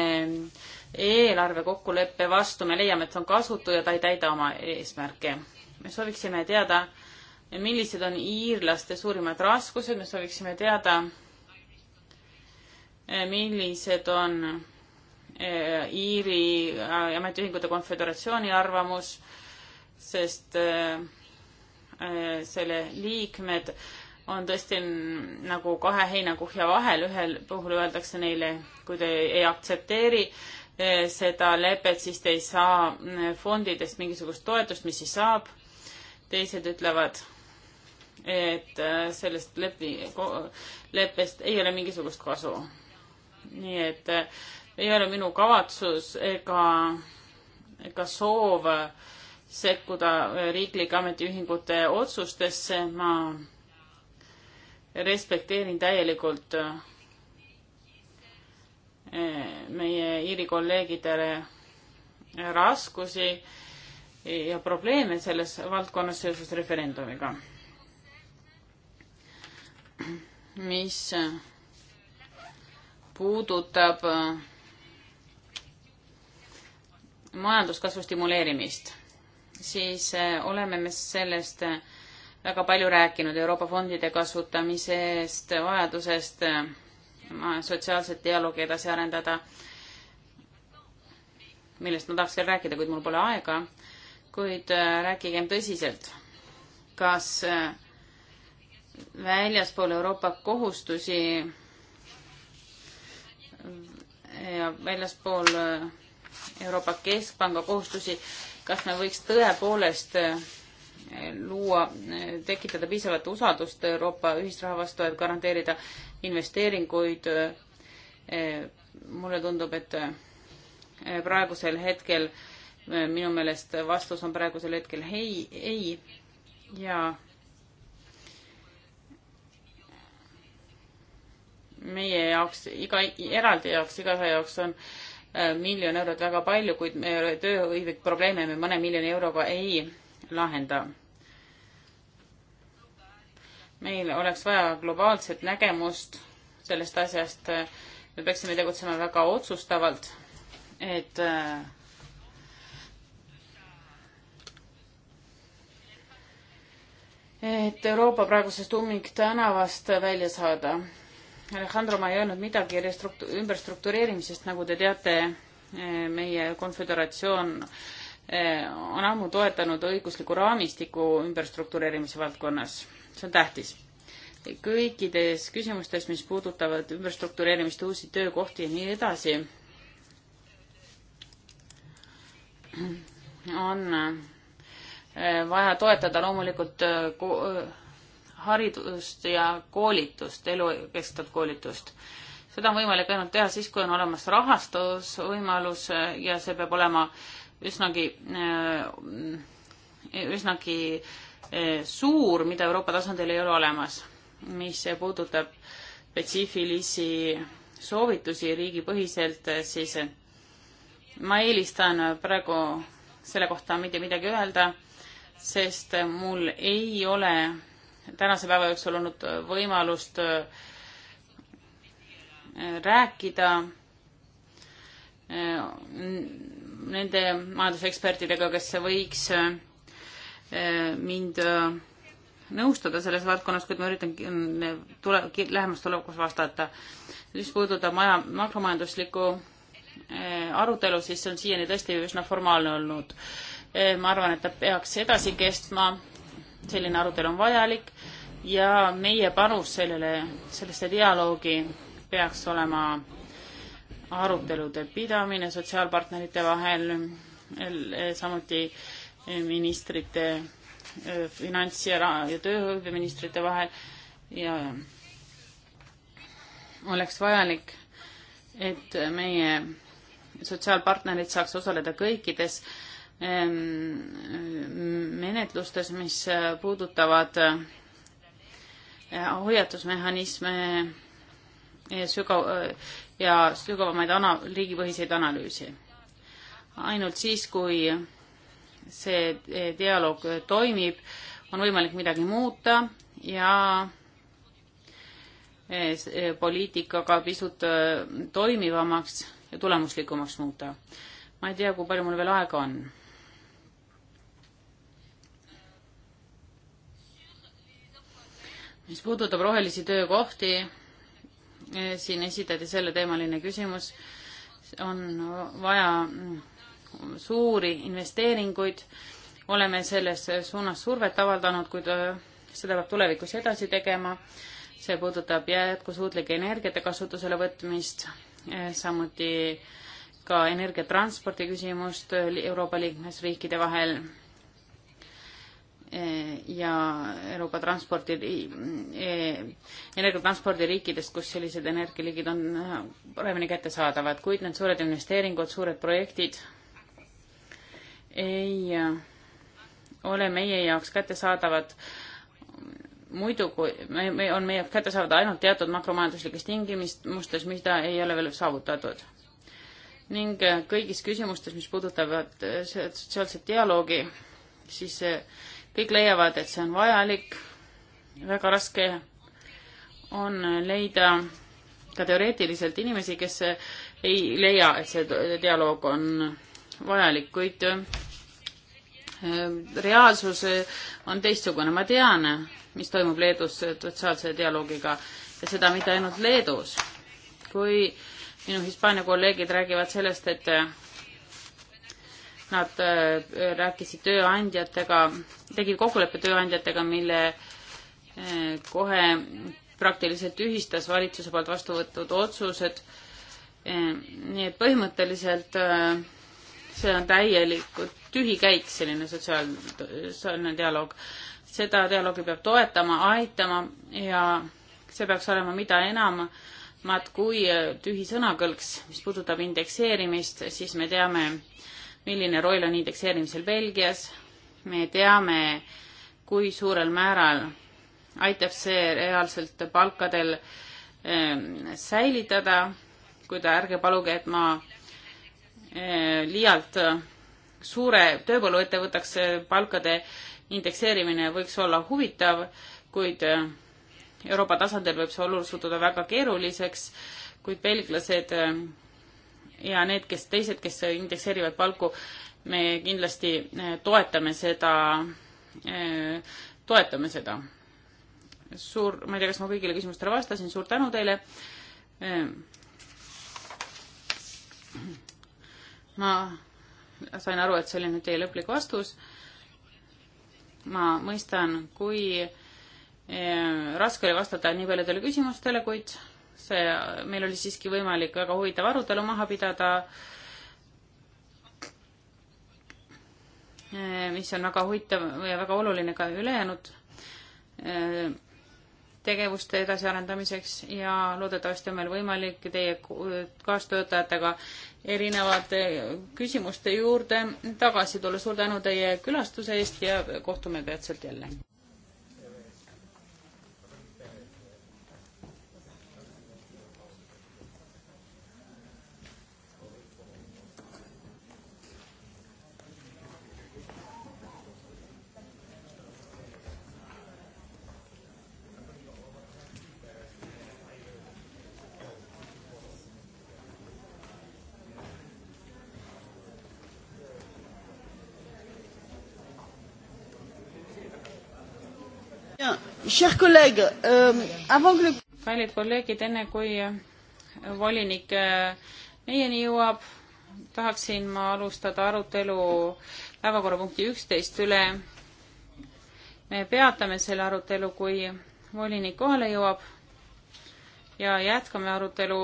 eelarve kokkuleppe vastu, me leiame, et see on kasutu ja ta ei täida oma eesmärke. me sooviksime teada äh, millised on iirlaste suurimad raskused, me sooviksime teada, eh, millised on eh, Iiri eh, Ametiühingute Konföderatsiooni arvamus, sest selle liikmed on tõesti nagu kahe heinakuhja vahel, ühel puhul öeldakse neile, kui te ei aktsepteeri seda lepet, siis te ei saa mm, fondidest mingisugust toetust, mis siis saab. teised ütlevad, et äh, sellest lepi, leppest ei ole mingisugust kasu. nii et äh, ei ole minu kavatsus ega, ega soov sekkuda äh, riiklike ametiühingute otsustesse, ma respekteerin täielikult meie Iiri kolleegidele raskusi ja probleeme selles valdkonnas seoses referendumiga mis puudutab majanduskasvu stimuleerimist, siis eh, oleme me sellest eh, väga palju rääkinud Euroopa fondide kasutamisest, vajadusest eh, sotsiaalset dialoogi edasi arendada, millest ma tahaks veel rääkida, kuid mul pole aega, kuid rääkigem tõsiselt, kas äh, väljaspool Euroopa kohustusi ja väljaspool Euroopa Keskpanga kohustusi, kas me võiks tõepoolest luua, tekitada piisavat usaldust Euroopa ühisraha vastu, et garanteerida investeeringuid. mulle tundub, et praegusel hetkel, minu meelest vastus on praegusel hetkel ei, ei ja meie jaoks, iga eraldi jaoks, igaühe jaoks on äh, miljon eurot väga palju, kuid me tööhõive probleeme me mõne miljoni euroga ei lahenda. meil oleks vaja globaalset nägemust sellest asjast. me peaksime tegutsema väga otsustavalt, et äh, et Euroopa praegusest ummiktänavast välja saada Alejandro, ma ei öelnud midagi restruktu-, ümberstruktureerimisest, nagu te teate, eh, meie konföderatsioon eh, on ammu toetanud õigusliku raamistiku ümberstruktureerimise valdkonnas. see on tähtis. kõikides küsimustes, mis puudutavad ümberstruktureerimist, uusi töökohti ja nii edasi, on eh, vaja toetada loomulikult haridust ja koolitust, elukestvat koolitust. seda on võimalik ainult teha siis, kui on olemas rahastusvõimalus ja see peab olema üsnagi, äh, üsnagi äh, suur, mida Euroopa tasandil ei ole olemas, mis puudutab spetsiifilisi soovitusi riigipõhiselt, siis ma eelistan praegu selle kohta mitte midagi öelda, sest mul ei ole tänase päeva jooksul olnud äh, võimalust äh, rääkida äh, nende majandusekspertidega, kes võiks mind nõustuda selles valdkonnas, kuid ma üritan tule, lähemas tulevikus vastata. mis puudutab maja, makromajanduslikku arutelu, siis see on siiani tõesti üsna formaalne olnud. ma arvan, et ta peaks edasi kestma, selline arutelu on vajalik ja meie panus sellele, sellesse dialoogi peaks olema arutelude pidamine sotsiaalpartnerite vahel, eh, samuti ministrite, eh, finants- ja, ja tööhõiveministrite vahel ja oleks vajalik, et meie sotsiaalpartnerid saaks osaleda kõikides eh, menetlustes, mis puudutavad hoiatusmehhanisme sügav- ja sügavamaid ana-, riigipõhiseid analüüse. ainult siis, kui see dialoog toimib, on võimalik midagi muuta ja e, e, poliitikaga pisut e, toimivamaks ja tulemuslikumaks muuta. ma ei tea, kui palju mul veel aega on mis puudutab rohelisi töökohti, eh, siin esitati selleteemaline küsimus, on vaja mm, suuri investeeringuid, oleme selles suunas survet avaldanud, kuid eh, seda peab tulevikus edasi tegema. see puudutab jätkusuutlike energiate kasutusele võtmist, eh, samuti ka energiatranspordi küsimust Euroopa liikmesriikide vahel Eh, ja Euroopa transpordi, eh, energiatranspordi riikidest, kus sellised energialiigid on eh, paremini kättesaadavad, kuid need suured investeeringud, suured projektid ei ole meie jaoks kättesaadavad muidu, kui me, me, on meie kättesaadavad ainult teatud makromajanduslikes tingimustes, mida ei ole veel saavutatud. ning kõigis küsimustes, mis puudutavad sotsiaalset dialoogi, siis kõik leiavad, et see on vajalik. väga raske on leida ka teoreetiliselt inimesi, kes ei leia, et see dialoog on vajalik, kuid äh, reaalsus äh, on teistsugune. ma tean, mis toimub Leedus sotsiaalse dialoogiga ja seda mitte ainult Leedus. kui minu Hispaania kolleegid räägivad sellest, et Nad äh, rääkisid tööandjatega, tegid kokkuleppe tööandjatega, mille äh, kohe praktiliselt tühistas valitsuse poolt vastu võetud otsused. Äh, nii et põhimõtteliselt see on täielik tühikäik, selline sotsiaal, sotsiaalne dialoog. seda dialoogi peab toetama, aitama ja see peaks olema mida enamat kui tühi sõnakõlks. mis puudutab indekseerimist, siis me teame, milline roll on indekseerimisel Belgias. me teame, kui suurel määral aitab see reaalselt palkadel ähm, säilitada, kui ta, ärge paluge, et ma äh, liialt äh, suure tööpõllu ette võtaks, äh, palkade indekseerimine võiks olla huvitav, kuid Euroopa tasandil võib see olukord suhtuda väga keeruliseks, kuid belglased ja need, kes teised, kes indekseerivad palku, me kindlasti eh, toetame seda, eh, toetame seda. suur, ma ei tea, kas ma kõigile küsimustele vastasin, suur tänu teile. Eh, ma sain aru, et see oli nüüd teie lõplik vastus. ma mõistan, kui raske oli vastata nii paljudele küsimustele, kuid see, meil oli siiski võimalik väga huvitav arutelu maha pidada, eh, mis on väga huvitav ja väga oluline ka ülejäänud eh, tegevuste edasiarendamiseks ja loodetavasti on meil võimalik teie kaastöötajatega erinevate küsimuste juurde tagasi tulla. suur tänu teie külastuse eest ja kohtume peatselt jälle! Euh, kallid kolleegid, enne kui äh, volinik äh, meieni jõuab, tahaksin ma alustada arutelu päevakorrapunkti üksteist üle. me peatame selle arutelu, kui volinik kohale jõuab ja jätkame arutelu,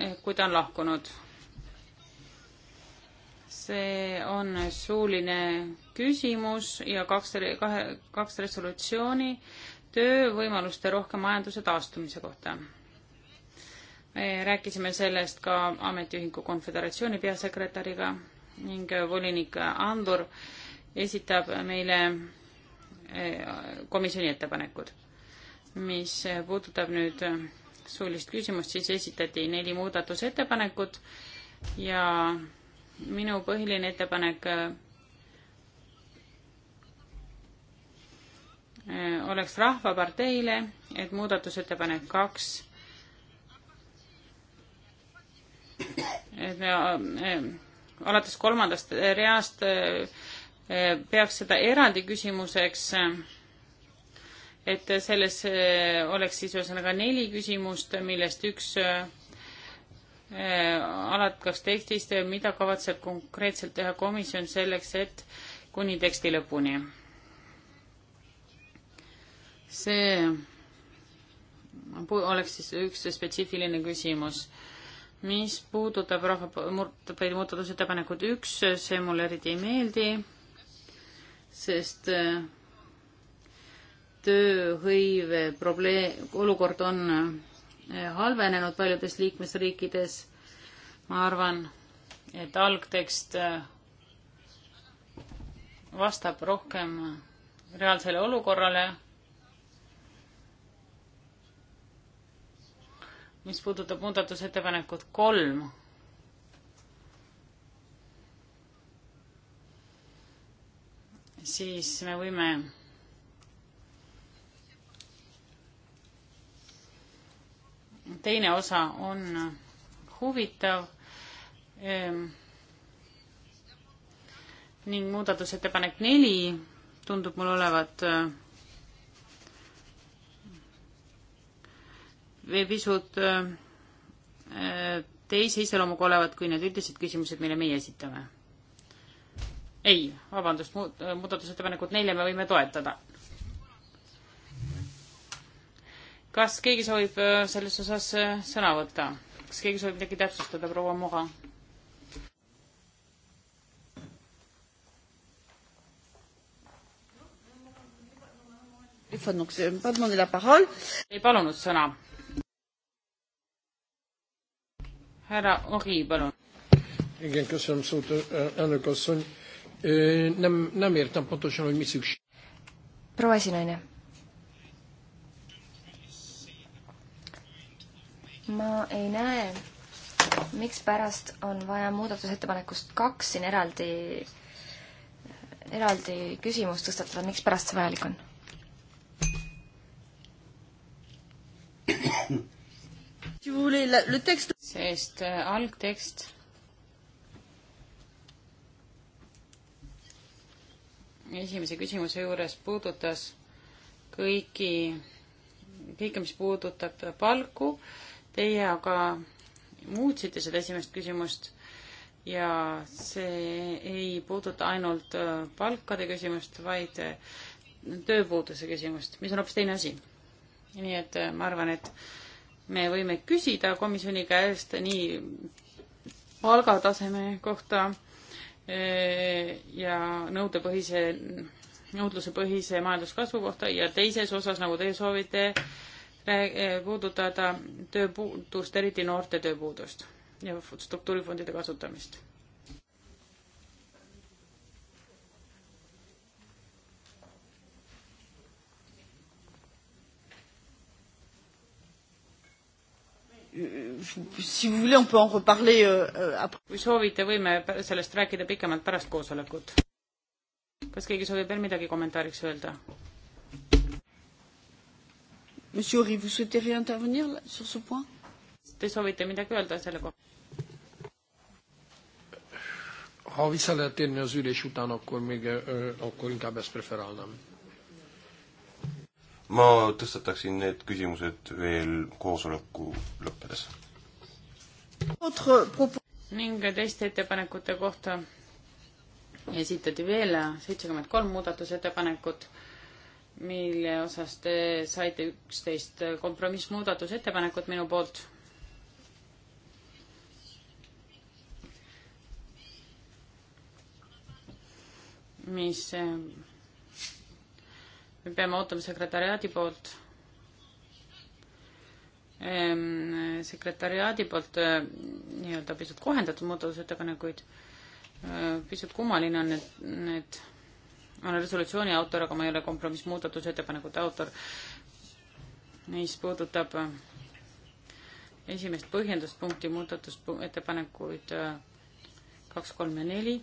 eh, kui ta on lahkunud. see on suuline küsimus ja kaks, kahe, kaks resolutsiooni töövõimaluste rohke majanduse taastumise kohta. me rääkisime sellest ka Ametiühingu Konföderatsiooni peasekretäriga ning volinik Andur esitab meile eh, komisjoni ettepanekud. mis puudutab nüüd suulist küsimust, siis esitati neli muudatusettepanekut ja minu põhiline ettepanek Äh, oleks Rahvaparteile, et muudatusettepanek kaks, et me äh, alates kolmandast reast äh, peaks seda eraldi küsimuseks, et selles oleks siis ühesõnaga neli küsimust, millest üks alatkaks tekstist, mida kavatseb konkreetselt teha komisjon selleks, et kuni teksti lõpuni see oleks siis üks spetsiifiline küsimus, mis puudutab rahva muudatusettepanekut üks, see mulle eriti ei meeldi, sest äh, tööhõive probleem, olukord on äh, halvenenud paljudes liikmesriikides. ma arvan, et algtekst äh, vastab rohkem reaalsele olukorrale mis puudutab muudatusettepanekut kolm, siis me võime teine osa on huvitav ehm, ning muudatusettepanek neli tundub mul olevat äh, pisut äh, äh, teise iseloomuga olevat kui need üldised küsimused, mille meie esitame. ei, vabandust, äh, muudatusettepanekut nelja me võime toetada. kas keegi soovib selles osas sõna võtta? kas keegi soovib midagi täpsustada, proua Moha? ei palunud sõna härra Ori, palun. igen, köszönöm szót, elnök asszony. Nem, nem értem pontosan, hogy mi szükség. proua esinaine. ma ei näe, mikspärast on vaja muudatusettepanekust kaks siin eraldi, eraldi küsimust tõstatada, mikspärast see vajalik on sest algtekst euh, esimese küsimuse juures puudutas kõiki, kõike, mis puudutab palku. Teie aga muutsite seda esimest küsimust ja see ei puuduta ainult äh, palkade küsimust, vaid äh, tööpuuduse küsimust, mis on hoopis teine asi. nii et äh, ma arvan, et me võime küsida komisjoni käest nii palgataseme kohta e, ja nõudepõhise, nõudlusepõhise majanduskasvu kohta ja teises osas, nagu teie soovite, e, puudutada tööpuudust, eriti noorte tööpuudust ja struktuurifondide kasutamist. Euh, si vous voulez, on peut en reparler euh, euh après. kui soovite, võime sellest rääkida pikemalt pärast koosolekut. kas keegi soovib veel midagi kommentaariks öelda? Monsieur Ori, vous souhaitez réintervenir là, sur ce point? Te soovite midagi öelda selle kohta? Ha vissza lehet térni az ülés után, akkor még, akkor inkább ezt preferálnám ma tõstataksin need küsimused veel koosoleku lõppedes. ning teiste ettepanekute kohta esitati veel seitsekümmend kolm muudatusettepanekut, mille osas te saite üksteist kompromissmuudatusettepanekut minu poolt. mis me peame ootama sekretäriaadi poolt ehm, sekretäriaadi poolt äh, nii-öelda pisut kohendatud muudatusettepanekuid. Äh, pisut kummaline on, et need, olen resolutsiooni autor, aga ma ei ole kompromissmuudatusettepanekute autor, mis puudutab äh, esimest põhjenduspunkti muudatusettepanekuid kaks, kolm ja neli.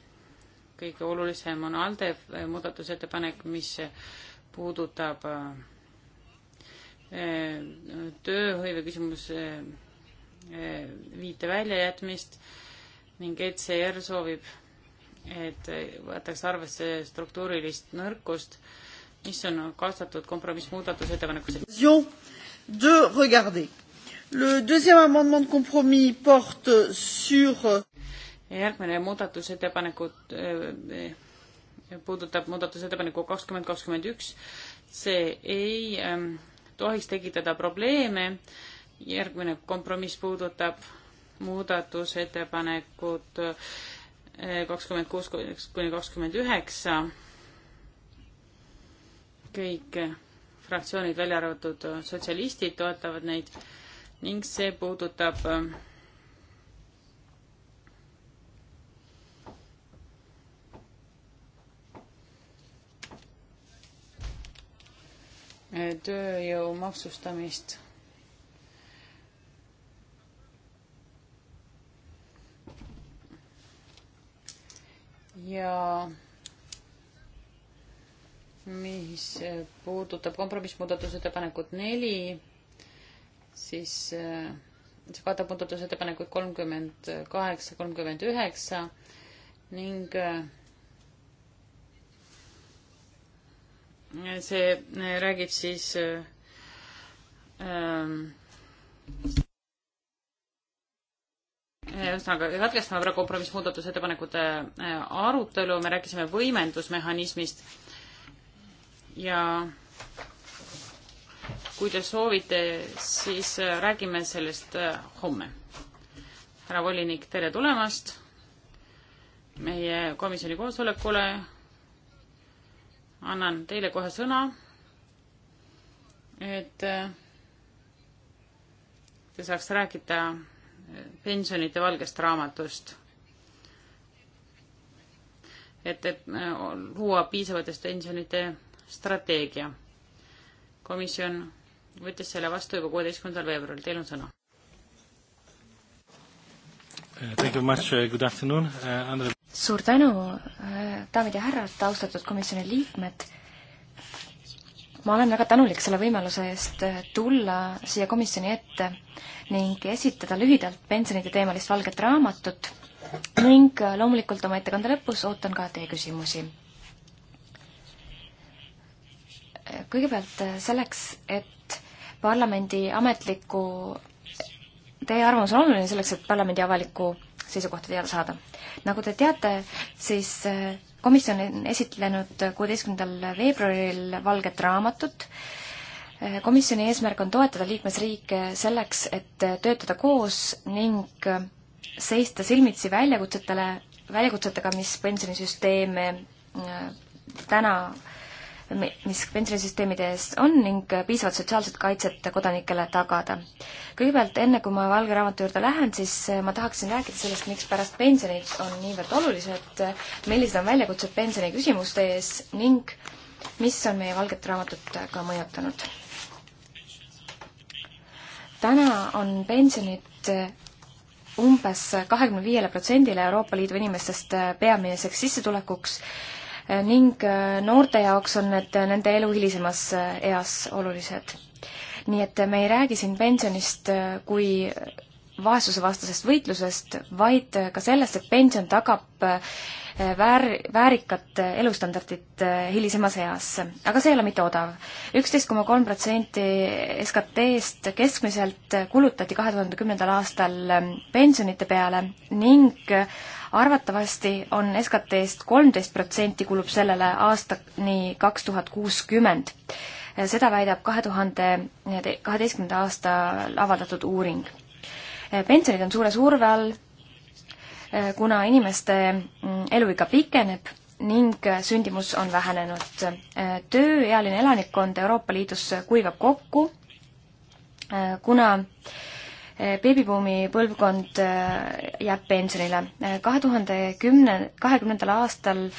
kõige olulisem on ALDE muudatusettepanek, mis puudutab äh, äh, tööhõive küsimuse äh, viite väljajätmist ning ECR soovib, et võetaks arvesse struktuurilist nõrkust, mis on kaasatud kompromissmuudatusettepanekusse. de regarder. Le deuxième amendement de compromis porte sur euh, järgmine muudatusettepanekut äh, puudutab muudatusettepaneku kakskümmend kakskümmend üks, see ei ähm, tohiks tekitada probleeme. järgmine kompromiss puudutab muudatusettepanekut äh, kakskümmend kuus kuni kakskümmend üheksa. kõik äh, fraktsioonid, välja arvatud äh, sotsialistid, toetavad neid ning see puudutab äh, tööjõu maksustamist. ja mis puudutab kompromissmuudatusettepanekut neli, siis see katab muudatusettepanekuid kolmkümmend kaheksa, kolmkümmend üheksa ning see eh, räägib siis eh, ähm, eh, ühesõnaga ähm, katkestame praegu kompromissmuudatusettepanekute arutelu, me rääkisime võimendusmehhanismist ja kui te soovite, siis räägime sellest homme. härra volinik, tere tulemast meie komisjoni koosolekule annan teile kohe sõna, et äh, te saaks rääkida äh, pensionite valgest raamatust. et, et äh, luua piisavatest pensionite strateegia. komisjon võttis selle vastu juba kuueteistkümnendal veebruaril, teil on sõna. Thank you very much, good afternoon uh,, Andre suur tänu, äh, daamid ja härrad, austatud komisjoni liikmed. ma olen väga tänulik selle võimaluse eest äh, tulla siia komisjoni ette ning esitada lühidalt pensionide teemalist valget raamatut ning äh, loomulikult oma ettekande lõpus ootan ka teie küsimusi. kõigepealt selleks, et parlamendi ametliku, teie arvamus on oluline selleks, et parlamendi avaliku seisukohta teada saada. nagu te teate, siis äh, komisjon on esitlenud kuueteistkümnendal veebruaril valget raamatut. Äh, komisjoni eesmärk on toetada liikmesriike selleks, et äh, töötada koos ning seista silmitsi väljakutsetele, väljakutsetega, mis pensionisüsteeme täna äh, mis pensionisüsteemide ees on ning piisavat sotsiaalset kaitset kodanikele tagada. kõigepealt, enne kui ma valge raamatu juurde lähen, siis äh, ma tahaksin rääkida sellest, mikspärast pensionid on niivõrd olulised, millised on väljakutsed pensioniküsimuste ees ning mis on meie valget raamatut ka mõjutanud. täna on pensionid äh, umbes kahekümne viiele protsendile Euroopa Liidu inimestest äh, peamiseks sissetulekuks ning äh, noorte jaoks on need nende elu hilisemas äh, eas olulised. nii et me ei räägi siin pensionist äh, kui vaesusevastasest võitlusest, vaid ka sellest, et pension tagab väär, väärikat elustandardit hilisemas eas. aga see ei ole mitte odav. üksteist koma kolm protsenti SKT-st keskmiselt kulutati kahe tuhande kümnendal aastal ähm, pensionite peale ning arvatavasti on SKT-st kolmteist protsenti kulub sellele aastani kaks tuhat kuuskümmend. seda väidab kahe tuhande kaheteistkümnenda aastal avaldatud uuring. pensionid on suure surve all, kuna inimeste eluiga pikeneb ning sündimus on vähenenud. tööealine elanikkond Euroopa Liidus kuivab kokku, kuna äh, beebibuumi põlvkond äh, jääb pensionile. kahe tuhande kümne, kahekümnendal aastal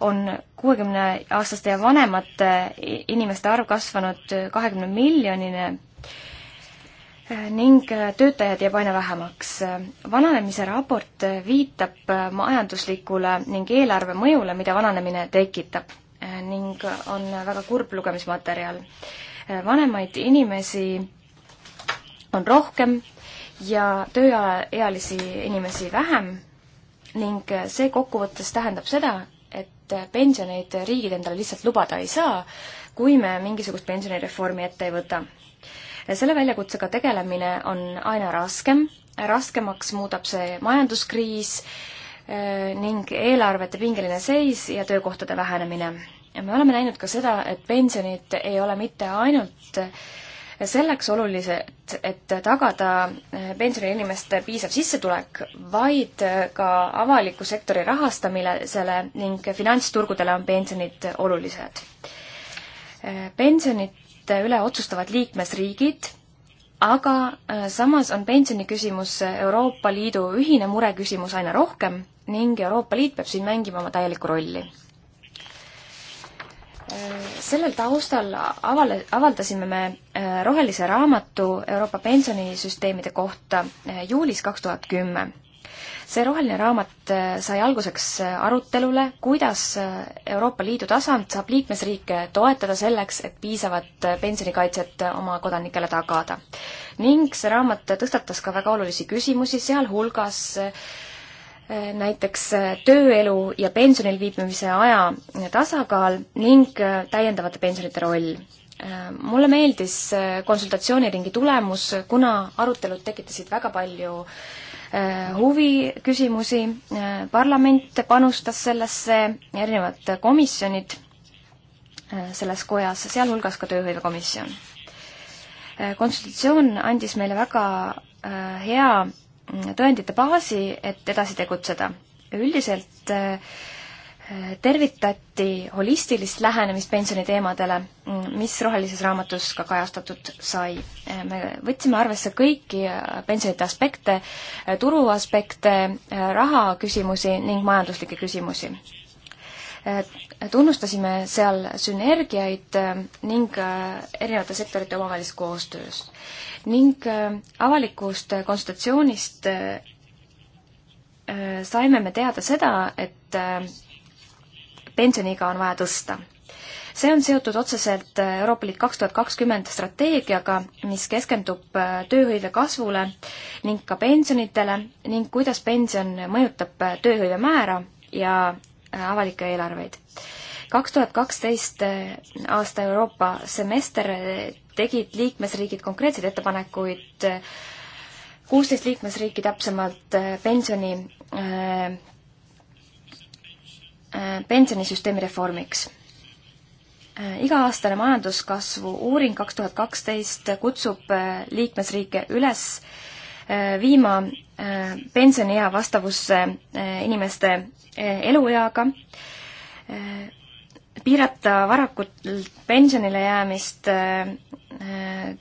on kuuekümneaastaste ja vanemate inimeste arv kasvanud kahekümne miljonini äh, ning äh, töötajaid jääb aina vähemaks. vananemise raport viitab majanduslikule ning eelarve mõjule, mida vananemine tekitab ning on väga kurb lugemismaterjal. vanemaid inimesi on rohkem ja tööealisi inimesi vähem ning see kokkuvõttes tähendab seda, et pensioneid riigid endale lihtsalt lubada ei saa, kui me mingisugust pensionireformi ette ei võta. selle väljakutsega tegelemine on aina raskem, raskemaks muudab see majanduskriis eh, ning eelarvete pingeline seis ja töökohtade vähenemine. me oleme näinud ka seda, et pensionid ei ole mitte ainult selleks olulised, et tagada pensioniinimeste piisav sissetulek, vaid ka avaliku sektori rahastamisele ning finantsturgudele on pensionid olulised. pensionite üle otsustavad liikmesriigid, aga samas on pensioniküsimus Euroopa Liidu ühine mureküsimus aina rohkem ning Euroopa Liit peab siin mängima oma täielikku rolli sellel taustal avale, avaldasime me äh, rohelise raamatu Euroopa pensionisüsteemide kohta äh, juulis kaks tuhat kümme. see roheline raamat äh, sai alguseks arutelule, kuidas Euroopa Liidu tasand saab liikmesriike toetada selleks, et piisavat pensionikaitset oma kodanikele tagada. ning see raamat tõstatas ka väga olulisi küsimusi, sealhulgas äh, näiteks äh, tööelu ja pensionil viibimise aja tasakaal ning äh, täiendavate pensionite roll. Äh, mulle meeldis konsultatsiooniringi tulemus, kuna arutelud tekitasid väga palju huvi, küsimusi, parlament panustas sellesse, erinevad komisjonid selles kojas, sealhulgas ka tööhõivekomisjon. konsultatsioon andis meile väga hea tõendite baasi, et edasi tegutseda. üldiselt äh, tervitati holistilist lähenemist pensioniteemadele, mm, mis Rohelises raamatus ka kajastatud sai. Äh, me võtsime arvesse kõiki äh, pensionite aspekte, turu aspekte, raha küsimusi ning majanduslikke küsimusi Äh, tunnustasime seal sünergiaid äh, ning äh, erinevate sektorite omavahelist koostööst. ning avalikust konsultatsioonist saime me teada seda, et pensioniiga on vaja tõsta see on seotud otseselt Euroopa Liit kaks tuhat kakskümmend strateegiaga, mis keskendub tööhõive kasvule ning ka pensionitele ning kuidas pension mõjutab tööhõive määra ja avalikke eelarveid. kaks tuhat kaksteist eh, aasta Euroopa semester eh, tegid liikmesriigid konkreetseid ettepanekuid, eh, kuusteist liikmesriiki täpsemalt pensioni, pensionisüsteemi reformiks iga-aastane majanduskasvu uuring kaks tuhat kaksteist kutsub liikmesriike üles viima pensioniea vastavusse inimeste Eh, elueaga, eh, piirata varakult pensionile jäämist, eh,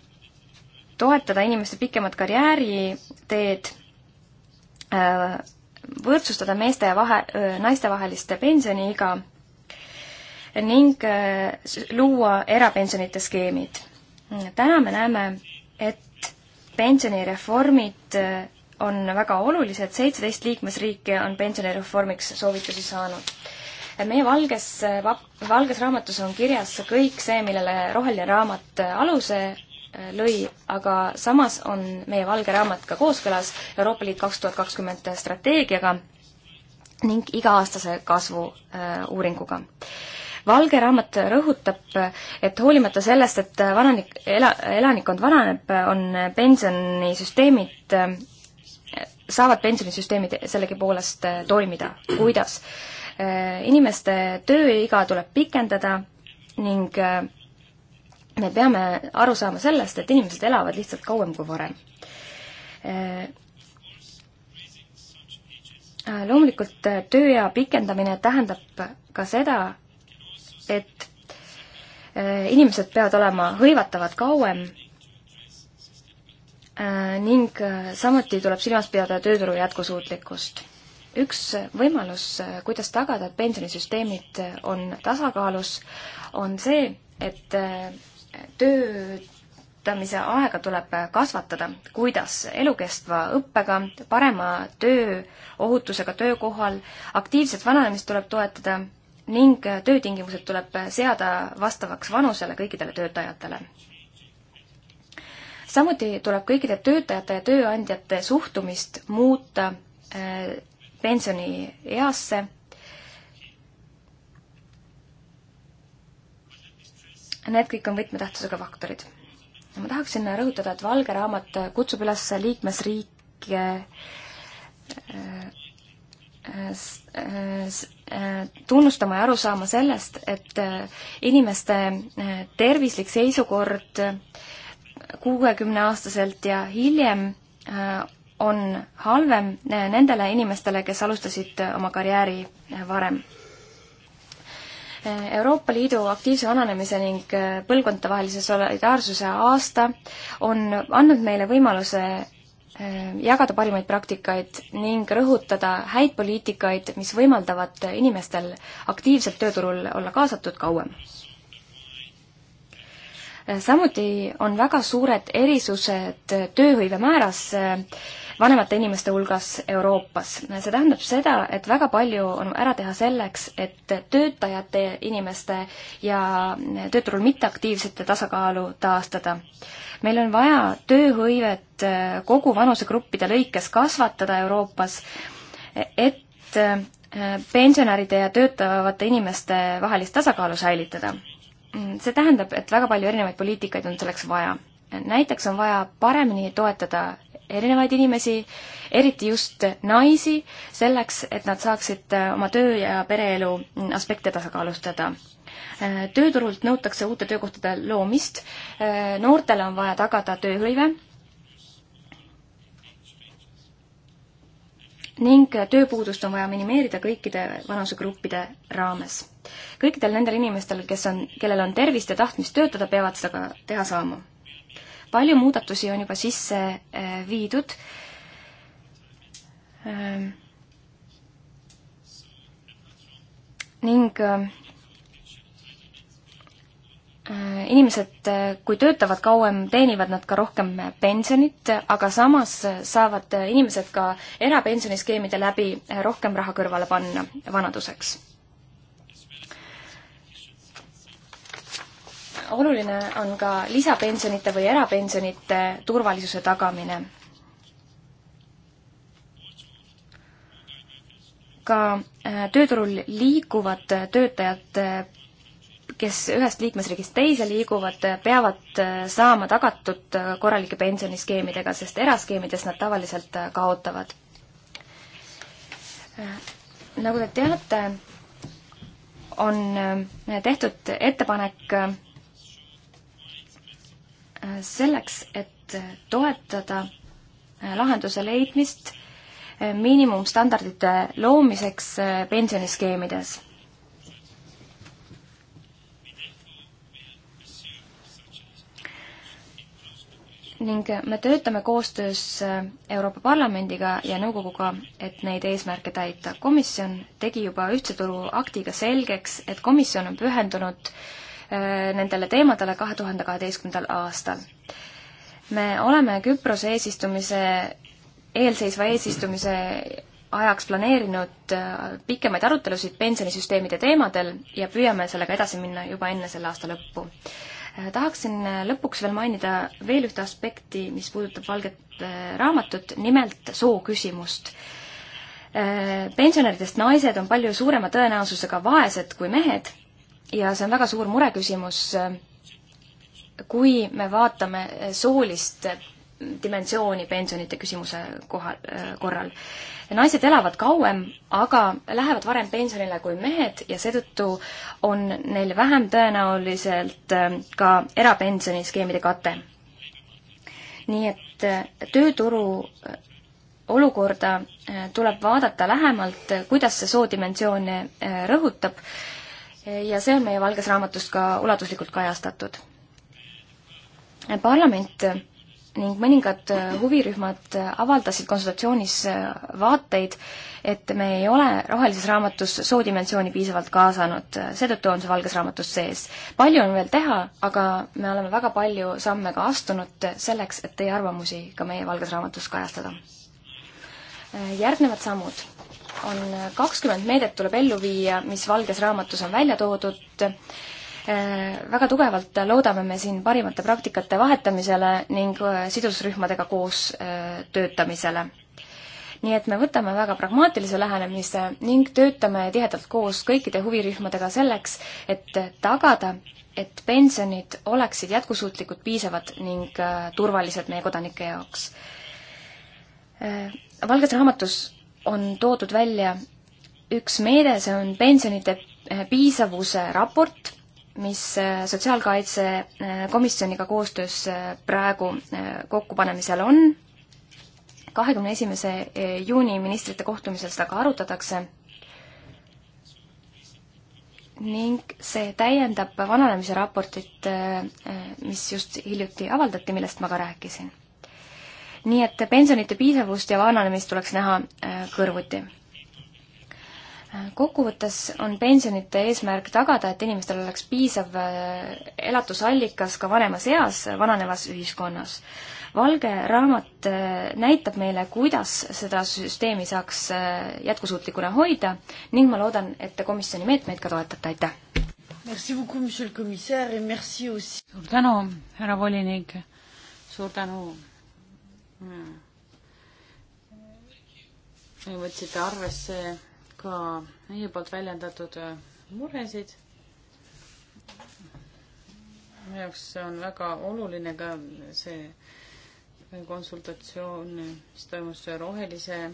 toetada inimeste pikemat karjääriteed, võrdsustada meeste ja vahe, naistevaheliste pensioniiga ning luua erapensionite skeemid. täna me näeme, et pensionireformid on väga olulised, seitseteist liikmesriiki on pensionireformiks soovitusi saanud. meie valges, valges raamatus on kirjas kõik see, millele roheline raamat aluse äh, lõi, aga samas on meie valge raamat ka kooskõlas Euroopa Liit kaks tuhat kakskümmend strateegiaga ning iga-aastase kasvu äh, uuringuga valge raamat rõhutab, et hoolimata sellest, et vananik, ela, elanikkond vananeb, on pensionisüsteemid äh, saavad pensionisüsteemid sellegipoolest äh, toimida, kuidas? Äh, inimeste tööiga tuleb pikendada ning äh, me peame aru saama sellest, et inimesed elavad lihtsalt kauem kui varem. loomulikult tööea pikendamine tähendab ka seda, et inimesed peavad olema hõivatavad kauem Äh, ning äh, samuti tuleb silmas pidada tööturu jätkusuutlikkust. üks võimalus, äh, kuidas tagada, et pensionisüsteemid on tasakaalus, on see, et töötamise aega tuleb kasvatada, kuidas elukestva õppega, parema tööohutusega töökohal, aktiivset vananemist tuleb toetada ning töötingimused tuleb seada vastavaks vanusele kõikidele töötajatele samuti tuleb kõikide töötajate ja tööandjate suhtumist muuta äh, pensionieasse. Need kõik on võtmetähtsusega faktorid. ma tahaksin rõhutada, et Valge Raamat kutsub üles liikmesriike äh, äh, tunnustama ja aru saama sellest, et inimeste tervislik seisukord äh, kuuekümneaastaselt ja hiljem äh, on halvem äh, nendele inimestele, kes alustasid äh, oma karjääri varem. Euroopa Liidu aktiivse vananemise ning põlvkondadevahelise solidaarsuse aasta on andnud meile võimaluse jagada parimaid praktikaid ning rõhutada häid poliitikaid, mis võimaldavad inimestel aktiivselt tööturul olla kaasatud kauem Äh, samuti on väga suured erisused tööhõive määras äh, vanemate inimeste hulgas Euroopas. Äh, see tähendab seda, et väga palju on ära teha selleks, et töötajate inimeste ja tööturul mitteaktiivsete tasakaalu taastada. meil on vaja tööhõivet kogu vanusegruppide lõikes kasvatada Euroopas, et pensionäride ja töötavate inimeste vahelist tasakaalu säilitada Mm, see tähendab, et väga palju erinevaid poliitikaid on selleks vaja. näiteks on vaja paremini toetada erinevaid inimesi, eriti just naisi, selleks, et nad saaksid äh, oma töö ja pereelu mm, aspekte tasakaalustada. Äh, tööturult nõutakse uute töökohtade loomist, äh, noortele on vaja tagada tööhõive ning tööpuudust on vaja minimeerida kõikide vanusegruppide raames kõikidel nendel inimestel, kes on, kellel on tervist ja tahtmist töötada, peavad seda ka teha saama. palju muudatusi on juba sisse äh, viidud. Ähm, ning äh, äh, inimesed, kui töötavad kauem, teenivad nad ka rohkem pensionit, aga samas saavad inimesed ka erapensioniskeemide läbi rohkem raha kõrvale panna vanaduseks oluline on ka lisapensionite või erapensionite turvalisuse tagamine. ka äh, tööturul liiguvad töötajad, äh, kes ühest liikmesriigist teise liiguvad, äh, peavad saama tagatud korralike pensioniskeemidega, sest eraskeemidest nad tavaliselt kaotavad. nagu te teate, on tehtud ettepanek selleks, et toetada lahenduse leidmist miinimumstandardite loomiseks pensioniskeemides. ning me töötame koostöös Euroopa Parlamendiga ja nõukoguga, et neid eesmärke täita. komisjon tegi juba ühtse turu aktiga selgeks, et komisjon on pühendunud äh, Äh, nendele teemadele kahe tuhande kaheteistkümnendal aastal. me oleme Küprose eesistumise, eelseisva eesistumise ajaks planeerinud äh, pikemaid arutelusid pensionisüsteemide teemadel ja püüame sellega edasi minna juba enne selle aasta lõppu. Äh, tahaksin lõpuks veel mainida veel ühte aspekti, mis puudutab valget raamatut, nimelt soo küsimust. pensionäridest naised on palju suurema tõenäosusega vaesed kui mehed ja see on väga suur mureküsimus, kui me vaatame soolist dimensiooni pensionite küsimuse koha, korral. naised elavad kauem, aga lähevad varem pensionile kui mehed ja seetõttu on neil vähem tõenäoliselt äh, ka erapensioniskeemide kate. nii et äh, tööturu äh, olukorda tuleb vaadata lähemalt, kuidas see soodimensioon rõhutab ja see on meie Valges Raamatus ka ulatuslikult kajastatud. parlament ning mõningad huvirühmad avaldasid konsultatsioonis vaateid, et me ei ole rohelises raamatus soodimensiooni piisavalt kaasanud, seetõttu on see valges raamatus sees. palju on veel teha, aga me oleme väga palju samme ka astunud selleks, et teie arvamusi ka meie valges raamatus kajastada. järgnevad sammud on kakskümmend meedet tuleb ellu viia, mis Valges Raamatus on välja toodud. Äh, väga tugevalt loodame me siin parimate praktikate vahetamisele ning äh, sidusrühmadega koos äh, töötamisele nii et me võtame väga pragmaatilise lähenemise ning töötame tihedalt koos kõikide huvirühmadega selleks, et tagada, et pensionid oleksid jätkusuutlikud, piisavad ning turvalised meie kodanike jaoks. Valges raamatus on toodud välja üks meede, see on pensionide eh, piisavuse raport, mis eh, Sotsiaalkaitsekomisjoniga eh, koostöös praegu kokkupanemisel on. kahekümne esimese juuni ministrite kohtumisel seda ka arutatakse ning see täiendab vananemise raportit, mis just hiljuti avaldati, millest ma ka rääkisin nii et pensionite piisavust ja vananemist tuleks näha äh, kõrvuti. Äh, kokkuvõttes on pensionite eesmärk tagada, et inimestel oleks piisav äh, elatusallikas ka vanemas eas vananevas ühiskonnas. valge raamat näitab meile, kuidas seda süsteemi saaks jätkusuutlikuna hoida ning ma loodan, et te komisjoni meetmeid ka toetate, aitäh! Merci beaucoup, monsieur le commissaire, et merci aussi. suur tänu, härra volinik, suur tänu võtsite arvesse ka meie poolt väljendatud äh, muresid. minu jaoks on väga oluline ka see konsultatsioon, mis toimus rohelise äh,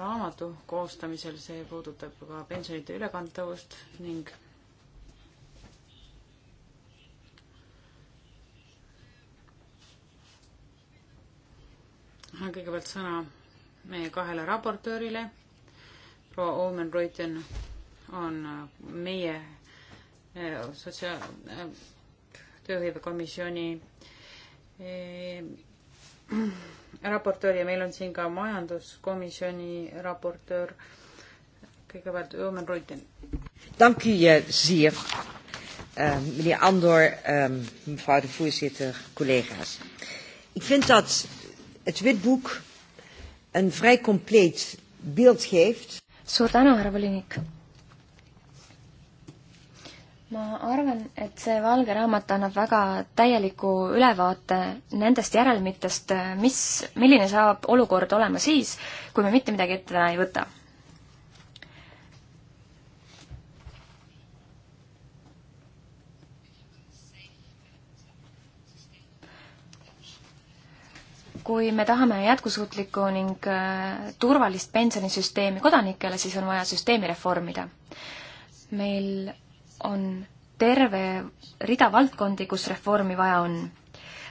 raamatu koostamisel, see puudutab ka pensionite ülekantavust ning annan kõigepealt sõna meie kahele raportöörile. proua Omen Reuten on äh, meie äh, sotsiaal- äh,, tööhõivekomisjoni äh, raportöör ja meil on siin ka majanduskomisjoni raportöör. kõigepealt Omen Reuten. Dank u eh, zeer uh, meneer Andor, uh, mevrouw de voorzitter, collega's. Ik vind dat het witboek een vrij compleet beeld geeft. suur tänu, härra volinik. ma arvan, et see valge raamat annab väga täieliku ülevaate nendest järelmitest, mis, milline saab olukord olema siis, kui me mitte midagi ette täna ei võta kui me tahame jätkusuutlikku ning äh, turvalist pensionisüsteemi kodanikele, siis on vaja süsteemi reformida. meil on terve rida valdkondi, kus reformi vaja on.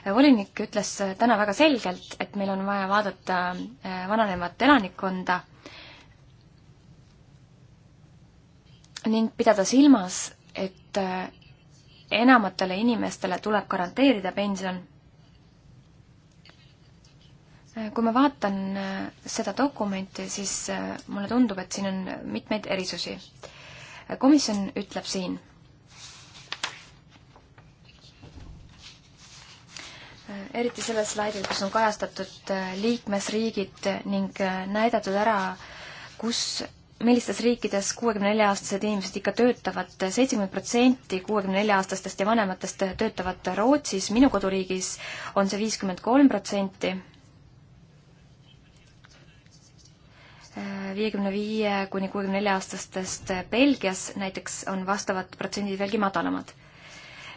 Äh, volinik ütles äh, täna väga selgelt, et meil on vaja vaadata vananevat elanikkonda ning pidada silmas, et enamatele inimestele tuleb garanteerida pension kui ma vaatan äh, seda dokumenti, siis äh, mulle tundub, et siin on mitmeid erisusi. Äh, komisjon ütleb siin, eriti sellel slaidil, kus on kajastatud liikmesriigid ning näidatud ära, kus, millistes riikides kuuekümne nelja aastased inimesed ikka töötavad, seitsekümmend protsenti kuuekümne nelja aastastest ja vanematest töötavad Rootsis, minu koduriigis on see viiskümmend kolm protsenti viiekümne viie kuni kuuekümne nelja aastastest Belgias näiteks on vastavad protsendid veelgi madalamad.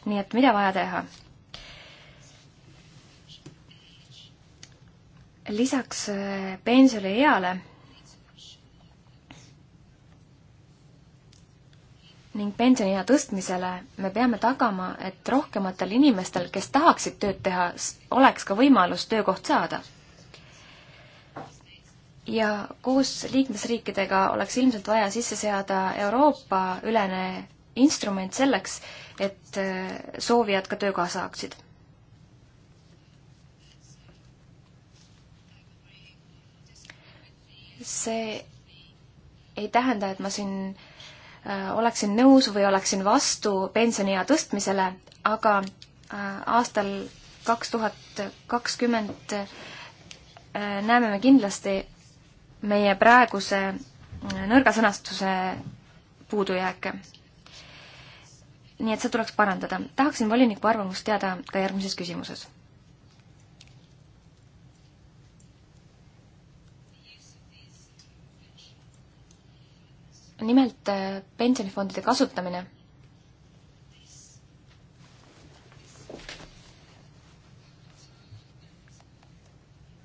nii et mida vaja teha? lisaks äh, pensionieale ning pensioniea tõstmisele me peame tagama, et rohkematel inimestel, kes tahaksid tööd teha, oleks ka võimalus töökoht saada ja koos liikmesriikidega oleks ilmselt vaja sisse seada Euroopa-ülene instrument selleks, et äh, soovijad ka tööga saaksid see ei tähenda, et ma siin äh, oleksin nõus või oleksin vastu pensioniea tõstmisele, aga äh, aastal kaks tuhat kakskümmend äh, näeme me kindlasti, meie praeguse nõrga sõnastuse puudujääke. nii et see tuleks parandada. tahaksin voliniku arvamust teada ka järgmises küsimuses. nimelt äh, pensionifondide kasutamine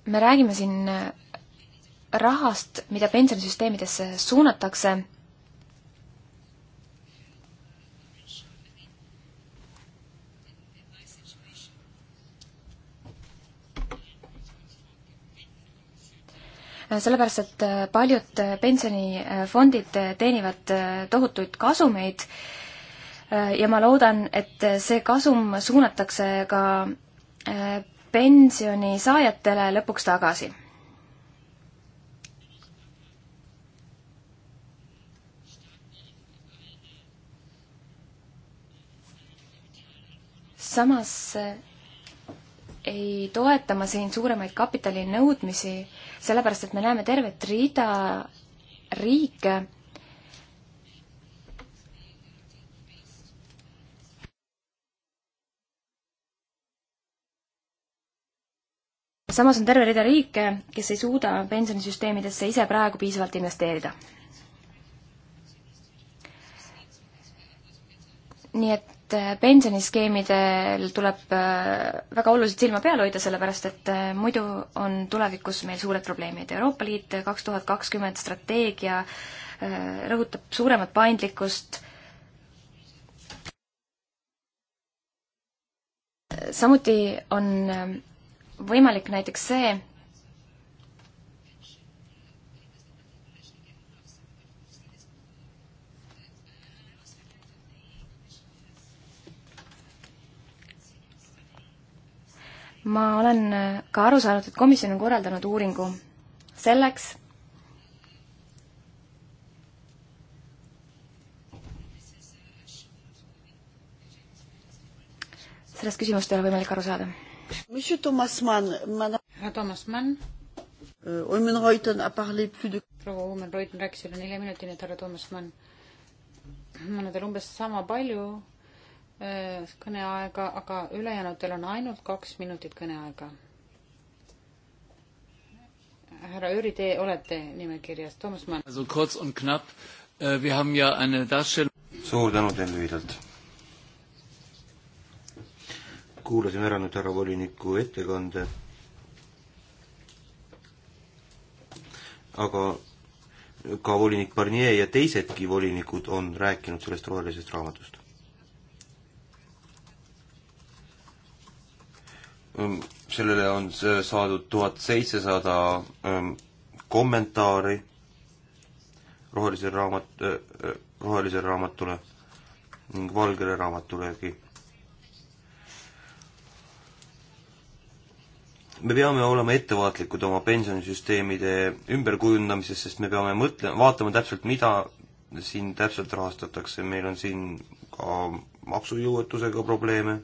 me räägime siin äh, rahast, mida pensionisüsteemidesse suunatakse, sellepärast, et paljud pensionifondid teenivad tohutuid kasumeid ja ma loodan, et see kasum suunatakse ka pensionisaajatele lõpuks tagasi. samas eh, ei toeta ma siin suuremaid kapitalinõudmisi, sellepärast et me näeme tervet rida riike, samas on terve rida riike, kes ei suuda pensionisüsteemidesse ise praegu piisavalt investeerida. nii et et eh, pensioniskeemidel tuleb eh, väga oluliselt silma peal hoida, sellepärast et eh, muidu on tulevikus meil suured probleemid. Euroopa Liit kaks tuhat kakskümmend strateegia rõhutab suuremat paindlikkust, samuti on võimalik näiteks see, ma olen ka aru saanud, et komisjon on korraldanud uuringu selleks, sellest küsimust ei ole võimalik aru saada. Monsieur Thomas Mann, ma härra Thomas Mann. Oimen euh, Reuten a parlé plus de proua Oimen Reuten rääkis üle nelja minuti, nii et härra Thomas Mann, ma annan teile umbes sama palju Äh, kõneaega, aga ülejäänutel on ainult kaks minutit kõneaega. härra Jüri, te olete nimekirjas, Toomas Mann. Äh, suur tänu teile lühidalt. kuulasime ära nüüd härra voliniku ettekande. aga ka volinik Barnier ja teisedki volinikud on rääkinud sellest rohelisest raamatust Ehm, sellele on saadud tuhat seitsesada ehm, kommentaari rohelisele raamat, rohelisele raamatule ning valgele raamatulegi. me peame olema ettevaatlikud oma pensionisüsteemide ümberkujundamises, sest me peame mõtlema, vaatama täpselt, mida siin täpselt rahastatakse, meil on siin ka maksujõuetusega probleeme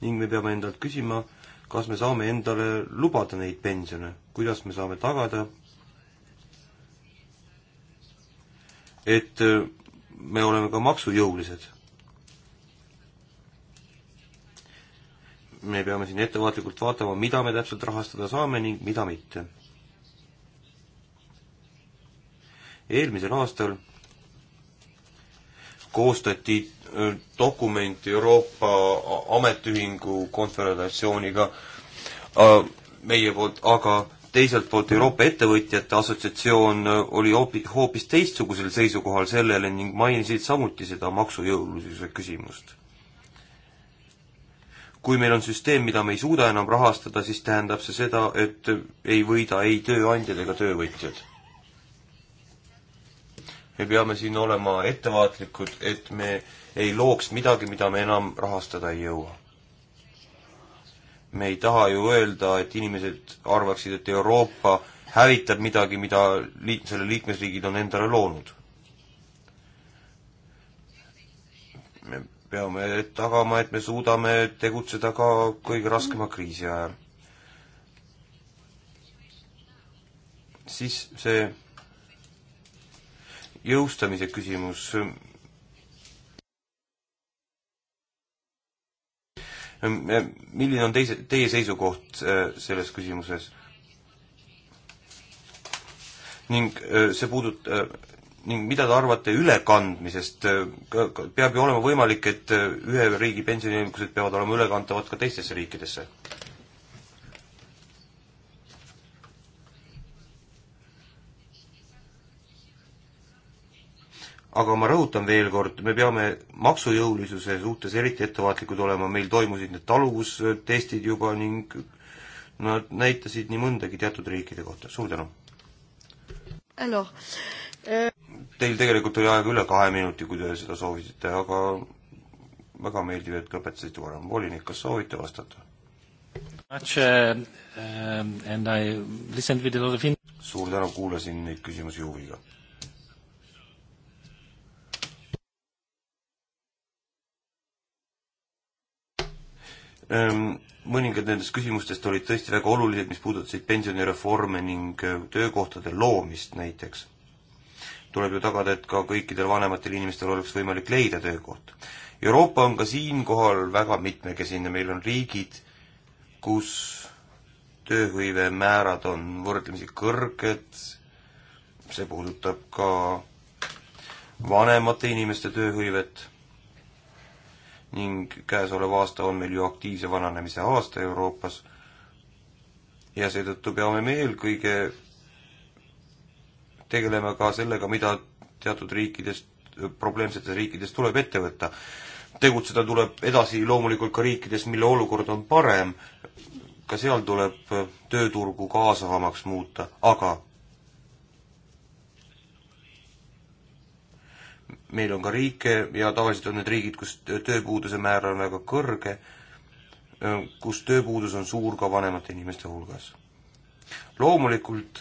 ning me peame endalt küsima, kas me saame endale lubada neid pensione, kuidas me saame tagada, et äh, me oleme ka maksujõulised. me peame siin ettevaatlikult vaatama, mida me täpselt rahastada saame ning mida mitte. eelmisel aastal koostati dokument Euroopa Ametiühingu konföderatsiooniga meie poolt, aga teiselt poolt Euroopa Ettevõtjate Assotsiatsioon oli hoopi-, hoopis teistsugusel seisukohal sellele ning mainisid samuti seda maksujõulisuse küsimust. kui meil on süsteem, mida me ei suuda enam rahastada, siis tähendab see seda, et ei võida ei tööandjad ega töövõtjad me peame siin olema ettevaatlikud, et me ei looks midagi, mida me enam rahastada ei jõua. me ei taha ju öelda, et inimesed arvaksid, et Euroopa hävitab midagi, mida liik-, selle liikmesriigid on endale loonud. me peame tagama, et me suudame tegutseda ka kõige raskema kriisi ajal. siis see jõustamise küsimus. milline on teise, teie seisukoht äh, selles küsimuses? ning äh, see puudut-, äh, ning mida te arvate ülekandmisest, peab ju olema võimalik, et ühe riigi pensioniõigused peavad olema ülekantavad ka teistesse riikidesse aga ma rõhutan veel kord, me peame maksujõulisuse suhtes eriti ettevaatlikud olema, meil toimusid need taluvustestid juba ning nad näitasid nii mõndagi teatud riikide kohta, suur tänu! Euh, Teil tegelikult oli aega üle kahe minuti, kui te seda soovisite, aga väga meeldiv, et lõpetasite varem. volinik, kas soovite vastata? Uh, um, suur tänu, kuulasin neid küsimusi huviga Ehm, mõningad nendest küsimustest olid tõesti väga olulised, mis puudutasid pensionireforme ning äh, töökohtade loomist näiteks. tuleb ju tagada, et ka kõikidel vanematel inimestel oleks võimalik leida töökoht. Euroopa on ka siinkohal väga mitmekesine, meil on riigid, kus tööhõive määrad on võrdlemisi kõrged, see puudutab ka vanemate inimeste tööhõivet ning käesolev aasta on meil ju aktiivse vananemise aasta Euroopas ja seetõttu peame me eelkõige tegelema ka sellega, mida teatud riikidest, probleemsetes riikides tuleb ette võtta. tegutseda tuleb edasi loomulikult ka riikides, mille olukord on parem, ka seal tuleb tööturgu kaasavamaks muuta, aga meil on ka riike ja tavaliselt on need riigid, kus tööpuuduse määr on väga kõrge, kus tööpuudus on suur ka vanemate inimeste hulgas. loomulikult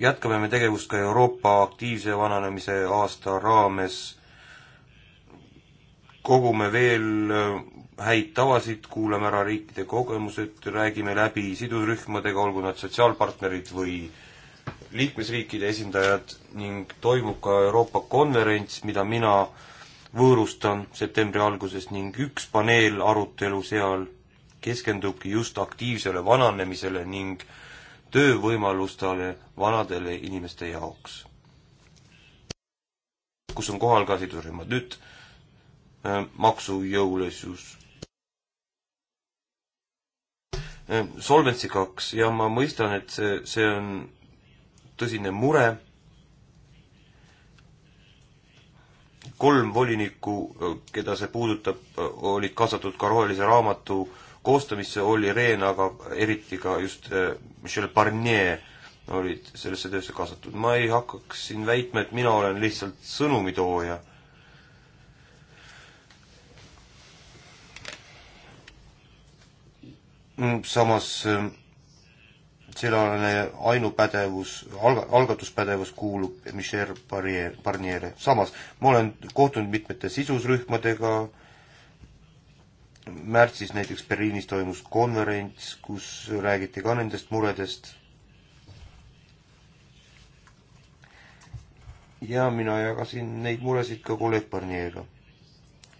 jätkame me tegevust ka Euroopa aktiivse vananemise aasta raames, kogume veel äh, häid tavasid, kuulame ära riikide kogemused, räägime läbi sidusrühmadega, olgu nad sotsiaalpartnerid või äh, liikmesriikide esindajad ning toimub ka Euroopa konverents, mida mina võõrustan septembri alguses ning üks paneelarutelu seal keskendubki just aktiivsele vananemisele ning töövõimalustele vanadele inimeste jaoks, kus on kohal ka sidusrühmad. nüüd äh, maksujõulisus. Äh, Solvency kaks ja ma mõistan, et see, see on tõsine mure. kolm volinikku, keda see puudutab, olid kaasatud ka rohelise raamatu koostamisse, Olli Rehn, aga eriti ka just eh, Michel Barnier olid sellesse töösse kaasatud. ma ei hakkaks siin väitma, et mina olen lihtsalt sõnumitooja. Mm, samas eh, sellele ainupädevus, alg-, algatuspädevus kuulub Michel Barnier, Barnier'e. samas ma olen kohtunud mitmete sisusrühmadega, märtsis näiteks Berliinis toimus konverents, kus räägiti ka nendest muredest. ja mina jagasin neid muresid ka kolleeg Barnier'ga.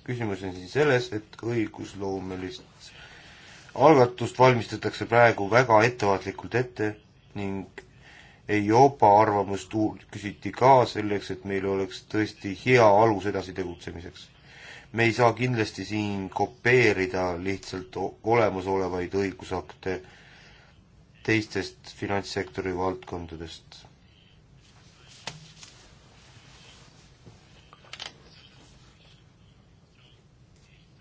küsimus on siin selles, et õigusloomelist algatust valmistatakse praegu väga ettevaatlikult ette ning EIOPA arvamust küsiti ka selleks, et meil oleks tõesti hea alus edasi tegutsemiseks. me ei saa kindlasti siin kopeerida lihtsalt olemasolevaid õigusakte teistest finantssektori valdkondadest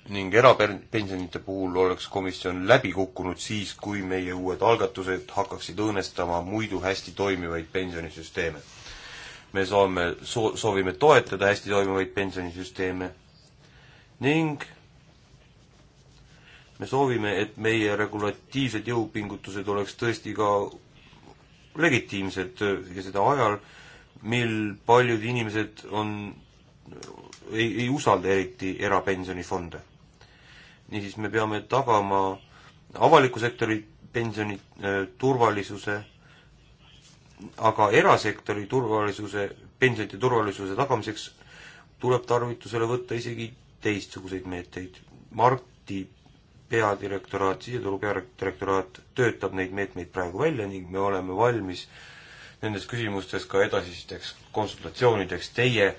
ning erapensionite puhul oleks komisjon läbi kukkunud siis, kui meie uued algatused hakkaksid õõnestama muidu hästi toimivaid pensionisüsteeme. me saame, soo-, soovime toetada hästi toimivaid pensionisüsteeme ning me soovime, et meie regulatiivsed jõupingutused oleks tõesti ka legitiimsed ja seda ajal, mil paljud inimesed on, ei, ei usalda eriti erapensionifonde niisiis me peame tagama avaliku sektori pensioni äh, turvalisuse, aga erasektori turvalisuse, pensionite turvalisuse tagamiseks tuleb tarvitusele võtta isegi teistsuguseid meetmeid. Marti peadirektoraat, siseturu peadirektoraat töötab neid meetmeid praegu välja ning me oleme valmis nendes küsimustes ka edasisteks konsultatsioonideks teie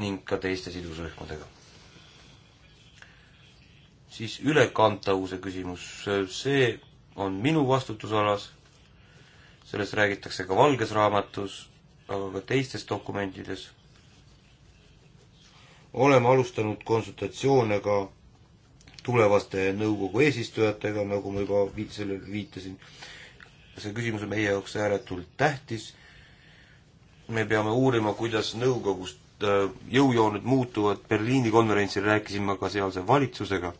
ning ka teiste sidusrühmadega siis ülekantavuse küsimus, see on minu vastutusalas, sellest räägitakse ka Valges Raamatus, aga ka teistes dokumentides. oleme alustanud konsultatsioone ka tulevaste nõukogu eesistujatega, nagu ma juba viit-, sellele viitasin. see küsimus on meie jaoks ääretult tähtis. me peame uurima, kuidas nõukogust äh, jõujooned muutuvad, Berliini konverentsil rääkisin ma ka sealse valitsusega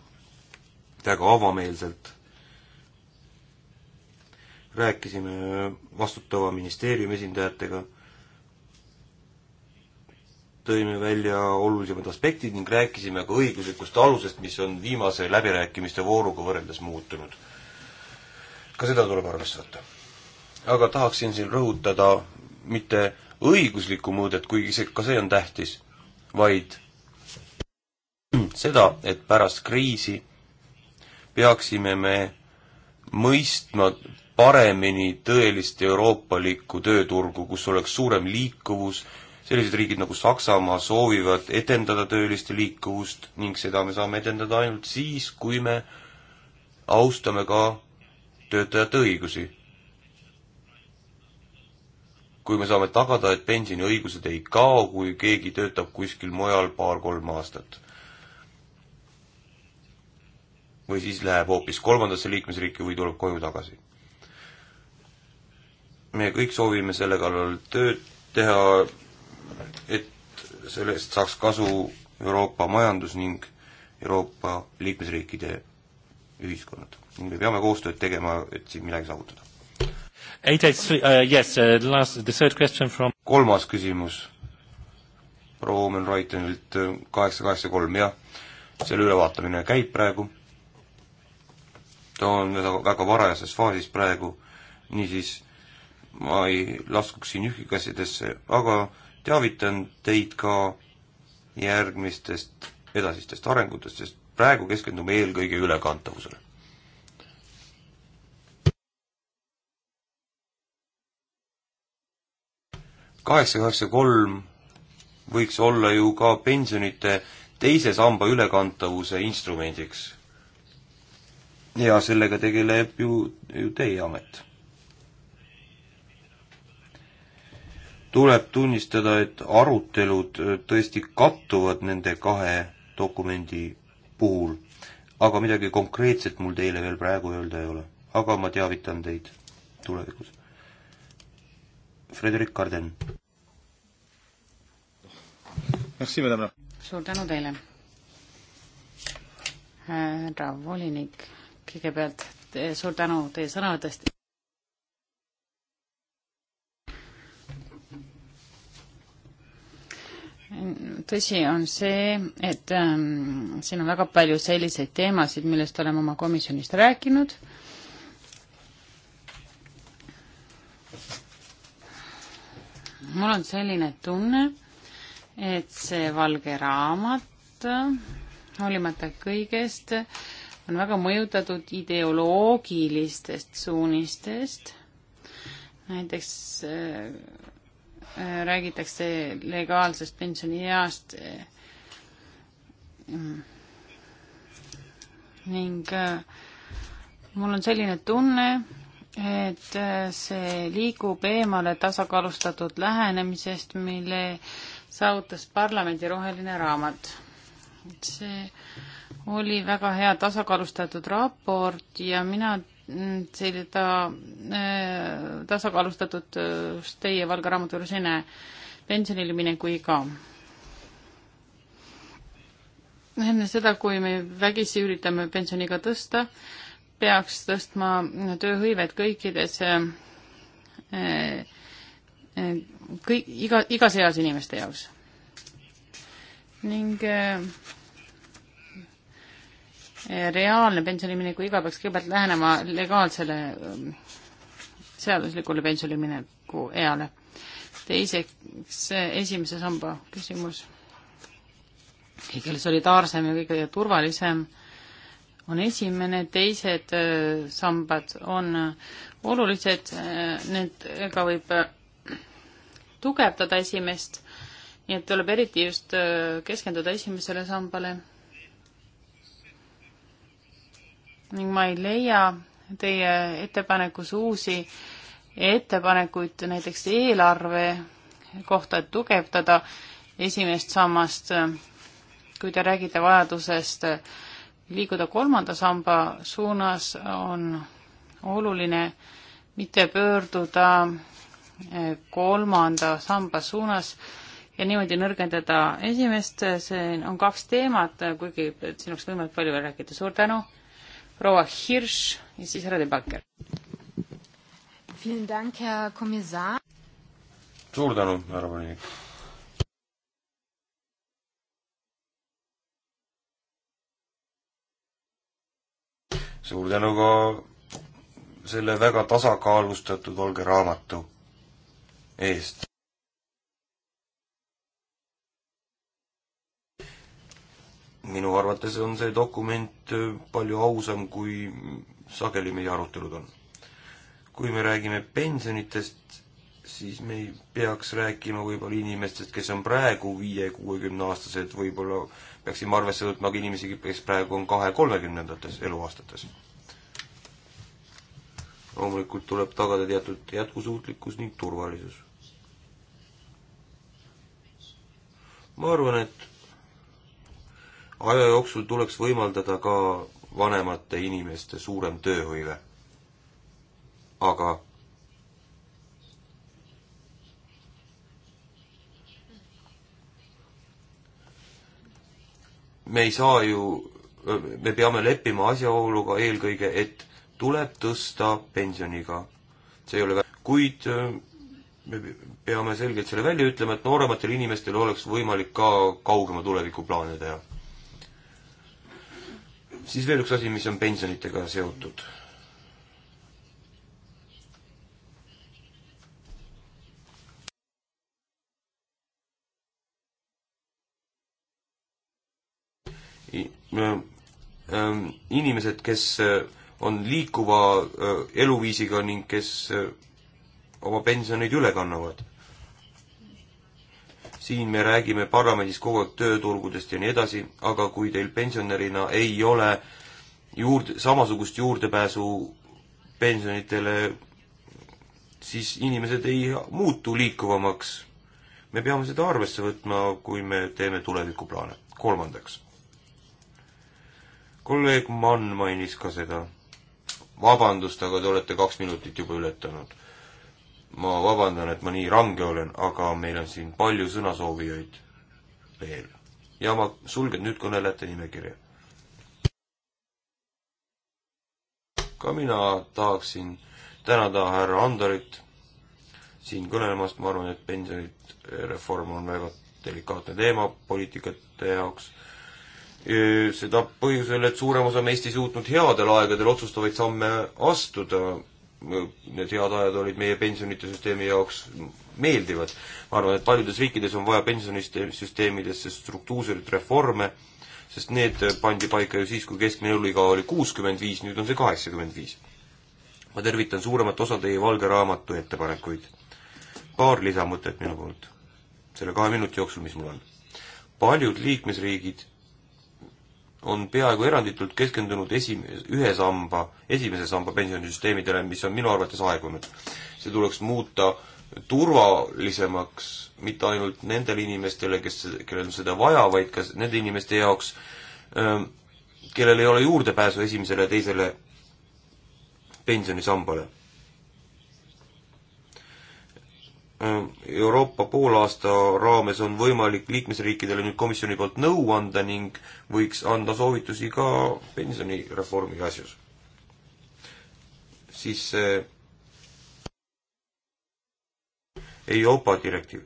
väga avameelselt. rääkisime vastutava ministeeriumi esindajatega, tõime välja olulisemad aspektid ning rääkisime ka õiguslikust alusest, mis on viimase läbirääkimiste vooruga võrreldes muutunud. ka seda tuleb arvesse võtta. aga tahaksin siin rõhutada mitte õiguslikku mõõdet, kuigi see, ka see on tähtis, vaid seda, et pärast kriisi peaksime me mõistma paremini tõelist euroopalikku tööturgu, kus oleks suurem liikuvus, sellised riigid nagu Saksamaa soovivad edendada tööliste liikuvust ning seda me saame edendada ainult siis, kui me austame ka töötajate õigusi. kui me saame tagada, et pensioniõigused ei kao, kui keegi töötab kuskil mujal paar-kolm aastat või siis läheb hoopis kolmandasse liikmesriiki või tuleb koju tagasi. me kõik soovime selle kallal tööd teha, et sellest saaks kasu Euroopa majandus ning Euroopa liikmesriikide ühiskonnad. me peame koostööd tegema, et siin midagi saavutada. Eight, eight, three, uh, yes, uh, the last, the third question from kolmas küsimus proua Omen Raitenilt uh, kaheksa, kaheksa, kolm, jah, selle ülevaatamine käib praegu ta on väga varajases faasis praegu, niisiis ma ei laskuks siin üksikasjadesse, aga teavitan teid ka järgmistest edasistest arengutest, sest praegu keskendume eelkõige ülekantavusele. kaheksa, kaheksa, kolm võiks olla ju ka pensionite teise samba ülekantavuse instrumendiks ja sellega tegeleb ju, ju teie amet. tuleb tunnistada, et arutelud tõesti kattuvad nende kahe dokumendi puhul, aga midagi konkreetset mul teile veel praegu öelda ei ole. aga ma teavitan teid tulevikus. Frederik Karden. suur tänu teile, härra volinik kõigepealt suur tänu teie sõnadest. tõsi on see, et ähm, siin on väga palju selliseid teemasid, millest oleme oma komisjonist rääkinud mul on selline tunne, et see valge raamat, äh, hoolimata kõigest, on väga mõjutatud ideoloogilistest suunistest. näiteks äh, räägitakse legaalsest pensionieast äh, ning äh, mul on selline tunne, et äh, see liigub eemale tasakaalustatud lähenemisest, mille saavutas parlamendi roheline raamat. see oli väga hea tasakaalustatud raport ja mina mm, seda äh, tasakaalustatud teie valge raamatu juures ei näe, pensionile minekui ka. enne seda, kui me vägisi üritame pensioniga tõsta, peaks tõstma tööhõivet kõikides äh, äh, kõik, iga, igas eas inimeste jaoks. ning reaalne pensionimineku iga peaks kõigepealt lähenema legaalsele ähm, seaduslikule pensionimineku eale. teiseks, esimese samba küsimus. kõigile solidaarsem ja kõige turvalisem on esimene, teised äh, sambad on äh, olulised, äh, nendega võib tugevdada esimest, nii et tuleb eriti just keskenduda esimesele sambale ning ma ei leia teie ettepanekus uusi ettepanekuid näiteks eelarve kohta, et tugevdada esimest sammast, kui te räägite vajadusest liikuda kolmanda samba suunas, on oluline mitte pöörduda eh, kolmanda samba suunas ja niimoodi nõrgendada esimest, see on kaks teemat, kuigi siin oleks võimalik palju veel rääkida. suur tänu! proua Hirš ja siis härra De Backer. suur tänu, härra volinik. suur tänu ka selle väga tasakaalustatud valge raamatu eest. minu arvates on see dokument äh, palju ausam, kui sageli meie arutelud on. kui me räägime pensionitest, siis me ei peaks rääkima võib-olla inimestest, kes on praegu viie-kuuekümneaastased, võib-olla peaksime arvesse võtma ka inimesi, kes praegu on kahe-kolmekümnendates eluaastates. loomulikult tuleb tagada teatud jätkusuutlikkus ning turvalisus. ma arvan, et aja jooksul tuleks võimaldada ka vanemate inimeste suurem tööhõive. aga me ei saa ju, me peame leppima asjaoluga eelkõige, et tuleb tõsta pensioniga. see ei ole, kuid äh, me peame selgelt selle välja ütlema, et noorematel inimestel oleks võimalik ka kaugema tuleviku plaane teha siis veel üks asi, mis on pensionitega seotud. inimesed, kes on liikuva eluviisiga ning kes oma pensioneid üle kannavad siin me räägime parlamendis kogu aeg tööturgudest ja nii edasi, aga kui teil pensionärina ei ole juurde, samasugust juurdepääsu pensionitele, siis inimesed ei muutu liikuvamaks. me peame seda arvesse võtma, kui me teeme tulevikuplaane. kolmandaks. kolleeg Mann mainis ka seda. vabandust, aga te olete kaks minutit juba ületanud ma vabandan, et ma nii range olen, aga meil on siin palju sõnasoovijaid veel. ja ma sulgen nüüd kõnelejate nimekirja. ka mina tahaksin tänada härra Andorit siin kõnelemast, ma arvan, et pensionid eh, reform on väga delikaatne teema poliitikate jaoks seda põhjusel, et suurem osa meist ei suutnud headel aegadel otsustavaid samme astuda need head ajad olid meie pensionite süsteemi jaoks meeldivad. ma arvan, et paljudes riikides on vaja pensionisüsteemidesse struktuurseid reforme, sest need pandi paika ju siis, kui keskmine eluiga oli kuuskümmend viis, nüüd on see kaheksakümmend viis. ma tervitan suuremat osa teie valge raamatu ettepanekuid. paar lisamõtet minu poolt selle kahe minuti jooksul, mis mul on. paljud liikmesriigid on peaaegu eranditult keskendunud esimese, ühe samba, esimese samba pensionisüsteemidele, mis on minu arvates aegunud. see tuleks muuta turvalisemaks mitte ainult nendele inimestele, kes, kellel on seda vaja, vaid ka nende inimeste jaoks, ähm, kellel ei ole juurdepääsu esimesele ja teisele pensionisambale Euroopa poolaasta raames on võimalik liikmesriikidele nüüd komisjoni poolt nõu anda ning võiks anda soovitusi ka pensionireformi asjus. siis see eh, EIOPA direktiiv.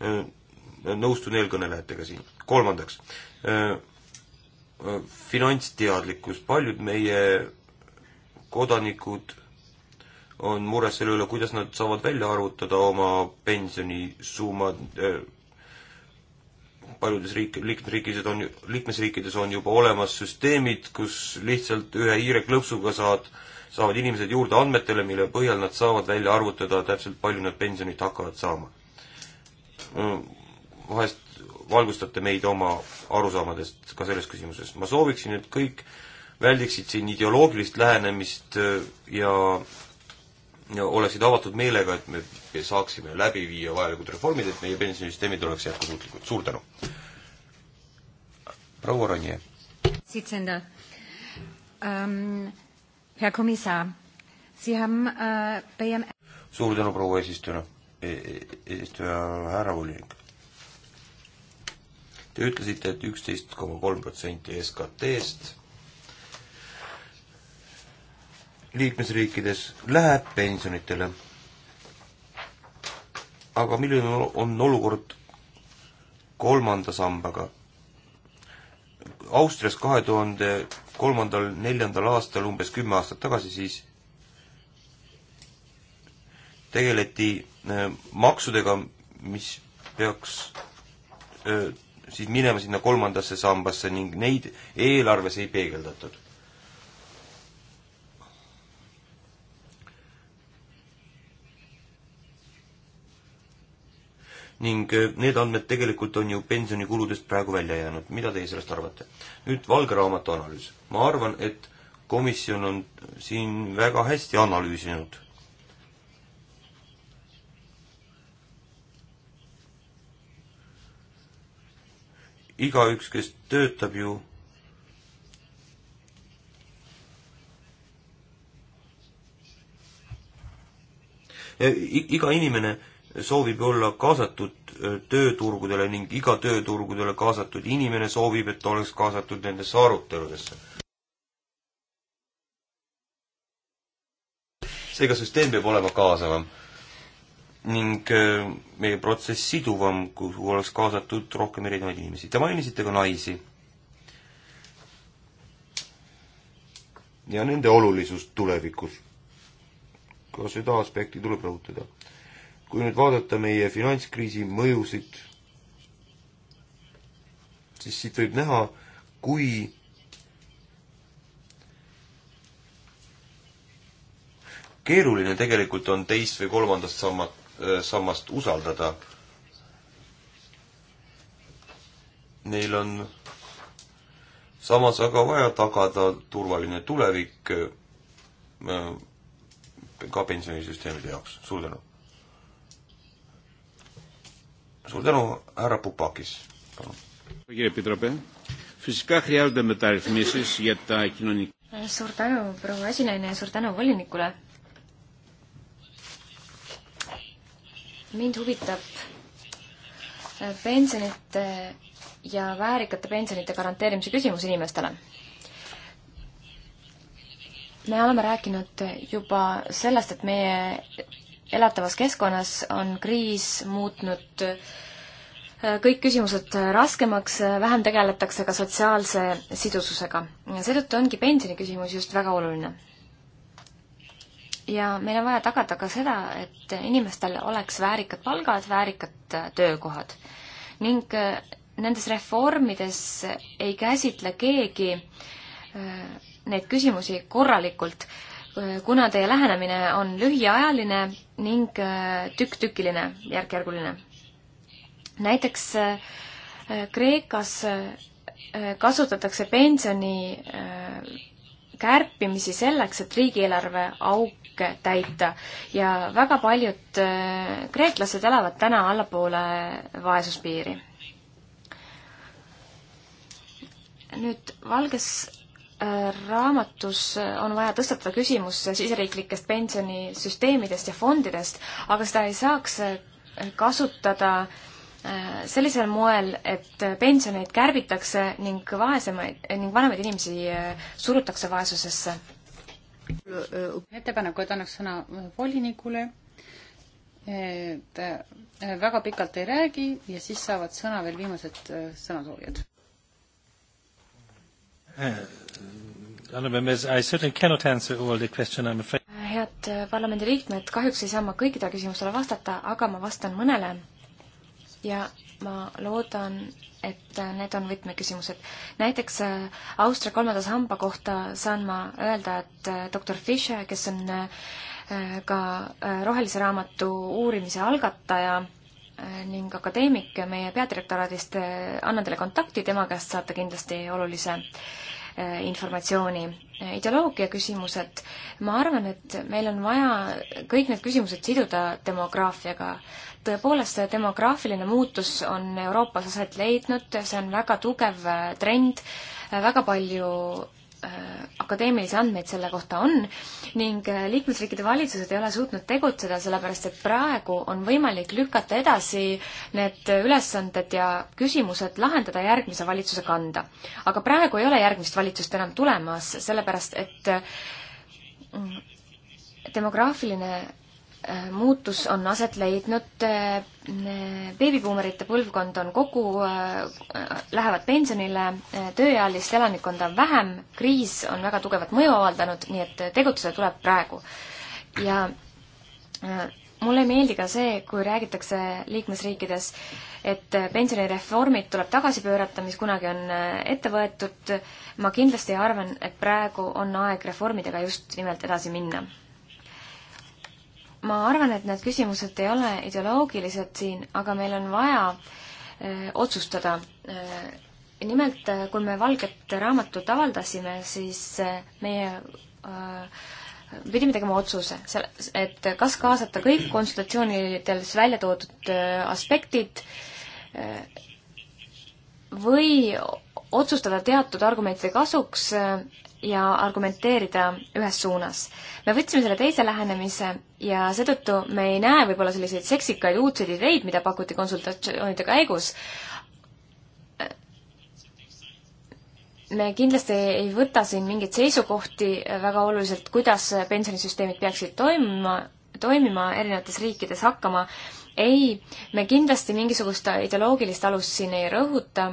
Eh, nõustun eelkõnelejatega siin. kolmandaks, eh, finantsteadlikkus, paljud meie kodanikud on mures selle üle, kuidas nad saavad välja arvutada oma pensionisummad. Äh, paljudes riik-, liikmesriikides on, liikmesriikides on juba olemas süsteemid, kus lihtsalt ühe hiireklõpsuga saad, saavad inimesed juurde andmetele, mille põhjal nad saavad välja arvutada täpselt, palju nad pensionit hakkavad saama. vahest valgustate meid oma arusaamadest ka selles küsimuses. ma sooviksin, et kõik väldiksid siin ideoloogilist lähenemist äh, ja oleksid avatud meelega, et me saaksime läbi viia vajalikud reformid, et meie pensionisüsteemid oleks jätkusuutlikud. suur tänu! proua Ronje. Ähm, äh, suur tänu, proua eesistuja, e-, e-, eesistuja härra volinik. Te ütlesite et, et üksteist koma kolm protsenti SKT-st liikmesriikides läheb pensionitele. aga milline on olukord kolmanda sambaga? Austrias kahe tuhande kolmandal, neljandal aastal, umbes kümme aastat tagasi siis, tegeleti äh, maksudega, mis peaks öö, äh, siis minema sinna kolmandasse sambasse ning neid eelarves ei peegeldatud ning eh, need andmed tegelikult on ju pensionikuludest praegu välja jäänud, mida teie sellest arvate? nüüd valge raamatu analüüs. ma arvan, et komisjon on siin väga hästi analüüsinud igaüks, kes töötab ju iga inimene soovib olla kaasatud tööturgudele ning iga tööturgudele kaasatud inimene soovib, et oleks kaasatud nendesse aruteludesse. seega süsteem peab olema kaasavam ning meie protsess siduvam, kuhu oleks kaasatud rohkem erinevaid inimesi. Te mainisite ka naisi. ja nende olulisust tulevikus. ka seda aspekti tuleb rõhutada kui nüüd vaadata meie finantskriisi mõjusid, siis siit võib näha, kui keeruline tegelikult on teist või kolmandast sammat, äh, sammast usaldada. Neil on samas aga vaja tagada turvaline tulevik äh, ka pensionisüsteemide jaoks. suur tänu! suur tänu, härra Pupakis, palun. Φυσικά χρειάζονται μεταρρυθμίσεις για τα κοινωνικά. Suur tänu, proua esinaine ja suur tänu volinikule. mind huvitab eh, pensionite ja väärikate pensionite garanteerimise küsimus inimestele. me oleme rääkinud juba sellest, et meie elatavas keskkonnas on kriis muutnud äh, kõik küsimused äh, raskemaks, äh, vähem tegeletakse ka sotsiaalse sidususega. seetõttu ongi pensioniküsimus just väga oluline. ja meil on vaja tagada ka seda, et inimestel oleks väärikad palgad, väärikad töökohad. ning nendes reformides ei käsitle keegi neid küsimusi korralikult Äh, kuna teie lähenemine on lühiajaline ning äh, tükk-tükiline, järk-järguline. näiteks äh, Kreekas kasutatakse pensioni kärpimisi selleks, et riigieelarve auke täita ja väga paljud kreeklased elavad täna allapoole vaesuspiiri. nüüd Valges raamatus on vaja tõstatada küsimus siseriiklikest pensionisüsteemidest ja fondidest, aga seda ei saaks kasutada äh, sellisel moel, et pensioneid kärbitakse ning vaesemaid ning vanemaid inimesi äh, surutakse vaesusesse. ettepaneku, et annaks sõna volinikule, et äh, väga pikalt ei räägi ja siis saavad sõna veel viimased sõnasoovijad Uh, uh, head uh, parlamendiliikmed, kahjuks ei saa ma kõigile küsimustele vastata, aga ma vastan mõnele ja ma loodan, et need on võtmeküsimused. näiteks Austria kolmandas hamba kohta saan ma öelda, et doktor Fischer, kes on ka Rohelise Raamatu uurimise algataja, ning akadeemik meie peadirektoraadist, annan teile kontakti, tema käest saate kindlasti olulise äh, Äh, informatsiooni. ideoloogia küsimused, ma arvan, et meil on vaja kõik need küsimused siduda demograafiaga. tõepoolest, demograafiline muutus on Euroopas aset leidnud, see on väga tugev äh, trend, äh, väga palju Äh, akadeemilisi andmeid selle kohta on ning äh, liikmesriikide valitsused ei ole suutnud tegutseda, sellepärast et praegu on võimalik lükata edasi need ülesanded ja küsimused lahendada järgmise valitsuse kanda. aga praegu ei ole järgmist valitsust enam tulemas, sellepärast et mm, demograafiline muutus on aset leidnud, beebibuumerite põlvkond on kogu, lähevad pensionile, tööealist elanikkonda on vähem, kriis on väga tugevat mõju avaldanud, nii et tegutseda tuleb praegu. ja äh, mulle ei meeldi ka see, kui räägitakse liikmesriikides, et pensionireformid tuleb tagasi pöörata, mis kunagi on äh, ette võetud. ma kindlasti arvan, et praegu on aeg reformidega just nimelt edasi minna ma arvan, et need küsimused ei ole ideoloogilised siin, aga meil on vaja öö, äh, otsustada. Äh, nimelt, äh, kui me Valget Raamatut avaldasime, siis meie öö, pidime tegema otsuse, et kas kaasata kõik konsultatsioonides välja toodud aspektid või otsustada teatud argumentide kasuks ja argumenteerida ühes suunas. me võtsime selle teise lähenemise ja seetõttu me ei näe võib-olla selliseid seksikaid uudseid ideid, mida pakuti konsultatsioonide käigus, me kindlasti ei võta siin mingeid seisukohti väga oluliselt, kuidas pensionisüsteemid peaksid toimima, toimima erinevates riikides hakkama. ei, me kindlasti mingisugust ideoloogilist alust siin ei rõhuta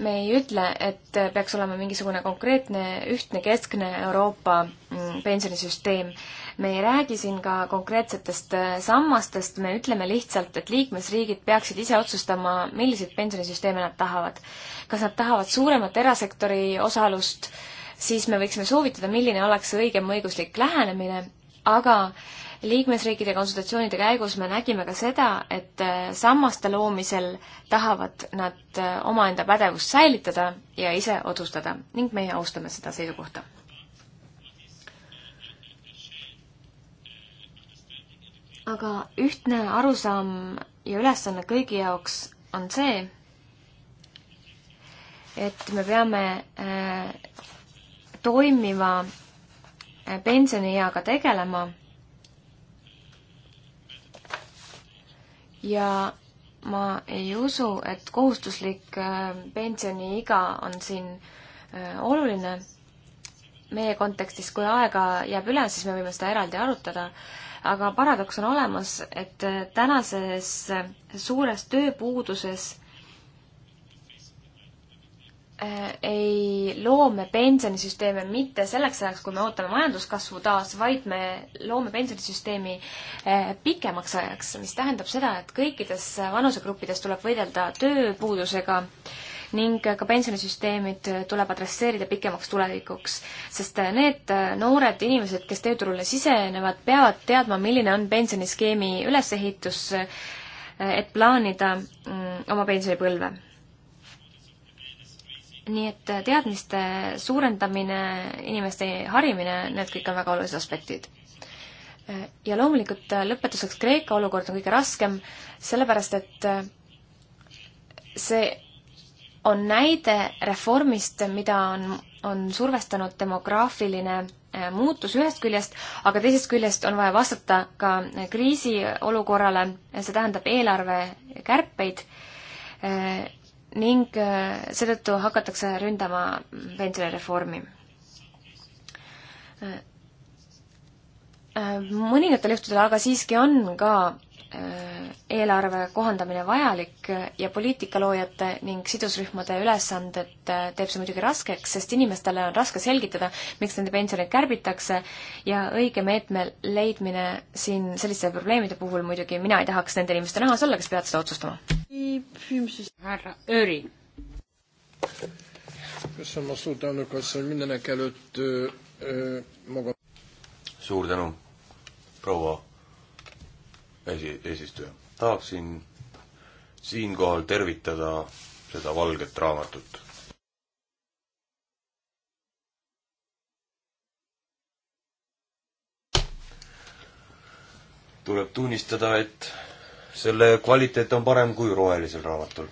me ei ütle, et peaks olema mingisugune konkreetne ühtne keskne Euroopa mm, pensionisüsteem. me ei räägi siin ka konkreetsetest äh, sammastest, me ütleme lihtsalt, et liikmesriigid peaksid ise otsustama, milliseid pensionisüsteeme nad tahavad. kas nad tahavad suuremat erasektori osalust, siis me võiksime soovitada, milline oleks õigem õiguslik lähenemine, aga liikmesriikide konsultatsioonide käigus me nägime ka seda, et äh, sammaste loomisel tahavad nad äh, omaenda pädevust säilitada ja ise otsustada ning meie austame seda seisukohta. aga ühtne arusaam ja ülesanne kõigi jaoks on see, et me peame äh, toimiva pensionieaga tegelema ja ma ei usu, et kohustuslik äh, pensioniiga on siin äh, oluline meie kontekstis, kui aega jääb üle, siis me võime seda eraldi arutada, aga paradoks on olemas, et äh, tänases suures tööpuuduses Äh, ei loo me pensionisüsteeme mitte selleks ajaks, kui me ootame majanduskasvu taas, vaid me loome pensionisüsteemi äh, pikemaks ajaks, mis tähendab seda, et kõikides vanusegruppides tuleb võidelda tööpuudusega ning ka pensionisüsteemid tuleb adresseerida pikemaks tulevikuks, sest äh, need noored inimesed, kes tööturule sisenevad, peavad teadma, milline on pensioniskeemi ülesehitus, et plaanida mm, oma pensionipõlve nii et äh, teadmiste suurendamine, inimeste harimine, need kõik on väga olulised aspektid. Äh, ja loomulikult äh, lõpetuseks Kreeka olukord on kõige raskem, sellepärast et see on näide reformist, mida on, on survestanud demograafiline muutus ühest küljest, aga teisest küljest on vaja vastata ka kriisiolukorrale, see tähendab eelarvekärpeid ning äh, seetõttu hakatakse ründama pensionireformi. Äh, äh, mõningatel juhtudel aga siiski on ka Äh, eelarve kohandamine vajalik ja poliitikaloojate ning sidusrühmade ülesanded äh, teeb see muidugi raskeks, sest inimestele on raske selgitada, miks nende pensioneid kärbitakse ja õige meetme leidmine siin selliste probleemide puhul muidugi, mina ei tahaks nende inimeste nahas olla, kes peavad seda otsustama. härra Öri. köszönöm a szót, elnök asszony, mindenek előtt maga. suur tänu, proua esi-, eesistuja. tahaksin siinkohal tervitada seda valget raamatut. tuleb tunnistada, et selle kvaliteet on parem kui rohelisel raamatul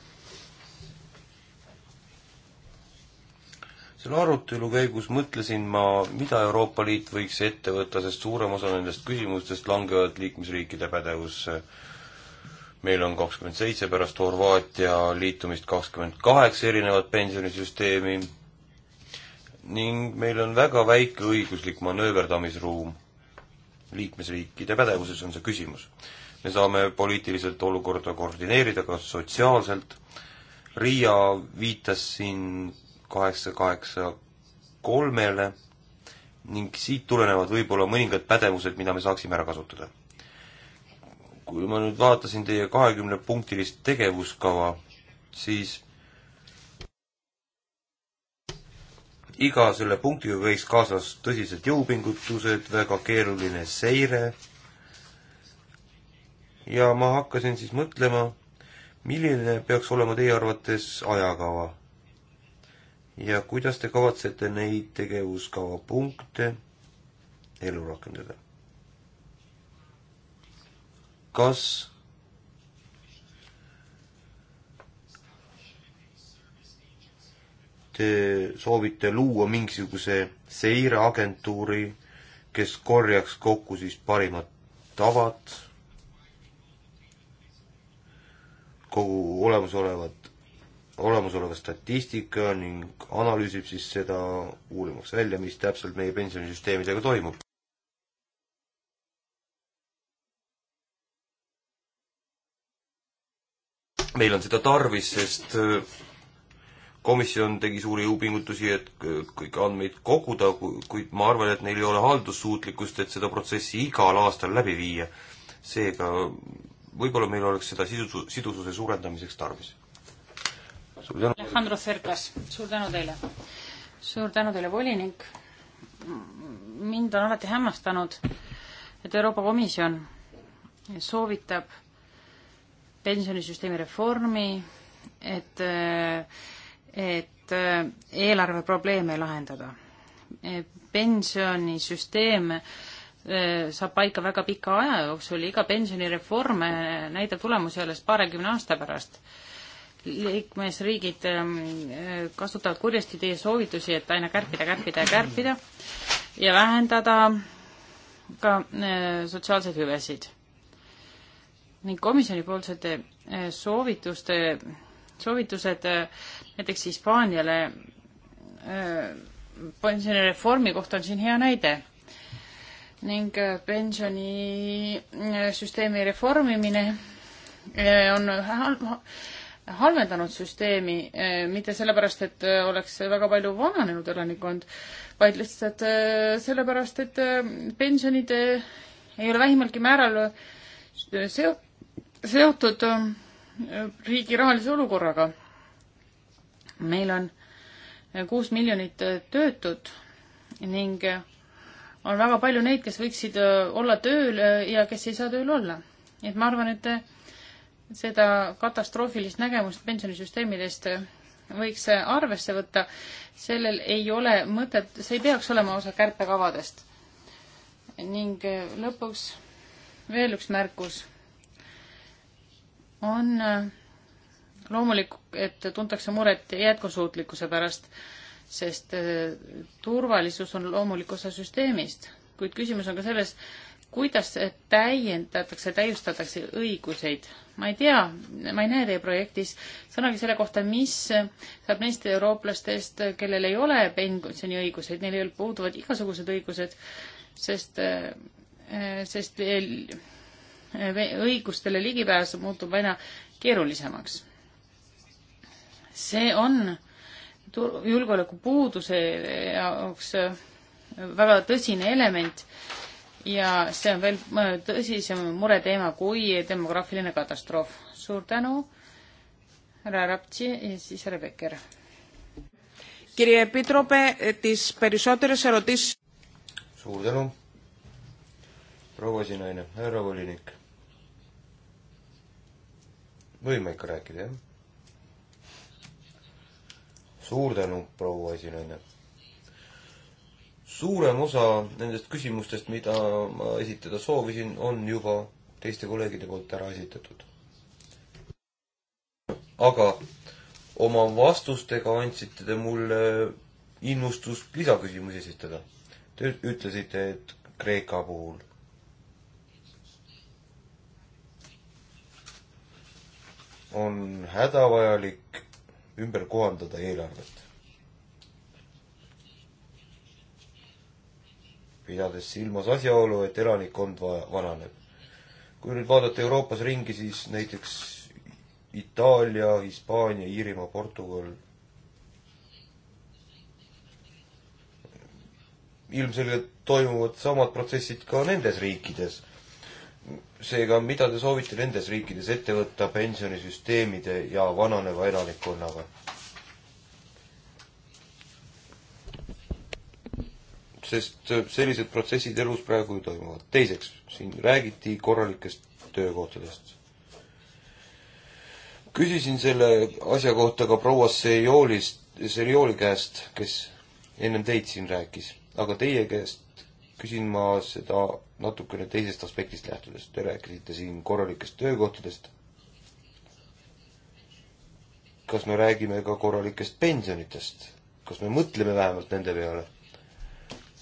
selle arutelu käigus mõtlesin ma, mida Euroopa Liit võiks ette võtta, sest suurem osa nendest küsimustest langevad liikmesriikide pädevusse. meil on kakskümmend seitse pärast Horvaatia liitumist kakskümmend kaheksa erinevat pensionisüsteemi ning meil on väga väike õiguslik manööverdamisruum. liikmesriikide pädevuses on see küsimus. me saame poliitiliselt olukorda koordineerida ka sotsiaalselt, Riia viitas siin kaheksa, kaheksa kolmele ning siit tulenevad võib-olla mõningad pädevused, mida me saaksime ära kasutada. kui ma nüüd vaatasin teie kahekümnepunktilist tegevuskava, siis iga selle punktiga käis kaasas tõsised jõupingutused, väga keeruline seire ja ma hakkasin siis mõtlema, milline peaks olema teie arvates ajakava ja kuidas te kavatsete neid tegevuskava punkte elu rakendada? kas te soovite luua mingisuguse seireagentuuri, kes korjaks kokku siis parimad tavad, kogu olemasolevad olemasoleva statistika ning analüüsib siis seda, uurimaks välja, mis täpselt meie pensionisüsteemidega toimub. meil on seda tarvis, sest äh, komisjon tegi suuri jõupingutusi, et äh, kõiki andmeid koguda, kuid ma arvan, et neil ei ole haldussuutlikkust, et seda protsessi igal aastal läbi viia. seega võib-olla meil oleks seda sisu, sidususe suurendamiseks tarvis suur tänu. Alejandro Cercas, suur tänu teile. suur tänu teile, volinik. mind on alati hämmastanud, et Euroopa Komisjon soovitab pensionisüsteemi reformi, et, et eelarveprobleeme lahendada. pensionisüsteem eh, saab paika väga pika aja jooksul, iga pensionireform eh, näitab tulemusi alles paarikümne aasta pärast liikmesriigid ähm, kasutavad kurjasti teie soovitusi, et aina kärpida, kärpida ja kärpida ja vähendada ka äh, sotsiaalseid hüvesid. ning komisjonipoolsete äh, soovituste, soovitused äh, näiteks Hispaaniale pensionireformi kohta on siin hea näide ning pensionisüsteemi reformimine on halb halvendanud süsteemi, e, mitte sellepärast, et e, oleks väga palju vananenud elanikkond, vaid lihtsalt e, sellepärast, et pensionid ei ole vähimalgi määral seo-, seotud riigi rahalise olukorraga. meil on kuus miljonit töötut ning on väga palju neid, kes võiksid olla tööl ja kes ei saa tööl olla. nii et ma arvan, et seda katastroofilist nägemust pensionisüsteemidest võiks arvesse võtta, sellel ei ole mõtet, see ei peaks olema osa kärpekavadest. ning lõpuks veel üks märkus. on loomulik, et tuntakse muret jätkusuutlikkuse pärast, sest turvalisus on loomulik osa süsteemist, kuid küsimus on ka selles, kuidas täiendatakse, täiustatakse õiguseid? ma ei tea, ma ei näe teie projektis sõnagi selle kohta, mis saab neist eurooplastest, kellel ei ole pensioniõiguseid, neil puuduvad igasugused õigused, sest, sest õigustele ligipääs muutub aina keerulisemaks. see on julgeoleku puuduse jaoks väga tõsine element ja see on veel äh, tõsisem mureteema kui demograafiline katastroof. suur tänu, härra Raptsi ja siis härra Peker. Kirje Pitrope, siis Perisoteres erotis. suur tänu, proua esinaine, härra volinik. võime ikka rääkida, jah? suur tänu, proua esinaine suurem osa nendest küsimustest, mida ma esitada soovisin, on juba teiste kolleegide poolt ära esitatud. aga oma vastustega andsite te mulle innustust lisaküsimusi esitada. Te ütlesite, et Kreeka puhul on hädavajalik ümber kohandada eelarvet pidades silmas asjaolu, et elanikkond vananeb. kui nüüd vaadata Euroopas ringi, siis näiteks Itaalia, Hispaania, Iirimaa, Portugal ilmselgelt toimuvad samad protsessid ka nendes riikides. seega, mida te soovite nendes riikides ette võtta pensionisüsteemide ja vananeva elanikkonnaga? sest äh, sellised protsessid elus praegu ju toimuvad. teiseks, siin räägiti korralikest töökohtadest. küsisin selle asja kohta ka proua Sejoolist, Sejooli käest, kes ennem teid siin rääkis, aga teie käest küsin ma seda natukene teisest aspektist lähtudes. Te rääkisite siin korralikest töökohtadest. kas me räägime ka korralikest pensionitest? kas me mõtleme vähemalt nende peale?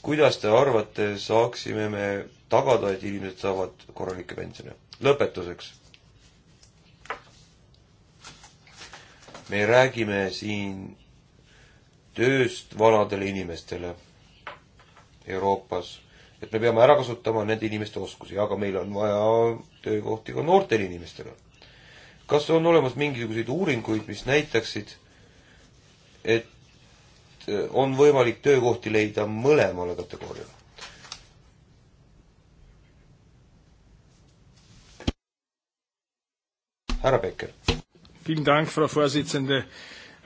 kuidas te arvate, saaksime me tagada, et inimesed saavad korralikke pensione? lõpetuseks. me räägime siin tööst vanadele inimestele Euroopas, et me peame ära kasutama nende inimeste oskusi, aga meil on vaja töökohti ka noortele inimestele. kas on olemas mingisuguseid uuringuid, mis näitaksid, et Äh, on võimalik töökohti leida mõlemale kategooriale. härra Becker.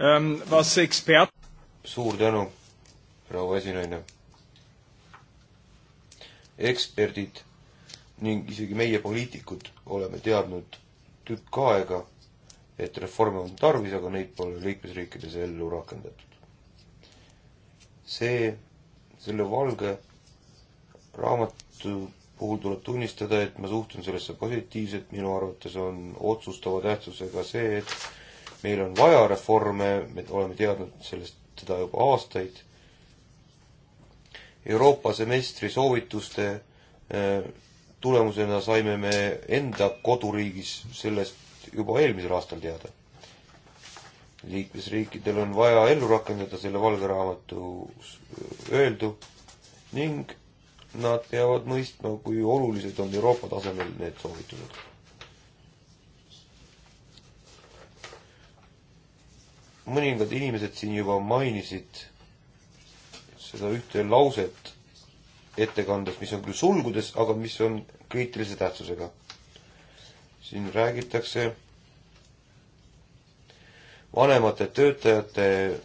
Ähm, suur tänu, proua esinaine. eksperdid ning isegi meie poliitikud oleme teadnud tükk aega, et reforme on tarvis, aga neid pole liikmesriikides ellu rakendatud see, selle valge raamatu puhul tuleb tunnistada, et ma suhtun sellesse positiivselt, minu arvates on otsustava tähtsusega see, et meil on vaja reforme, me oleme teadnud sellest, seda juba aastaid. Euroopa semestri soovituste eh, tulemusena saime me enda koduriigis sellest juba eelmisel aastal teada liikmesriikidel on vaja ellu rakendada selle valge raamatus äh, öeldu ning nad peavad mõistma, kui olulised on Euroopa tasemel need soovitused. mõningad inimesed siin juba mainisid seda ühte lauset ettekandes, mis on küll sulgudes, aga mis on kriitilise tähtsusega. siin räägitakse vanemate töötajate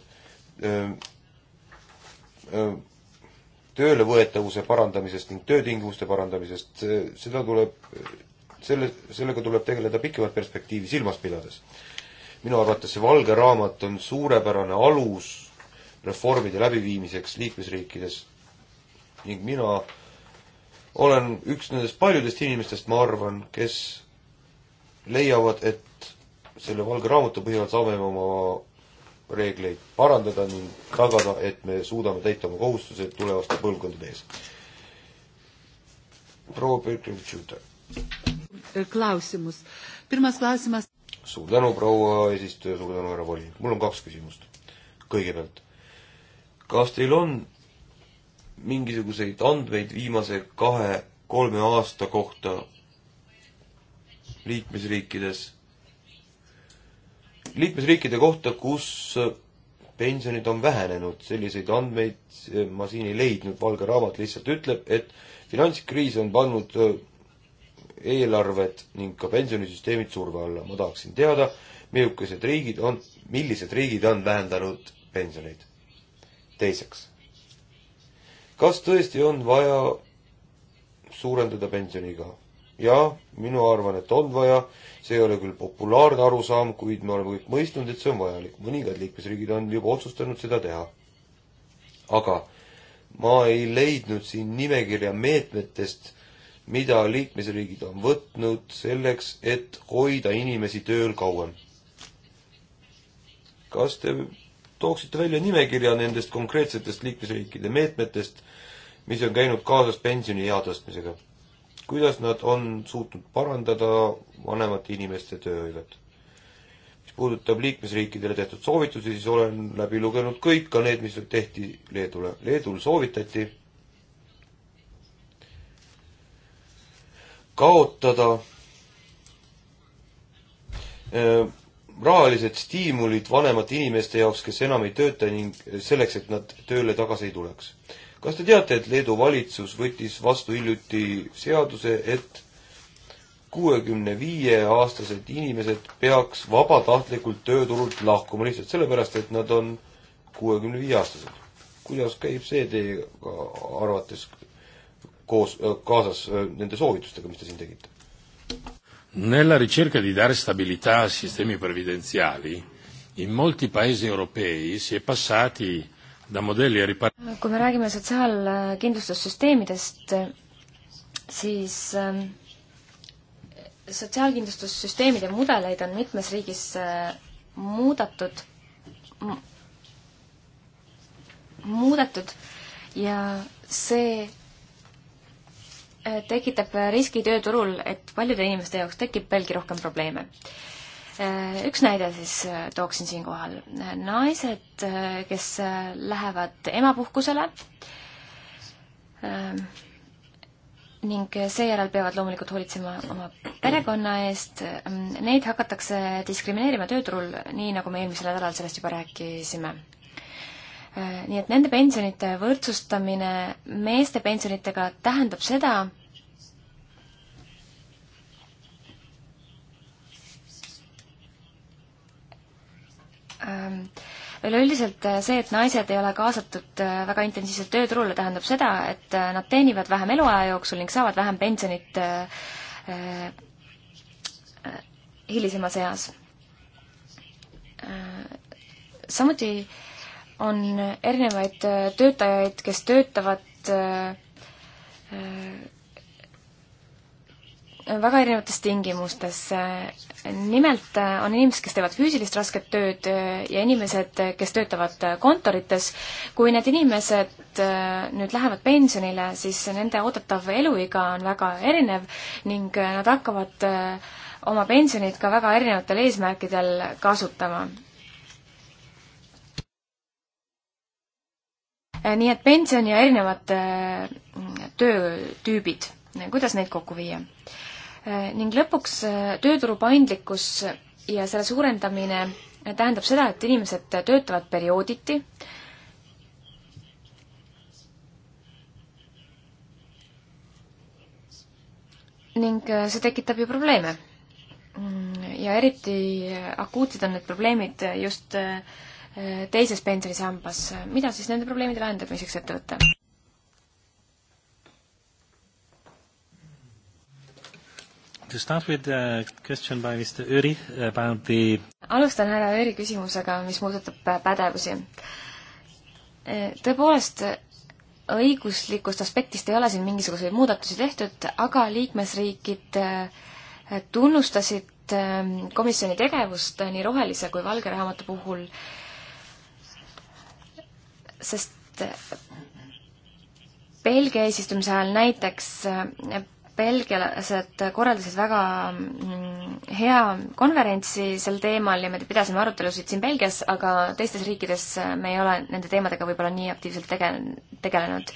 töölevõetavuse parandamisest ning töötingimuste parandamisest, seda tuleb, selle, sellega tuleb tegeleda pikemat perspektiivi silmas pidades. minu arvates see valge raamat on suurepärane alus reformide läbiviimiseks liikmesriikides ning mina olen üks nendest paljudest inimestest, ma arvan, kes leiavad, et selle valge raamatu põhjal saame me oma reegleid parandada ning tagada, et me suudame täita oma kohustused tulevaste põlvkondade ees. proua Petrov-Tšuta. Äh, Klausimus. Pirmas klausimas. suur tänu, proua eesistuja, suur tänu, härra voli. mul on kaks küsimust. kõigepealt, kas teil on mingisuguseid andmeid viimase kahe-kolme aasta kohta liikmesriikides liikmesriikide kohta, kus pensionid on vähenenud, selliseid andmeid ma siin ei leidnud, valge raamat lihtsalt ütleb, et finantskriis on pannud äh, eelarved ning ka pensionisüsteemid surve alla. ma tahaksin teada, millised riigid on, millised riigid on vähendanud pensioneid. teiseks, kas tõesti on vaja suurendada pensioniiga? jah, mina arvan, et on vaja, see ei ole küll populaarne arusaam, kuid me oleme kõik mõistnud, et see on vajalik. mõningad liikmesriigid on juba otsustanud seda teha. aga ma ei leidnud siin nimekirja meetmetest, mida liikmesriigid on võtnud selleks, et hoida inimesi tööl kauem. kas te tooksite välja nimekirja nendest konkreetsetest liikmesriikide meetmetest, mis on käinud kaasas pensioniea tõstmisega? kuidas nad on suutnud parandada vanemate inimeste tööhõivet. mis puudutab liikmesriikidele tehtud soovitusi, siis olen läbi lugenud kõik, ka need, mis tehti Leedule. Leedul soovitati kaotada äh, rahalised stiimulid vanemate inimeste jaoks, kes enam ei tööta ning selleks, et nad tööle tagasi ei tuleks kas te teate, et Leedu valitsus võttis vastu hiljuti seaduse, et kuuekümne viie aastased inimesed peaks vabatahtlikult tööturult lahkuma lihtsalt sellepärast, et nad on kuuekümne viie aastased. kuidas käib see teie arvates koos, äh, kaasas äh, nende soovitustega, mis te siin tegite? Nella ricerca di dare stabilità a sistemi previdenziali in molti paesi europei si è passati E kui me räägime sotsiaalkindlustussüsteemidest, siis ähm, sotsiaalkindlustussüsteemide mudeleid on mitmes riigis äh, muudatud, muudetud ja see äh, tekitab riski tööturul, et paljude inimeste jaoks tekib veelgi rohkem probleeme Äh, üks näide siis äh, tooksin siinkohal. naised, äh, kes lähevad emapuhkusele ähm, ning seejärel peavad loomulikult hoolitsema oma perekonna eest, ähm, neid hakatakse diskrimineerima tööturul, nii nagu me eelmisel nädalal sellest juba rääkisime. nii et nende pensionite võrdsustamine meeste pensionitega tähendab seda, üleüldiselt ehm, eh, see, et naised ei ole kaasatud eh, väga intensiivselt tööturule, tähendab seda, et eh, nad teenivad vähem eluaja jooksul ning saavad vähem pensionit hilisemas eas. samuti on erinevaid töötajaid, kes töötavad väga erinevates tingimustes nimelt äh, on inimesed, kes teevad füüsilist rasket tööd äh, ja inimesed, äh, kes töötavad kontorites. kui need inimesed nüüd lähevad pensionile, siis nende oodatav eluiga on väga erinev ning nad hakkavad oma pensionit ka väga erinevatel eesmärkidel kasutama. nii et pension ja erinevad töötüübid, kuidas neid kokku viia? Eh, ning lõpuks eh, tööturu paindlikkus ja selle suurendamine eh, tähendab seda, et inimesed töötavad periooditi. ning see tekitab ju probleeme. Mm, ja eriti akuutsed on need probleemid just teises pensionisambas. mida siis nende probleemide lahendamiseks ette võtta? To start with the question by Mr Öri about the alustan härra Öri küsimusega, mis puudutab äh, pädevusi. Äh, tõepoolest, õiguslikust aspektist ei ole siin mingisuguseid muudatusi tehtud, aga liikmesriigid äh, tunnustasid ähm, komisjoni tegevust nii rohelise kui valge raamatu puhul, sest Belgia eesistumise ajal näiteks belgialased korraldasid väga mm, hea konverentsi sel teemal ja me pidasime arutelusid siin Belgias, aga teistes riikides me ei ole nende teemadega võib-olla nii aktiivselt tege-, tegelenud.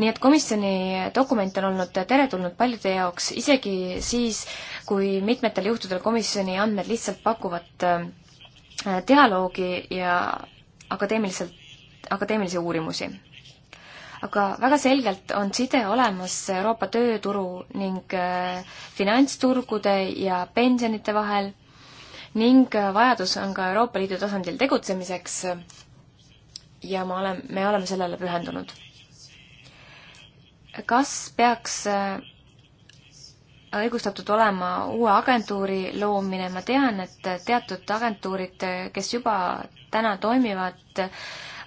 nii et komisjoni dokument on olnud teretulnud paljude jaoks, isegi siis, kui mitmetel juhtudel komisjoni andmed lihtsalt pakuvad äh, dialoogi ja akadeemiliselt, akadeemilisi uurimusi aga väga selgelt on side olemas Euroopa tööturu ning äh, finantsturgude ja pensionite vahel ning äh, vajadus on ka Euroopa Liidu tasandil tegutsemiseks ja ma olen, me oleme sellele pühendunud. kas peaks äh, õigustatud olema uue agentuuri loomine, ma tean, et teatud agentuurid, kes juba täna toimivad,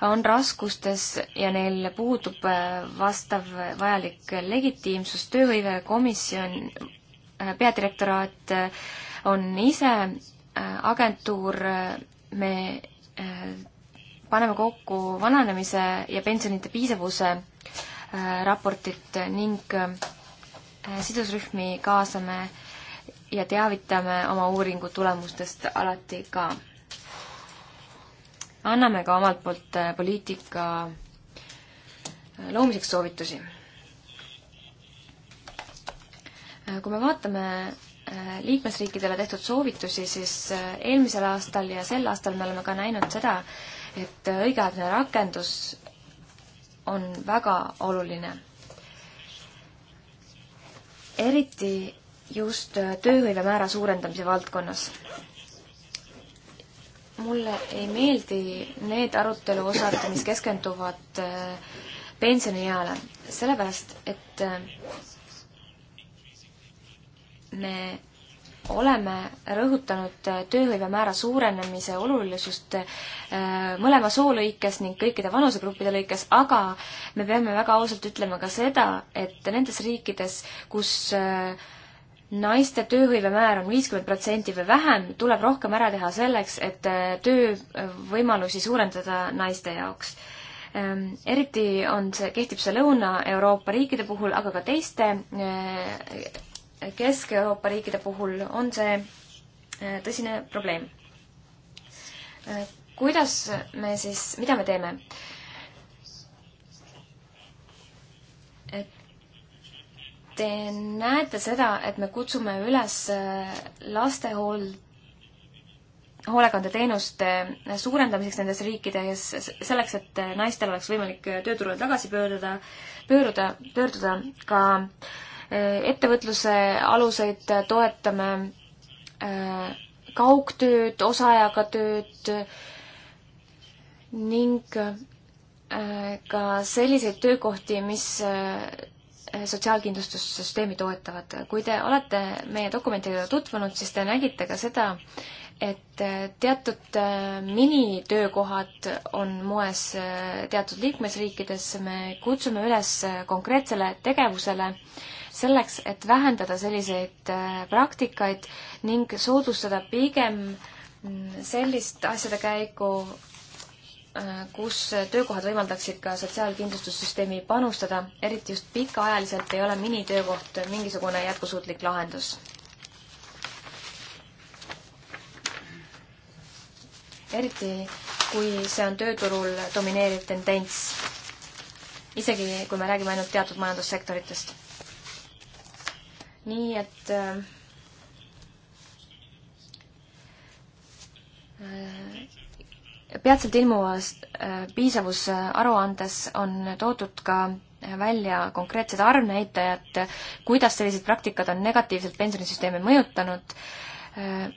on raskustes ja neil puudub äh, vastav vajalik legitiimsus, tööhõivekomisjon, äh, peadirektoraat äh, on ise agentuur, me paneme kokku vananemise ja pensionite piisavuse raportit ning sidusrühmi kaasame ja teavitame oma uuringu tulemustest alati ka anname ka omalt poolt äh, poliitika äh, loomiseks soovitusi. Äh, kui me vaatame liikmesriikidele tehtud soovitusi, siis eelmisel aastal ja sel aastal me oleme ka näinud seda, et õigeaegne rakendus on väga oluline. eriti just tööhõivemäära suurendamise valdkonnas mulle ei meeldi need arutelu osad, mis keskenduvad äh, pensionieale, sellepärast et äh, me oleme rõhutanud äh, tööhõive määra suurenemise olulisust mõlema soo lõikes ning kõikide vanusegruppide lõikes, aga me peame väga ausalt ütlema ka seda, et nendes riikides, kus naiste tööhõive määr on viiskümmend protsenti või vähem, tuleb rohkem ära teha selleks, et äh, töövõimalusi suurendada naiste jaoks. Ähm, eriti on see, kehtib see Lõuna-Euroopa riikide puhul, aga ka teiste äh, Kesk-Euroopa riikide puhul on see äh, tõsine probleem. kuidas me siis, mida me teeme? Te näete seda, et me kutsume üles äh, lastehool, hoolekandeteenuste äh, suurendamiseks nendes riikides, selleks, et äh, naistel oleks võimalik tööturule tagasi pöörduda, pöörduda, pöörduda ka ettevõtluse aluseid toetame, kaugtööd, osaajaga tööd ning ka selliseid töökohti, mis sotsiaalkindlustussüsteemi toetavad. kui te olete meie dokumentidega tutvunud, siis te nägite ka seda, et teatud äh, minitöökohad on moes äh, teatud liikmesriikides, me kutsume üles äh, konkreetsele tegevusele selleks, et vähendada selliseid praktikaid ning soodustada pigem mm, sellist asjade käiku, Äh, kus töökohad võimaldaksid ka sotsiaalkindlustussüsteemi panustada, eriti just pikaajaliselt ei ole minitöökoht mingisugune jätkusuutlik lahendus. eriti, kui see on tööturul domineeriv tendents, isegi kui me räägime ainult teatud majandussektoritest. nii et äh, peatselt ilmuvas äh, piisavusaruandes äh, on toodud ka välja konkreetsed arvnäitajad, kuidas sellised praktikad on negatiivselt pensionisüsteeme mõjutanud. Äh,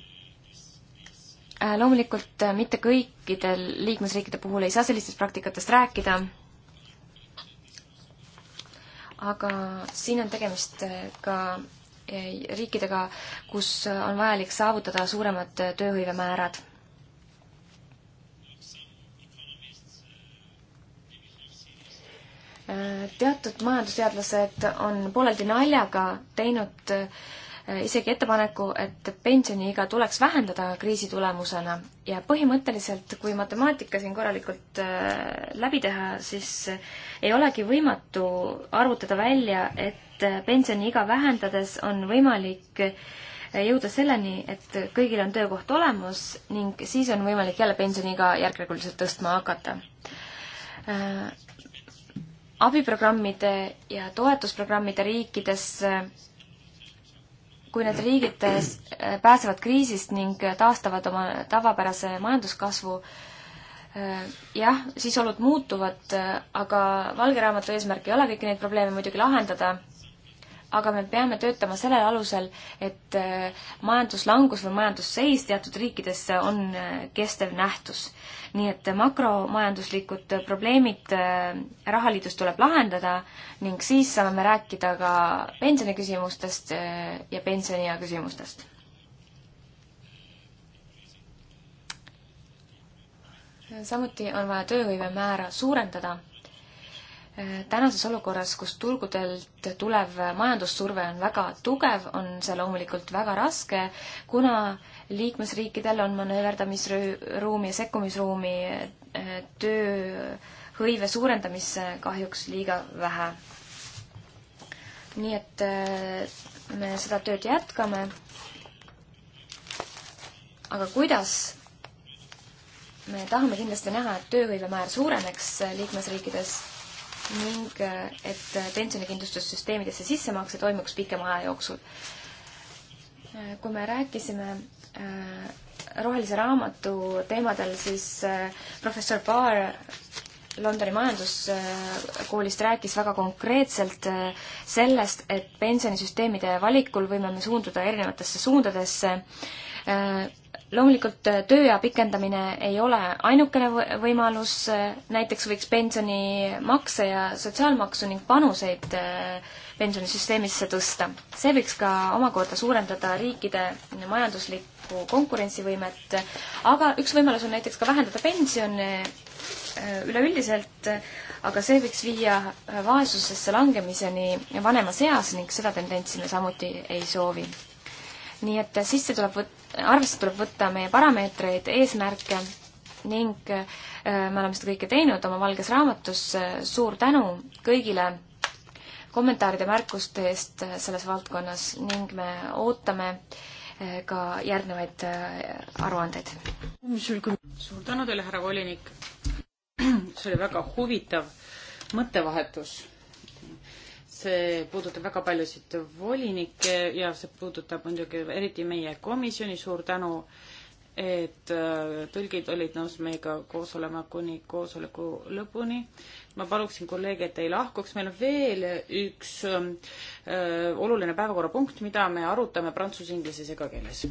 loomulikult mitte kõikidel liikmesriikide puhul ei saa sellistest praktikatest rääkida, aga siin on tegemist ka riikidega, kus on vajalik saavutada suuremad tööhõivemäärad teatud majandusteadlased on pooleldi naljaga teinud isegi ettepaneku, et pensioniiga tuleks vähendada kriisi tulemusena ja põhimõtteliselt, kui matemaatika siin korralikult läbi teha, siis ei olegi võimatu arvutada välja, et pensioniiga vähendades on võimalik jõuda selleni, et kõigil on töökoht olemas ning siis on võimalik jälle pensioniiga järk-järguliselt tõstma hakata abiprogrammide ja toetusprogrammide riikides, kui need riigid eh, pääsevad kriisist ning taastavad oma tavapärase majanduskasvu, eh, jah, siis olud muutuvad, eh, aga valge raamatu eesmärk ei ole kõiki neid probleeme muidugi lahendada aga me peame töötama sellel alusel, et äh, majanduslangus või majandusseis teatud riikides on äh, kestev nähtus. nii et makromajanduslikud probleemid äh, rahaliidus tuleb lahendada ning siis saame me rääkida ka pensioniküsimustest ja pensioniea küsimustest. samuti on vaja tööhõive määra suurendada tänases olukorras, kus turgudelt tulev majandussurve on väga tugev, on see loomulikult väga raske, kuna liikmesriikidel on manööverdamisruumi ja sekkumisruumi eh, tööhõive suurendamisse kahjuks liiga vähe. nii et eh, me seda tööd jätkame. aga kuidas me tahame kindlasti näha, et tööhõivemäär suureneks liikmesriikides ning äh, et pensionikindlustussüsteemidesse sissemakse toimuks pikema aja jooksul. Äh, kui me rääkisime äh, rohelise raamatu teemadel, siis professor Baar Londoni majanduskoolist rääkis väga konkreetselt sellest, et pensionisüsteemide valikul võime me suunduda erinevatesse suundadesse loomulikult äh, tööea pikendamine ei ole ainukene võimalus, äh, näiteks võiks pensionimakse ja sotsiaalmaksu ning panuseid äh, pensionisüsteemisse tõsta. see võiks ka omakorda suurendada riikide majanduslikku konkurentsivõimet, aga üks võimalus on näiteks ka vähendada pensione üleüldiselt, aga see võiks viia vaesusesse langemiseni vanemas eas ning seda tendentsi me samuti ei soovi nii et sisse tuleb võt-, arvesse tuleb võtta meie parameetreid, eesmärke ning äh, me oleme seda kõike teinud oma valges raamatus, suur tänu kõigile kommentaaride, märkuste eest selles valdkonnas ning me ootame äh, ka järgnevaid äh, aruandeid. suur tänu teile, härra volinik. see oli väga huvitav mõttevahetus see puudutab väga paljusid volinikke ja see puudutab muidugi eriti meie komisjoni, suur tänu, et äh, tõlgid olid nõus meiega koos olema kuni koosoleku lõpuni. ma paluksin kolleege, et ei lahkuks, meil on veel üks öö, äh, oluline päevakorrapunkt, mida me arutame prantsuse, inglise segakeeles.